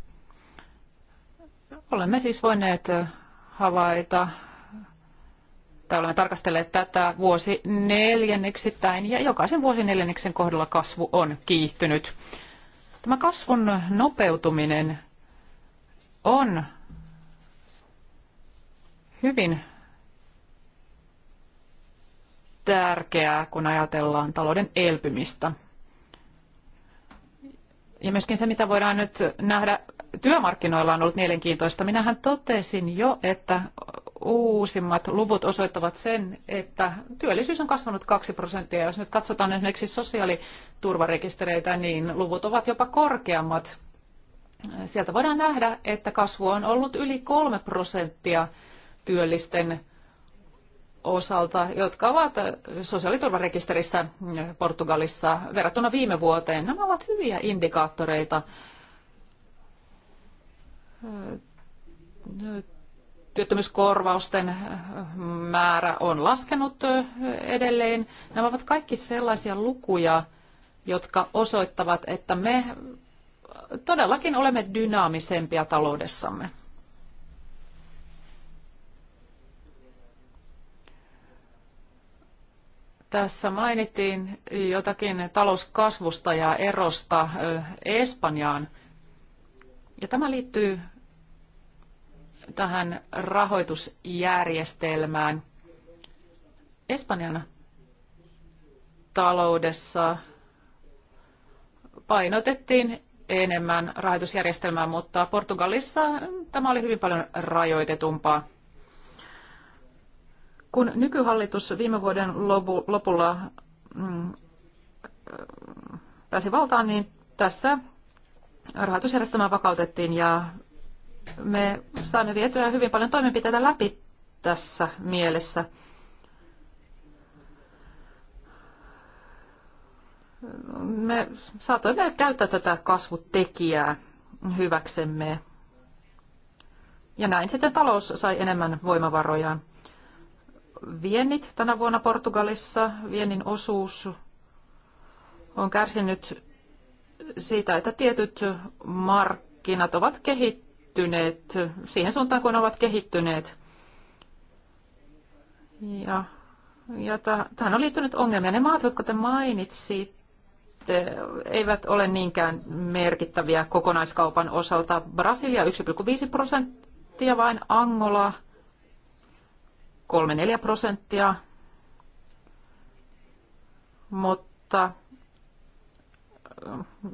Olemme siis voineet havaita, tai olemme tarkastelleet tätä vuosi neljänneksittäin, ja jokaisen vuosi neljänneksen kohdalla kasvu on kiihtynyt. Tämä kasvun nopeutuminen on hyvin tärkeää, kun ajatellaan talouden elpymistä. Ja myöskin se, mitä voidaan nyt nähdä työmarkkinoilla on ollut mielenkiintoista. Minähän totesin jo, että uusimmat luvut osoittavat sen, että työllisyys on kasvanut 2 prosenttia. Jos nyt katsotaan esimerkiksi sosiaaliturvarekistereitä, niin luvut ovat jopa korkeammat. Sieltä voidaan nähdä, että kasvu on ollut yli 3 prosenttia työllisten osalta, jotka ovat sosiaaliturvarekisterissä Portugalissa verrattuna viime vuoteen. Nämä ovat hyviä indikaattoreita työttömyyskorvausten määrä on laskenut edelleen. Nämä ovat kaikki sellaisia lukuja, jotka osoittavat, että me todellakin olemme dynaamisempia taloudessamme. Tässä mainittiin jotakin talouskasvusta ja erosta Espanjaan. Ja tämä liittyy tähän rahoitusjärjestelmään. Espanjan taloudessa painotettiin enemmän rahoitusjärjestelmää, mutta Portugalissa tämä oli hyvin paljon rajoitetumpaa. Kun nykyhallitus viime vuoden lopulla mm, äh, pääsi valtaan, niin tässä rahoitusjärjestelmä vakautettiin ja me saimme vietyä hyvin paljon toimenpiteitä läpi tässä mielessä. Me saatoimme käyttää tätä kasvutekijää hyväksemme. Ja näin sitten talous sai enemmän voimavaroja viennit tänä vuonna Portugalissa. Viennin osuus on kärsinyt siitä, että tietyt markkinat ovat kehittyneet siihen suuntaan, kun ovat kehittyneet. Ja, ja tähän on liittynyt ongelmia. Ne maat, jotka te mainitsit, eivät ole niinkään merkittäviä kokonaiskaupan osalta. Brasilia 1,5 prosenttia, vain Angola 3-4 prosenttia, mutta äh,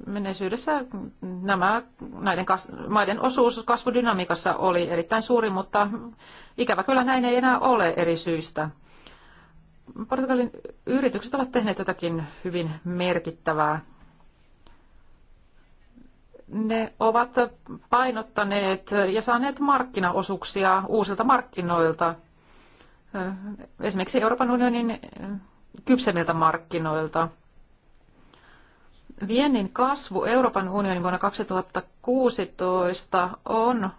menneisyydessä nämä, näiden kas, maiden osuus kasvudynamiikassa oli erittäin suuri, mutta ikävä kyllä näin ei enää ole eri syistä. Portugalin yritykset ovat tehneet jotakin hyvin merkittävää. Ne ovat painottaneet ja saaneet markkinaosuuksia uusilta markkinoilta – Äh, esimerkiksi Euroopan unionin äh, kypsemmiltä markkinoilta. Viennin kasvu Euroopan unionin vuonna 2016 on äh,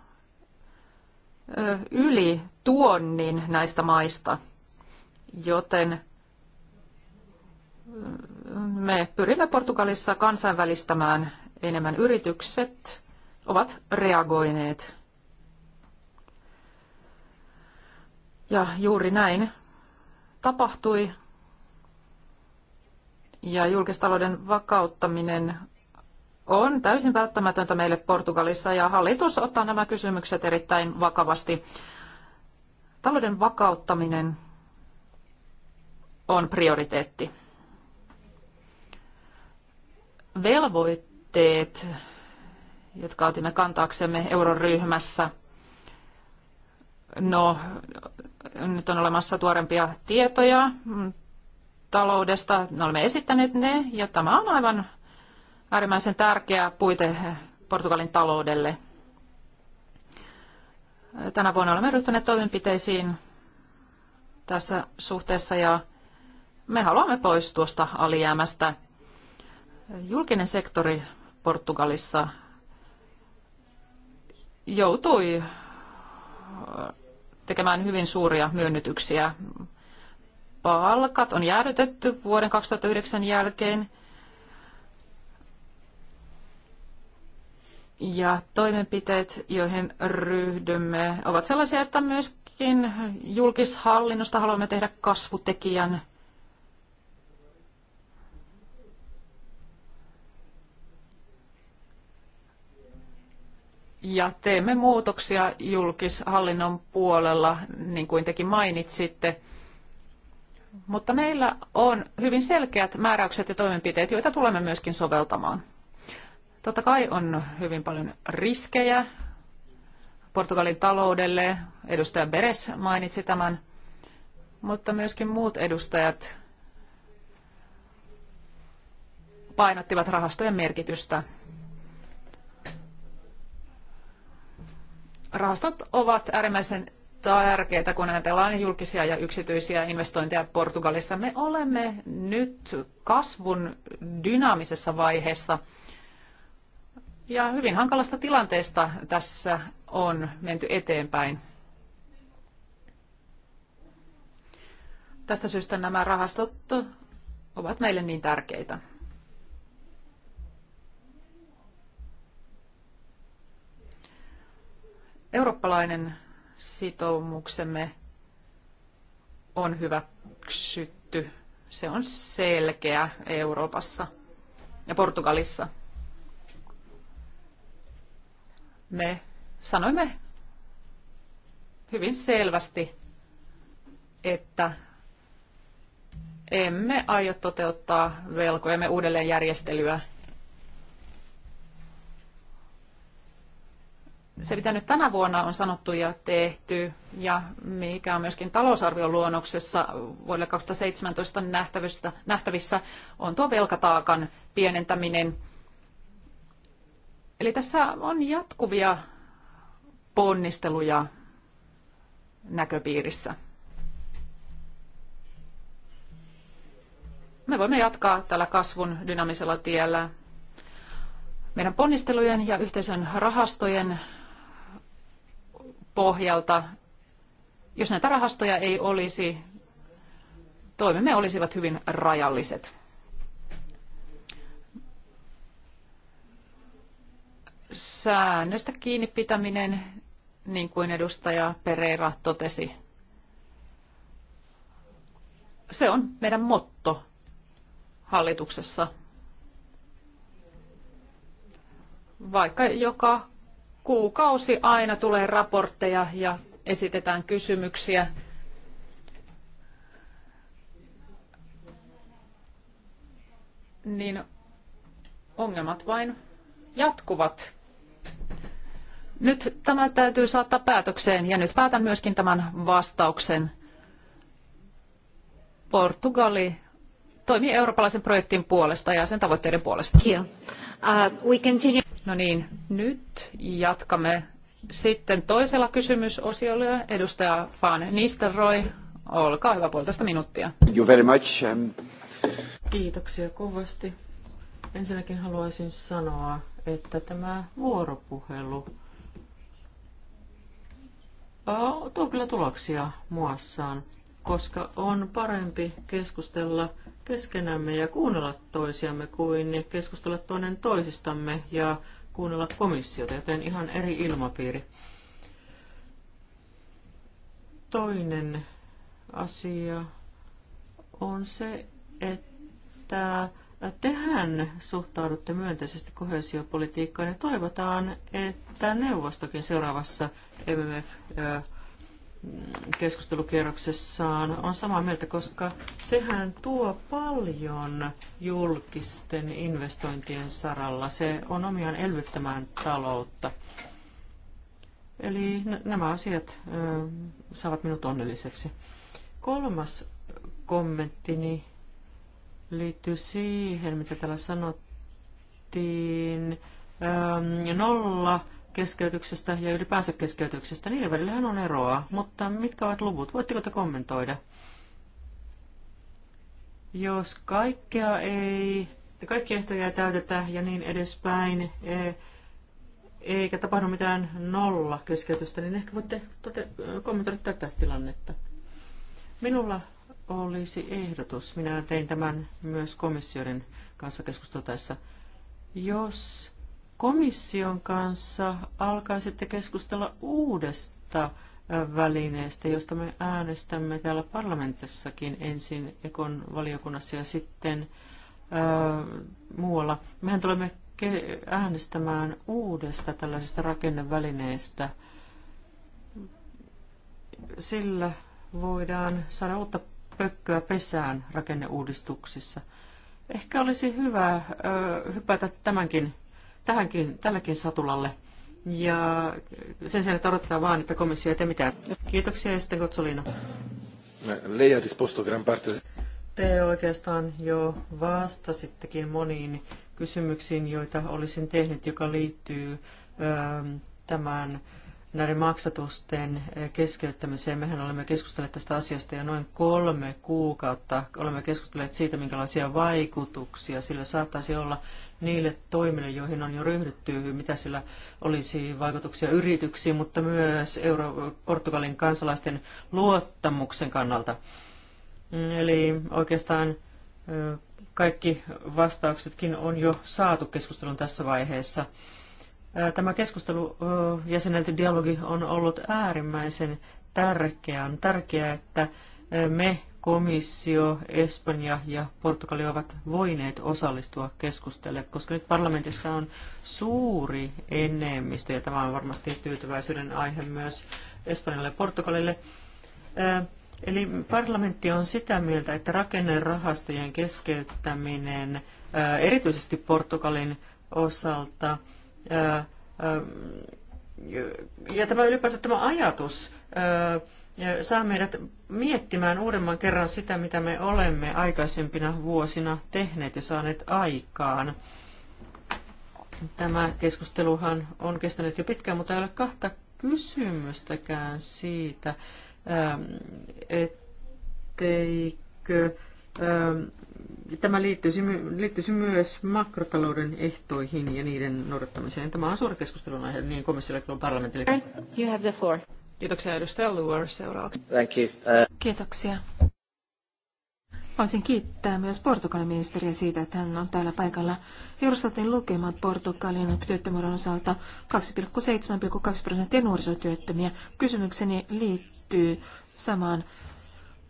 yli tuonnin näistä maista, joten me pyrimme Portugalissa kansainvälistämään enemmän yritykset ovat reagoineet Ja juuri näin tapahtui. Ja julkistalouden vakauttaminen on täysin välttämätöntä meille Portugalissa ja hallitus ottaa nämä kysymykset erittäin vakavasti. Talouden vakauttaminen on prioriteetti. Velvoitteet, jotka otimme kantaaksemme euroryhmässä, no nyt on olemassa tuorempia tietoja mm, taloudesta. Me olemme esittäneet ne ja tämä on aivan äärimmäisen tärkeä puite Portugalin taloudelle. Tänä vuonna olemme ryhtyneet toimenpiteisiin tässä suhteessa ja me haluamme pois tuosta alijäämästä. Julkinen sektori Portugalissa joutui tekemään hyvin suuria myönnytyksiä. Palkat on jäädytetty vuoden 2009 jälkeen. Ja toimenpiteet, joihin ryhdymme, ovat sellaisia, että myöskin julkishallinnosta haluamme tehdä kasvutekijän – ja teemme muutoksia julkishallinnon puolella, niin kuin tekin mainitsitte. Mutta meillä on hyvin selkeät määräykset ja toimenpiteet, joita tulemme myöskin soveltamaan. Totta kai on hyvin paljon riskejä Portugalin taloudelle. Edustaja Beres mainitsi tämän, mutta myöskin muut edustajat painottivat rahastojen merkitystä rahastot ovat äärimmäisen tärkeitä, kun ajatellaan julkisia ja yksityisiä investointeja Portugalissa. Me olemme nyt kasvun dynaamisessa vaiheessa ja hyvin hankalasta tilanteesta tässä on menty eteenpäin. Tästä syystä nämä rahastot ovat meille niin tärkeitä. eurooppalainen sitoumuksemme on hyväksytty. Se on selkeä Euroopassa ja Portugalissa. Me sanoimme hyvin selvästi, että emme aio toteuttaa velkojemme uudelleenjärjestelyä se, mitä nyt tänä vuonna on sanottu ja tehty, ja mikä on myöskin talousarvion luonnoksessa vuodelle 2017 nähtävissä, nähtävissä, on tuo velkataakan pienentäminen. Eli tässä on jatkuvia ponnisteluja näköpiirissä. Me voimme jatkaa tällä kasvun dynaamisella tiellä. Meidän ponnistelujen ja yhteisön rahastojen pohjalta. Jos näitä rahastoja ei olisi, toimemme olisivat hyvin rajalliset. Säännöstä kiinni pitäminen, niin kuin edustaja Pereira totesi, se on meidän motto hallituksessa. Vaikka joka kuukausi aina tulee raportteja ja esitetään kysymyksiä. Niin ongelmat vain jatkuvat. Nyt tämä täytyy saattaa päätökseen ja nyt päätän myöskin tämän vastauksen. Portugali toimii eurooppalaisen projektin puolesta ja sen tavoitteiden puolesta. Uh, we continue. No niin, nyt jatkamme sitten toisella kysymysosiolla. Edustaja Van Nistelrooy, olkaa hyvä puolitoista minuuttia. Thank you very much. Um... Kiitoksia kovasti. Ensinnäkin haluaisin sanoa, että tämä vuoropuhelu tuo kyllä tuloksia muassaan, koska on parempi keskustella keskenämme ja kuunnella toisiamme kuin keskustella toinen toisistamme ja kuunnella komissiota, joten ihan eri ilmapiiri. Toinen asia on se, että tehän suhtaudutte myönteisesti kohesiopolitiikkaan ja toivotaan, että neuvostokin seuraavassa MMF keskustelukierroksessaan on samaa mieltä, koska sehän tuo paljon julkisten investointien saralla. Se on omiaan elvyttämään taloutta. Eli nämä asiat ö, saavat minut onnelliseksi. Kolmas kommenttini liittyy siihen, mitä täällä sanottiin. Ö, nolla keskeytyksestä ja ylipäänsä keskeytyksestä, niiden välillähän on eroa, mutta mitkä ovat luvut? Voitteko te kommentoida? Jos kaikkea ei, kaikki ehtoja ei täytetä ja niin edespäin, e, eikä tapahdu mitään nolla keskeytystä, niin ehkä voitte tote, kommentoida tätä tilannetta. Minulla olisi ehdotus. Minä tein tämän myös komissioiden kanssa keskusteltaessa. Jos komission kanssa alkaisitte keskustella uudesta välineestä, josta me äänestämme täällä parlamentissakin ensin Ekon valiokunnassa ja sitten ää, muualla. Mehän tulemme äänestämään uudesta tällaisesta rakennevälineestä. Sillä voidaan saada uutta pökköä pesään rakenneuudistuksissa. Ehkä olisi hyvä ö, hypätä tämänkin tähänkin, tällekin satulalle. Ja sen sijaan, että odotetaan vaan, että komissio ei tee mitään. Kiitoksia ja sitten Kotsolino. Lei gran parte. Te oikeastaan jo vastasittekin moniin kysymyksiin, joita olisin tehnyt, joka liittyy ähm, tämän näiden maksatusten äh, keskeyttämiseen. Mehän olemme keskustelleet tästä asiasta jo noin kolme kuukautta olemme keskustelleet siitä, minkälaisia vaikutuksia sillä saattaisi olla niille toimille, joihin on jo ryhdytty, mitä sillä olisi vaikutuksia yrityksiin, mutta myös Euro- Portugalin kansalaisten luottamuksen kannalta. Mm, eli oikeastaan kaikki vastauksetkin on jo saatu keskustelun tässä vaiheessa. Tämä keskustelu jäsenelty dialogi on ollut äärimmäisen tärkeää. On tärkeää, että me komissio, Espanja ja Portugali ovat voineet osallistua keskustelle, koska nyt parlamentissa on suuri enemmistö, ja tämä on varmasti tyytyväisyyden aihe myös Espanjalle ja Portugalille. Eli parlamentti on sitä mieltä, että rakennerahastojen keskeyttäminen erityisesti Portugalin osalta ja tämä ylipäänsä tämä ajatus saa meidät miettimään uudemman kerran sitä, mitä me olemme aikaisempina vuosina tehneet ja saaneet aikaan. Tämä keskusteluhan on kestänyt jo pitkään, mutta ei ole kahta kysymystäkään siitä, ähm, etteikö ähm, tämä liittyisi, liittyisi myös makrotalouden ehtoihin ja niiden noudattamiseen. Tämä on suuri keskustelun aihe niin komissiolle kuin parlamentille. You have the floor. Kiitoksia edustaja Luer seuraavaksi. Thank you. Uh... Kiitoksia. Voisin kiittää myös Portugalin ministeriä siitä, että hän on täällä paikalla. Eurostatin lukemat Portugalin työttömyyden osalta 2,7,2 prosenttia nuorisotyöttömiä. Kysymykseni liittyy samaan,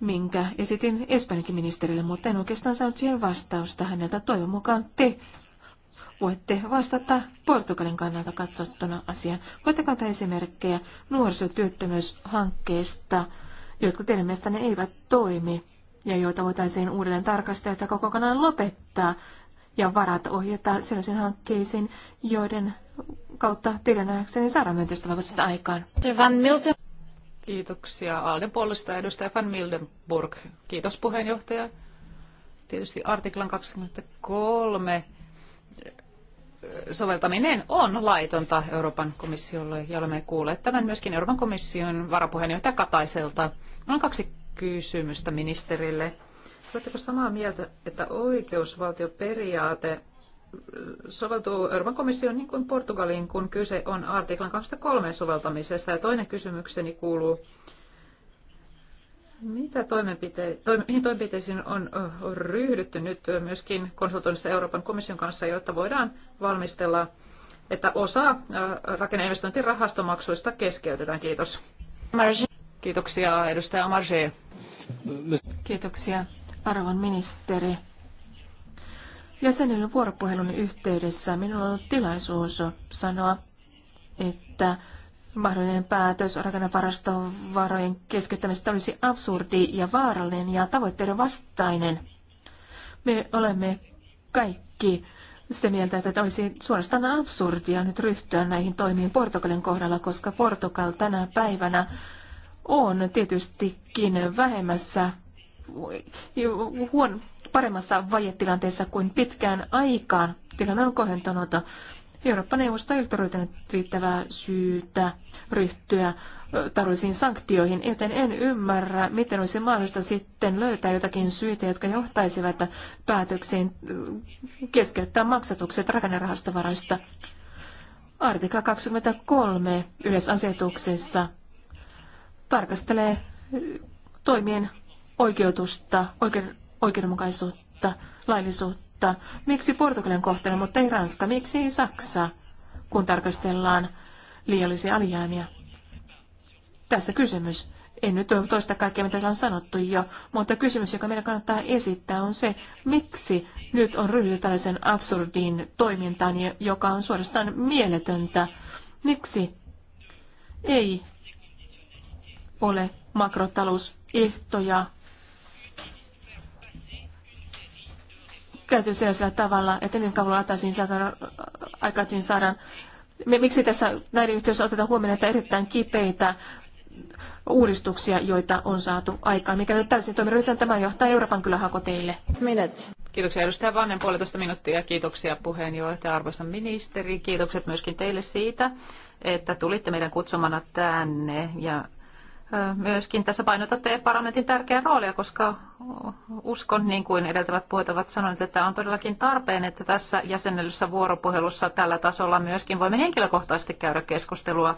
minkä esitin Espanjankin ministerille, mutta en oikeastaan saanut siihen vastausta häneltä. Toivon mukaan te Voitte vastata Portugalin kannalta katsottuna asian. Voitteko antaa esimerkkejä nuorisotyöttömyyshankkeesta, jotka teidän mielestänne eivät toimi ja joita voitaisiin uudelleen tarkastella että kokonaan lopettaa ja varat ohjata sellaisiin hankkeisiin, joiden kautta teidän nähdäkseni saadaan myönteistä vaikutusta aikaan. Van Milden, Kiitoksia Alden puolesta edustaja Van Mildenburg. Kiitos puheenjohtaja. Tietysti artiklan 23 soveltaminen on laitonta Euroopan komissiolle, ja olemme kuulleet tämän myöskin Euroopan komission varapuheenjohtaja Kataiselta. On kaksi kysymystä ministerille. Oletteko samaa mieltä, että oikeusvaltioperiaate soveltuu Euroopan komissioon, niin kuin Portugaliin, kun kyse on artiklan 23 soveltamisesta? Ja toinen kysymykseni kuuluu, mitä toimenpite- toim- mihin toimenpiteisiin on ryhdytty nyt myöskin konsultoinnissa Euroopan komission kanssa, jotta voidaan valmistella, että osa rakenneinvestointirahastomaksuista keskeytetään? Kiitos. Kiitoksia edustaja Marge. Kiitoksia arvon ministeri. Jäsenille vuoropuhelun yhteydessä minulla on ollut tilaisuus sanoa, että mahdollinen päätös rakennevaraston varojen keskittämistä olisi absurdi ja vaarallinen ja tavoitteiden vastainen. Me olemme kaikki sitä mieltä, että olisi suorastaan absurdia nyt ryhtyä näihin toimiin Portugalin kohdalla, koska Portugal tänä päivänä on tietystikin vähemmässä huon paremmassa vajetilanteessa kuin pitkään aikaan. Tilanne on kohentunut. Eurooppa-neuvosto ei ole löytänyt riittävää syytä ryhtyä taloudellisiin sanktioihin, joten en ymmärrä, miten olisi mahdollista sitten löytää jotakin syitä, jotka johtaisivat päätöksiin keskeyttää maksatukset rakennerahastovaroista. Artikla 23 yleisasetuksessa tarkastelee toimien oikeutusta, oikeudenmukaisuutta, laillisuutta mutta miksi Portugalin kohtelu, mutta ei Ranska, miksi ei Saksa, kun tarkastellaan liiallisia alijäämiä? Tässä kysymys. En nyt toista kaikkea, mitä on sanottu jo, mutta kysymys, joka meidän kannattaa esittää, on se, miksi nyt on ryhdytty tällaisen absurdiin toimintaan, joka on suorastaan mieletöntä. Miksi ei ole makrotalousehtoja käyty sellaisella tavalla, että niiden kauan ataisiin saadaan, saadaan. Miksi tässä näiden yhteydessä otetaan huomioon, että erittäin kipeitä uudistuksia, joita on saatu aikaan. Mikä nyt tällaisen toimin tämä johtaa Euroopan kyllä teille. Minut. Kiitoksia edustaja Vannen puolitoista minuuttia. Kiitoksia puheenjohtaja arvoisa ministeri. Kiitokset myöskin teille siitä, että tulitte meidän kutsumana tänne ja myöskin tässä painotatte parlamentin tärkeää roolia, koska uskon, niin kuin edeltävät puhujat ovat sanoneet, että on todellakin tarpeen, että tässä jäsennellyssä vuoropuhelussa tällä tasolla myöskin voimme henkilökohtaisesti käydä keskustelua.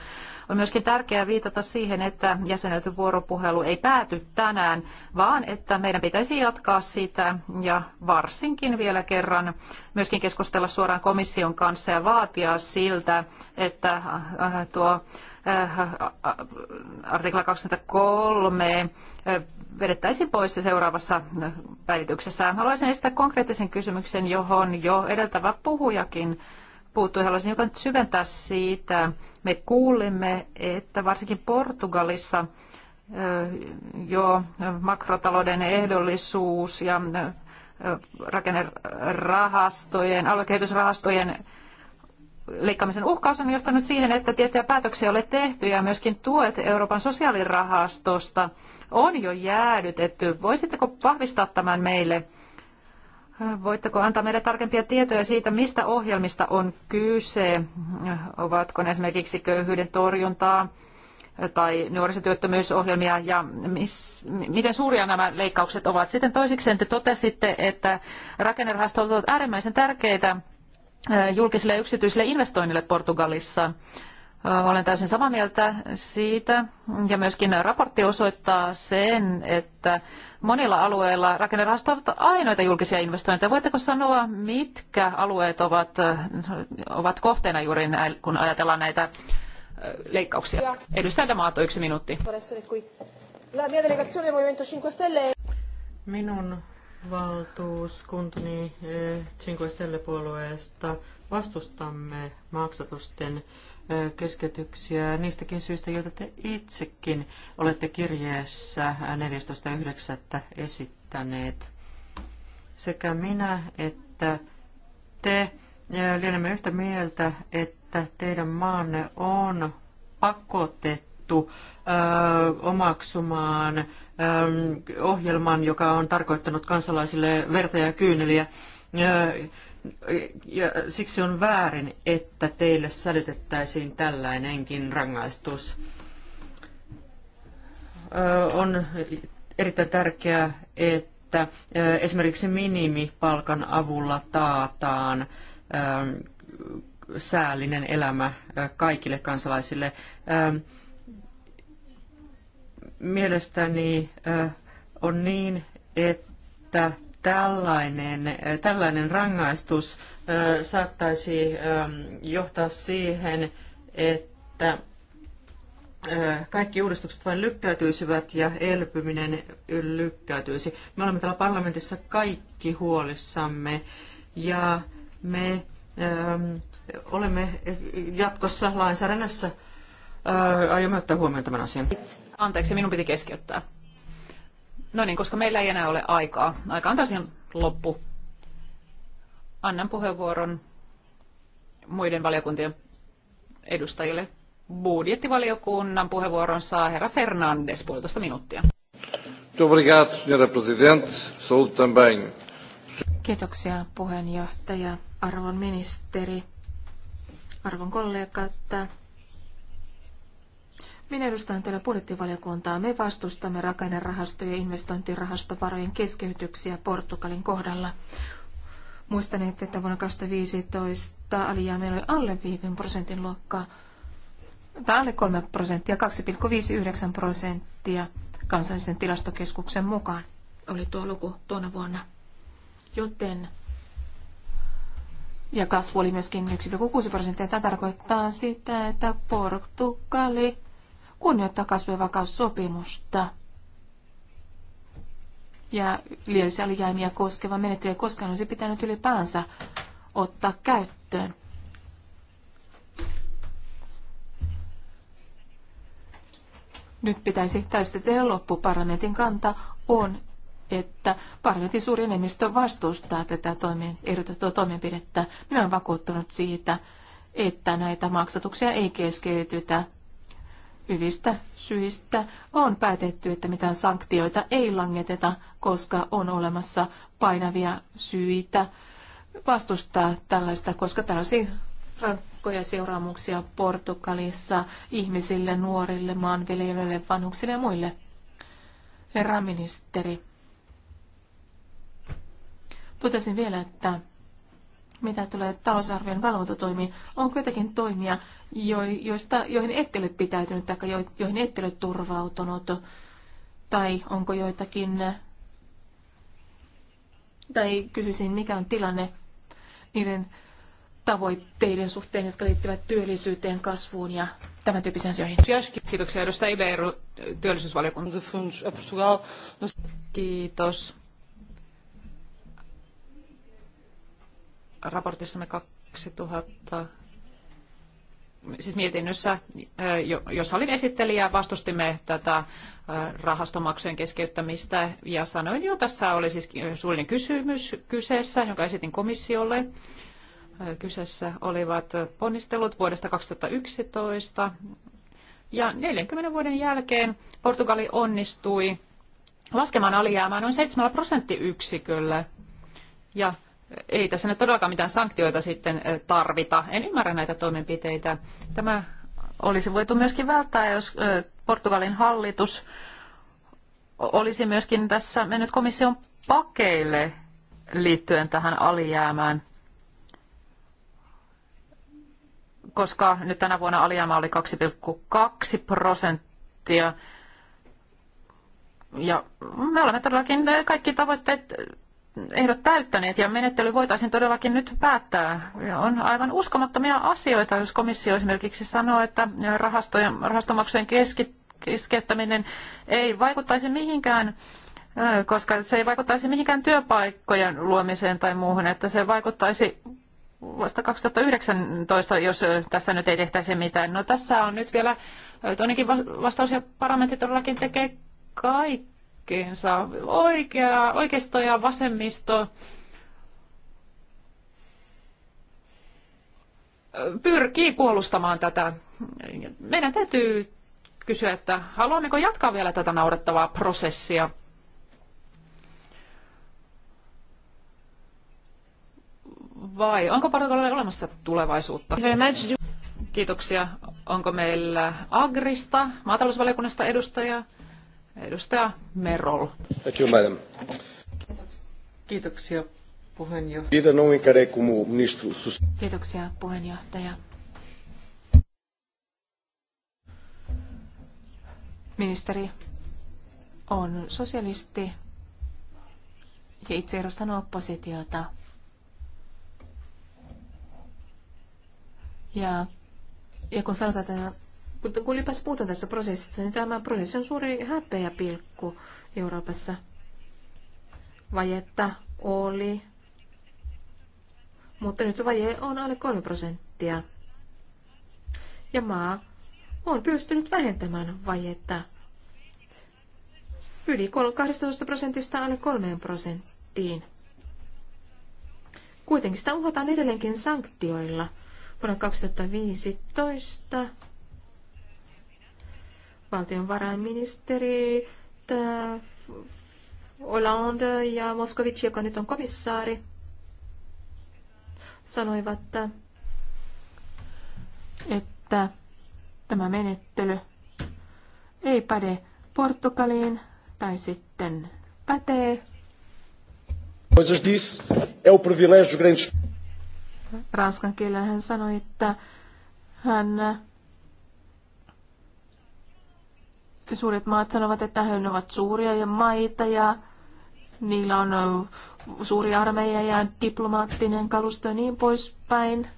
On myöskin tärkeää viitata siihen, että jäsennelty vuoropuhelu ei pääty tänään, vaan että meidän pitäisi jatkaa sitä ja varsinkin vielä kerran myöskin keskustella suoraan komission kanssa ja vaatia siltä, että äh, äh, tuo Äh, artikla 23 äh, vedettäisiin pois seuraavassa äh, päivityksessä. Haluaisin esittää konkreettisen kysymyksen, johon jo edeltävä puhujakin puuttui. Haluaisin hiukan syventää siitä. Me kuulimme, että varsinkin Portugalissa jo makrotalouden ehdollisuus ja rakennerahastojen, aluekehitysrahastojen leikkaamisen uhkaus on johtanut siihen, että tiettyjä päätöksiä ei ole tehty ja myöskin tuet Euroopan sosiaalirahastosta on jo jäädytetty. Voisitteko vahvistaa tämän meille? Voitteko antaa meille tarkempia tietoja siitä, mistä ohjelmista on kyse? Ovatko ne esimerkiksi köyhyyden torjuntaa tai nuorisotyöttömyysohjelmia ja miten suuria nämä leikkaukset ovat? Sitten toisekseen te totesitte, että rakennerahastot ovat äärimmäisen tärkeitä Äh, julkisille ja yksityisille investoinnille Portugalissa. Äh, olen täysin samaa mieltä siitä ja myöskin raportti osoittaa sen, että monilla alueilla rakennerahastot ovat ainoita julkisia investointeja. Voitteko sanoa, mitkä alueet ovat, ovat kohteena juuri kun ajatellaan näitä äh, leikkauksia? Edustaja Damato, yksi minuutti. Minun valtuuskuntani niin, eh, Cinque Stelle-puolueesta vastustamme maksatusten eh, keskeytyksiä niistäkin syistä, joita te itsekin olette kirjeessä 14.9. Eh, esittäneet. Sekä minä että te lienemme yhtä mieltä, että teidän maanne on pakotettu omaksumaan Ähm, ohjelman, joka on tarkoittanut kansalaisille verta ja kyyneliä. Ja siksi on väärin, että teille sälytettäisiin tällainenkin rangaistus. On erittäin tärkeää, että esimerkiksi minimipalkan avulla taataan säällinen elämä kaikille kansalaisille mielestäni on niin, että tällainen, tällainen rangaistus saattaisi johtaa siihen, että kaikki uudistukset vain lykkäytyisivät ja elpyminen lykkäytyisi. Me olemme täällä parlamentissa kaikki huolissamme ja me olemme jatkossa lainsäädännössä aiomme ottaa huomioon tämän asian. Anteeksi, minun piti keskeyttää. No niin, koska meillä ei enää ole aikaa. Aika on täysin loppu. Annan puheenvuoron muiden valiokuntien edustajille. Budjettivaliokunnan puheenvuoron saa herra Fernandes, puolitoista minuuttia. Kiitoksia puheenjohtaja, arvon ministeri, arvon kollegat, minä edustan täällä budjettivaliokuntaa. Me vastustamme rakennerahasto- ja investointirahastovarojen keskeytyksiä Portugalin kohdalla. Muistan, että vuonna 2015 alijäämä oli alle 5 prosentin luokkaa, tai alle 3 prosenttia, 2,59 prosenttia kansallisen tilastokeskuksen mukaan oli tuo luku tuona vuonna. Joten ja kasvu oli myöskin 1,6 prosenttia. Tämä tarkoittaa sitä, että Portugali kunnioittaa kasvivakaussopimusta. Ja liellisiä alijäämiä koskeva menettely koskaan olisi pitänyt ylipäänsä ottaa käyttöön. Nyt pitäisi tästä tehdä loppu. Parlamentin kanta on, että parlamentin suuri enemmistö vastustaa tätä toimeen, ehdotettua toimenpidettä. Minä olen vakuuttunut siitä, että näitä maksatuksia ei keskeytytä hyvistä syistä on päätetty, että mitään sanktioita ei langeteta, koska on olemassa painavia syitä vastustaa tällaista, koska tällaisia rankkoja seuraamuksia Portugalissa ihmisille, nuorille, maanviljelijöille, vanhuksille ja muille. Herra ministeri, totesin vielä, että mitä tulee talousarvion valvontatoimiin, onko jotakin toimia, joista, joihin ette ole pitäytynyt tai joihin ette ole turvautunut, tai onko joitakin, tai kysyisin, mikä on tilanne niiden tavoitteiden suhteen, jotka liittyvät työllisyyteen, kasvuun ja tämän tyyppisiin asioihin. Kiitoksia edustaja Iberu, työllisyysvaliokunta. Kiitos. raportissamme 2000 siis mietinnössä, jossa olin esittelijä, vastustimme tätä rahastomaksujen keskeyttämistä ja sanoin jo, tässä oli siis suullinen kysymys kyseessä, jonka esitin komissiolle. Kyseessä olivat ponnistelut vuodesta 2011 ja 40 vuoden jälkeen Portugali onnistui laskemaan alijäämää noin 7 prosenttiyksiköllä. Ja ei tässä nyt todellakaan mitään sanktioita sitten eh, tarvita. En ymmärrä näitä toimenpiteitä. Tämä olisi voitu myöskin välttää, jos eh, Portugalin hallitus olisi myöskin tässä mennyt komission pakeille liittyen tähän alijäämään. Koska nyt tänä vuonna alijäämä oli 2,2 prosenttia. Ja me olemme todellakin eh, kaikki tavoitteet ehdot täyttäneet ja menettely voitaisiin todellakin nyt päättää. On aivan uskomattomia asioita, jos komissio esimerkiksi sanoo, että rahastojen, rahastomaksujen keski, keskeyttäminen ei vaikuttaisi mihinkään koska se ei vaikuttaisi mihinkään työpaikkojen luomiseen tai muuhun, että se vaikuttaisi vasta 2019, jos tässä nyt ei tehtäisi mitään. No tässä on nyt vielä, toinenkin vastaus ja parlamentti todellakin tekee kaikki toisiinsa. Oikea, oikeisto ja vasemmisto pyrkii puolustamaan tätä. Meidän täytyy kysyä, että haluammeko jatkaa vielä tätä naurettavaa prosessia. Vai onko Portugalille olemassa tulevaisuutta? Kiitoksia. Onko meillä Agrista, maatalousvaliokunnasta edustaja? Edustaja Merol. Thank you, madam. Kiitoksia, puheenjohtaja. Kiitoksia, puheenjohtaja. Ministeri on sosialisti ja itse edustan oppositiota. Ja, ja kun sanotaan, että mutta kun ylipäänsä puhutaan tästä prosessista, niin tämä prosessi on suuri häpeä pilkku Euroopassa. Vajetta oli, mutta nyt vaje on alle 3 prosenttia. Ja maa on pystynyt vähentämään vajetta yli 12 prosentista alle 3 prosenttiin. Kuitenkin sitä uhataan edelleenkin sanktioilla. Vuonna 2015 valtionvarainministeri Hollande ja Moskovic, joka nyt on komissaari, sanoivat, että, tämä menettely ei päde Portugaliin tai sitten pätee. Ranskan kielellä hän sanoi, että hän Suuret maat sanovat, että he ovat suuria ja maita ja niillä on suuri armeija ja diplomaattinen kalusto ja niin poispäin.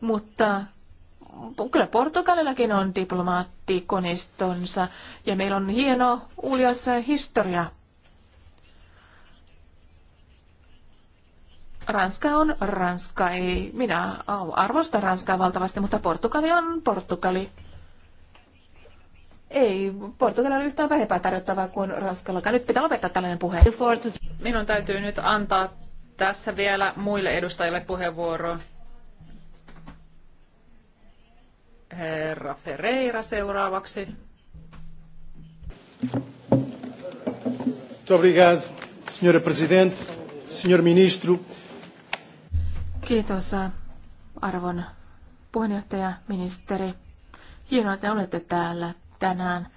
Mutta kyllä Portugalillakin on diplomaattikonistonsa ja meillä on hieno uljas historia Ranska on Ranska, ei minä arvostan Ranskaa valtavasti, mutta Portugali on Portugali. Ei, Portugali on yhtään vähempää tarjottavaa kuin Ranskalla. Nyt pitää lopettaa tällainen puhe. Minun täytyy nyt antaa tässä vielä muille edustajille puheenvuoro. Herra Ferreira seuraavaksi. obrigado, senhora presidente, senhor ministro. Kiitos arvon puheenjohtaja, ministeri. Hienoa, että olette täällä tänään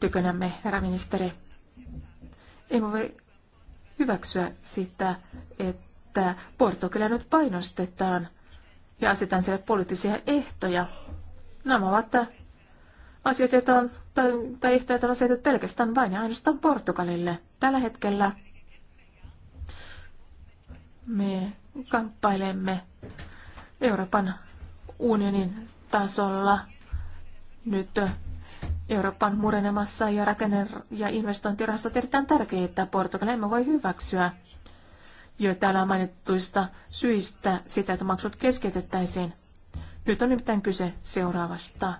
tykönämme, herra ministeri. Ei voi hyväksyä sitä, että Portugalia nyt painostetaan ja asetetaan sille poliittisia ehtoja. Nämä ovat asioita, joita on, tai, tai ehtoja, joita on asetettu pelkästään vain ja ainoastaan Portugalille. Tällä hetkellä me kamppailemme Euroopan unionin tasolla nyt Euroopan murenemassa ja rakenne- ja investointirahastot erittäin tärkeitä. Portugalia emme voi hyväksyä jo täällä mainittuista syistä sitä, että maksut keskeytettäisiin. Nyt on nimittäin kyse seuraavasta.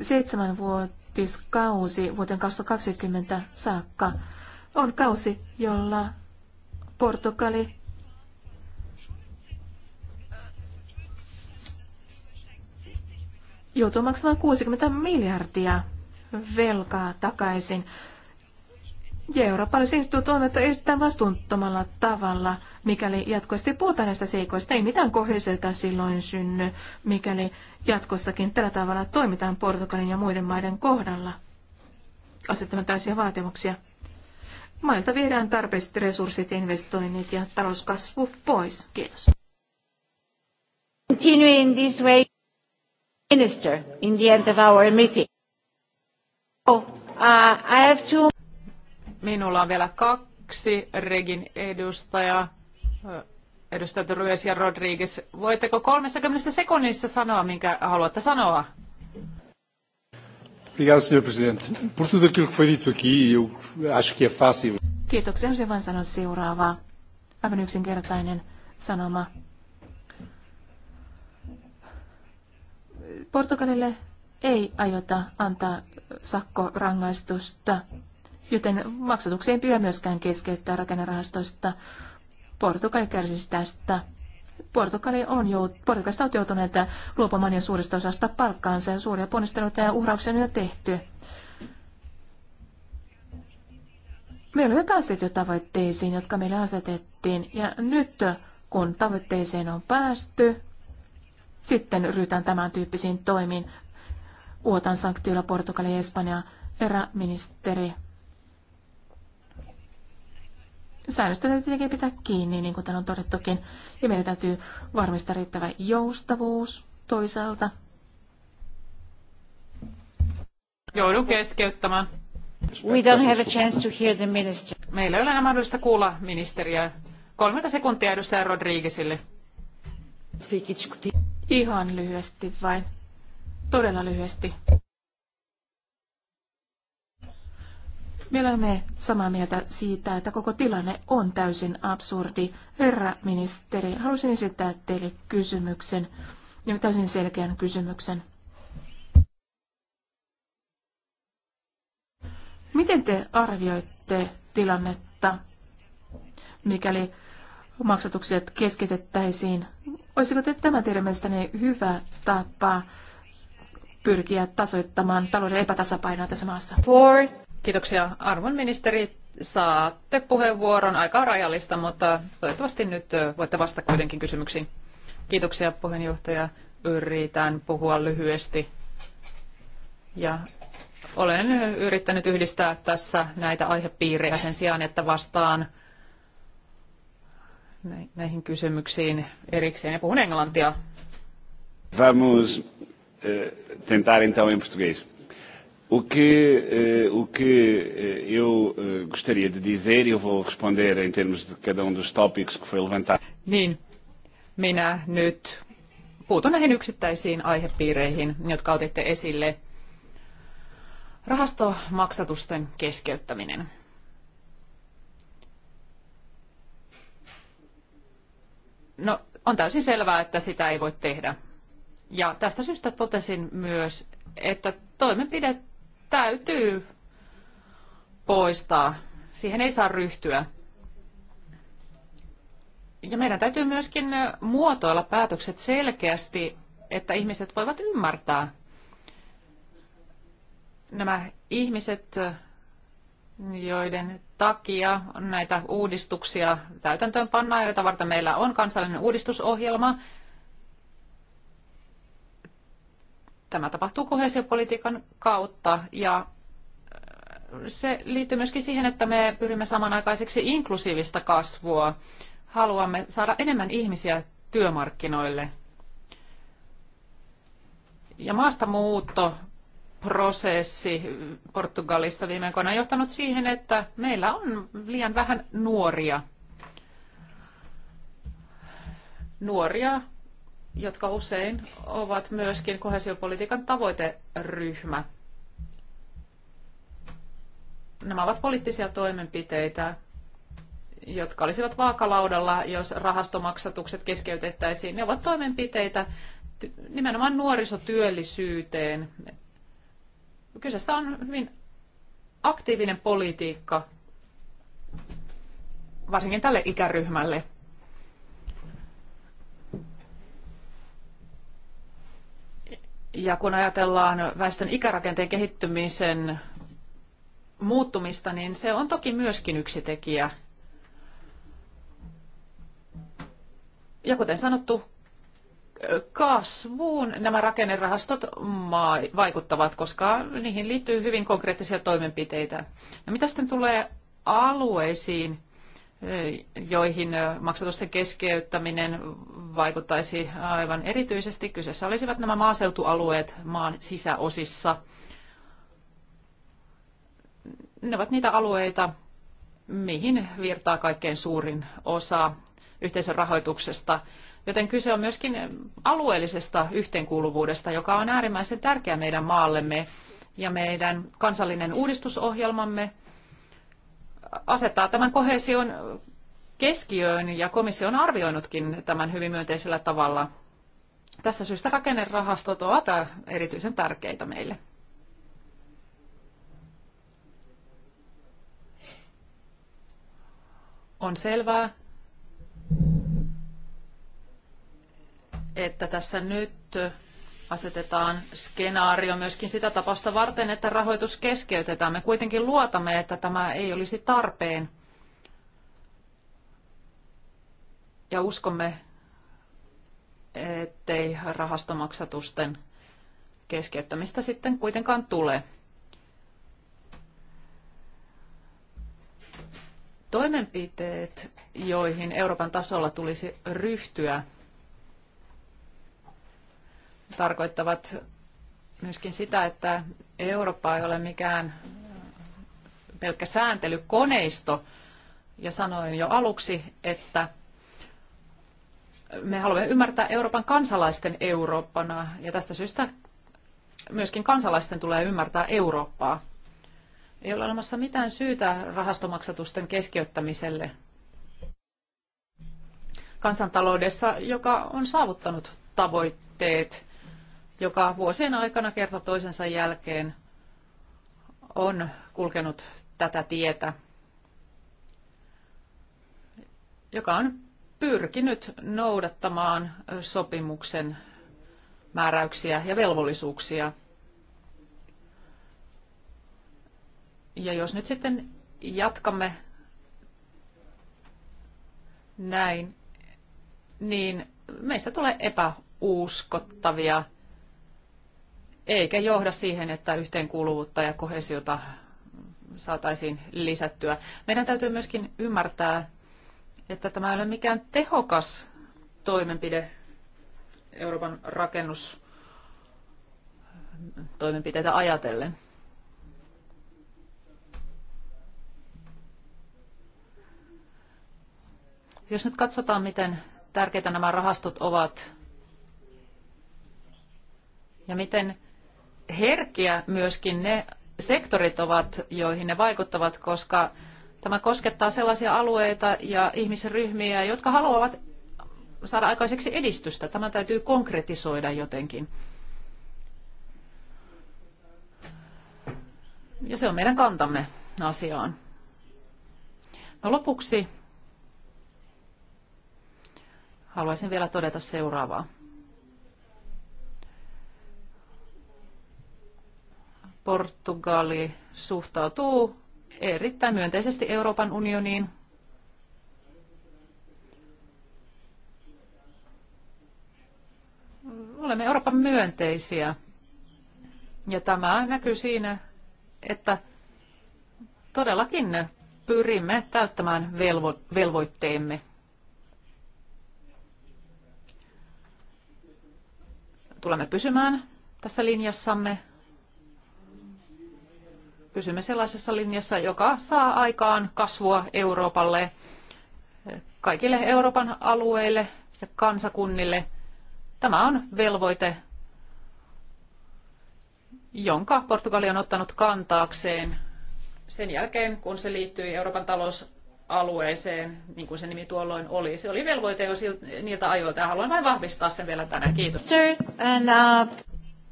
Seitsemän vuotta kehityskausi vuoteen 2020 saakka on kausi, jolla Portugali joutuu maksamaan 60 miljardia velkaa takaisin. Ja eurooppalaiset on, että erittäin vastuuttomalla tavalla, mikäli jatkuvasti puhutaan näistä seikoista. Ei mitään kohdiselta silloin synny, mikäli jatkossakin tällä tavalla toimitaan Portugalin ja muiden maiden kohdalla asettamaan tällaisia vaatimuksia. Mailta viedään tarpeelliset resurssit, investoinnit ja talouskasvu pois. Kiitos. Continuing this way, Minister, in the end of our meeting. Oh, uh, I have two Minulla on vielä kaksi Regin edustaja. Edustajat Ruiz ja Rodriguez, voitteko 30 sekunnissa sanoa, minkä haluatte sanoa? Obrigado, Sr. Presidente. Por tudo aquilo que foi dito aqui, eu acho que é fácil. Kiitoksia, olisin vain sanoa seuraavaa. Aivan yksinkertainen sanoma. Portugalille ei aiota antaa sakkorangaistusta joten maksatuksia ei pidä myöskään keskeyttää rakennerahastoista. Portugali kärsisi tästä. Portugali on jout, Portugalista on joutuneet luopumaan jo suurista osasta palkkaansa ja suuria ponnisteluita ja uhrauksia on jo tehty. Me olemme päässeet jo tavoitteisiin, jotka meille asetettiin, ja nyt kun tavoitteeseen on päästy, sitten ryhdytään tämän tyyppisiin toimiin. Uotan sanktioilla Portugali ja Espanjaa. Eräministeri säännöstä täytyy tietenkin pitää kiinni, niin kuin täällä on todettukin. Ja meidän täytyy varmistaa riittävä joustavuus toisaalta. Joudun keskeyttämään. We don't have a chance to hear the minister. Meillä ei ole enää mahdollista kuulla ministeriä. 30 sekuntia edustaja Rodriguezille. Ihan lyhyesti vain. Todella lyhyesti. Me olemme samaa mieltä siitä, että koko tilanne on täysin absurdi. Herra ministeri, haluaisin esittää teille kysymyksen, täysin selkeän kysymyksen. Miten te arvioitte tilannetta, mikäli maksatukset keskitettäisiin? Olisiko te tämä teidän mielestäni hyvä tapa pyrkiä tasoittamaan talouden epätasapainoa tässä maassa? Four. Kiitoksia arvon ministeri. Saatte puheenvuoron. Aika on rajallista, mutta toivottavasti nyt voitte vastata kuitenkin kysymyksiin. Kiitoksia puheenjohtaja. Yritän puhua lyhyesti. Ja olen yrittänyt yhdistää tässä näitä aihepiirejä sen sijaan, että vastaan näihin kysymyksiin erikseen ja puhun englantia. Vamos eh, tentar então em português. O que, eh, o que eh, eu eh, gostaria de dizer, e eu vou responder em termos de cada um dos tópicos que foi levantado. Niin, minä nyt puutun näihin yksittäisiin aihepiireihin, jotka otitte esille. Rahastomaksatusten keskeyttäminen. No, on täysin selvää, että sitä ei voi tehdä. Ja tästä syystä totesin myös, että toimenpide täytyy poistaa. Siihen ei saa ryhtyä. Ja meidän täytyy myöskin muotoilla päätökset selkeästi, että ihmiset voivat ymmärtää. Nämä ihmiset, joiden takia näitä uudistuksia täytäntöön pannaan, joita varten meillä on kansallinen uudistusohjelma, Tämä tapahtuu kohesiopolitiikan kautta ja äh, se liittyy myöskin siihen, että me pyrimme samanaikaiseksi inklusiivista kasvua. Haluamme saada enemmän ihmisiä työmarkkinoille. Ja maastamuutto prosessi Portugalissa viime aikoina on johtanut siihen, että meillä on liian vähän nuoria. Nuoria jotka usein ovat myöskin kohesiopolitiikan tavoiteryhmä. Nämä ovat poliittisia toimenpiteitä, jotka olisivat vaakalaudalla, jos rahastomaksatukset keskeytettäisiin. Ne ovat toimenpiteitä nimenomaan nuorisotyöllisyyteen. Kyseessä on hyvin aktiivinen politiikka, varsinkin tälle ikäryhmälle. Ja kun ajatellaan väestön ikärakenteen kehittymisen muuttumista, niin se on toki myöskin yksi tekijä. Ja kuten sanottu, kasvuun nämä rakennerahastot vaikuttavat, koska niihin liittyy hyvin konkreettisia toimenpiteitä. No mitä sitten tulee alueisiin, joihin maksatusten keskeyttäminen vaikuttaisi aivan erityisesti. Kyseessä olisivat nämä maaseutualueet maan sisäosissa. Ne ovat niitä alueita, mihin virtaa kaikkein suurin osa yhteisön rahoituksesta. Joten kyse on myöskin alueellisesta yhteenkuuluvuudesta, joka on äärimmäisen tärkeä meidän maallemme ja meidän kansallinen uudistusohjelmamme – asettaa tämän kohesion keskiöön ja komissio on arvioinutkin tämän hyvin myönteisellä tavalla. Tästä syystä rakennerahastot ovat erityisen tärkeitä meille. On selvää, että tässä nyt asetetaan skenaario myöskin sitä tapausta varten, että rahoitus keskeytetään. Me kuitenkin luotamme, että tämä ei olisi tarpeen. Ja uskomme, ettei rahastomaksatusten keskeyttämistä sitten kuitenkaan tule. Toimenpiteet, joihin Euroopan tasolla tulisi ryhtyä tarkoittavat myöskin sitä, että Eurooppa ei ole mikään pelkkä sääntelykoneisto. Ja sanoin jo aluksi, että me haluamme ymmärtää Euroopan kansalaisten Eurooppana, ja tästä syystä myöskin kansalaisten tulee ymmärtää Eurooppaa. Ei ole olemassa mitään syytä rahastomaksatusten keskeyttämiselle kansantaloudessa, joka on saavuttanut tavoitteet joka vuosien aikana kerta toisensa jälkeen on kulkenut tätä tietä, joka on pyrkinyt noudattamaan sopimuksen määräyksiä ja velvollisuuksia. Ja jos nyt sitten jatkamme näin, niin meistä tulee epäuskottavia eikä johda siihen, että yhteenkuuluvuutta ja kohesiota saataisiin lisättyä. Meidän täytyy myöskin ymmärtää, että tämä ei ole mikään tehokas toimenpide Euroopan rakennustoimenpiteitä ajatellen. Jos nyt katsotaan, miten tärkeitä nämä rahastot ovat ja miten herkkiä myöskin ne sektorit ovat, joihin ne vaikuttavat, koska tämä koskettaa sellaisia alueita ja ihmisryhmiä, jotka haluavat saada aikaiseksi edistystä. Tämä täytyy konkretisoida jotenkin. Ja se on meidän kantamme asiaan. No lopuksi haluaisin vielä todeta seuraavaa. Portugali suhtautuu erittäin myönteisesti Euroopan unioniin. Olemme Euroopan myönteisiä. Ja tämä näkyy siinä, että todellakin pyrimme täyttämään velvo- velvoitteemme. Tulemme pysymään tässä linjassamme pysymme sellaisessa linjassa, joka saa aikaan kasvua Euroopalle, kaikille Euroopan alueille ja kansakunnille. Tämä on velvoite, jonka Portugali on ottanut kantaakseen sen jälkeen, kun se liittyi Euroopan talousalueeseen, niin kuin se nimi tuolloin oli. Se oli velvoite jo niiltä ajoilta ja haluan vain vahvistaa sen vielä tänään. Kiitos. Uh,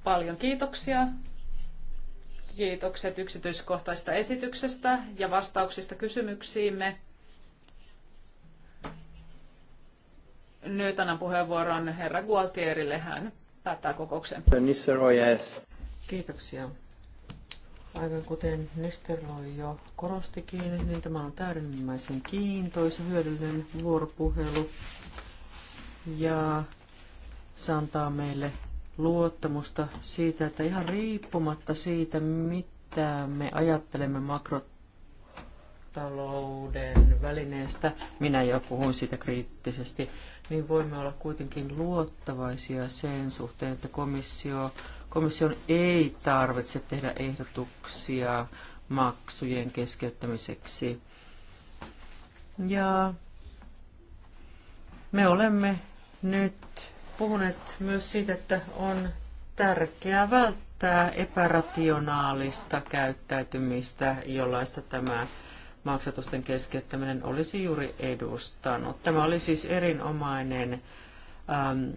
Paljon kiitoksia. Kiitokset yksityiskohtaisesta esityksestä ja vastauksista kysymyksiimme. Nyt annan puheenvuoron herra Gualtierille. Hän päättää kokouksen. Kiitoksia. Aivan kuten Nesterloi jo korostikin, niin tämä on täydellimmäisen kiintoisen hyödyllinen vuoropuhelu. Ja se antaa meille luottamusta siitä, että ihan riippumatta siitä, mitä me ajattelemme makrotalouden välineestä, minä jo puhun siitä kriittisesti, niin voimme olla kuitenkin luottavaisia sen suhteen, että komissio, komission ei tarvitse tehdä ehdotuksia maksujen keskeyttämiseksi. Ja me olemme nyt puhuneet myös siitä, että on tärkeää välttää epärationaalista käyttäytymistä, jollaista tämä maksatusten keskeyttäminen olisi juuri edustanut. Tämä oli siis erinomainen ähm,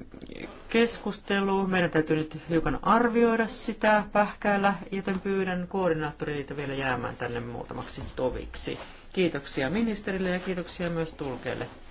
keskustelu. Meidän täytyy nyt hiukan arvioida sitä pähkäillä, joten pyydän koordinaattoreita vielä jäämään tänne muutamaksi toviksi. Kiitoksia ministerille ja kiitoksia myös tulkeille.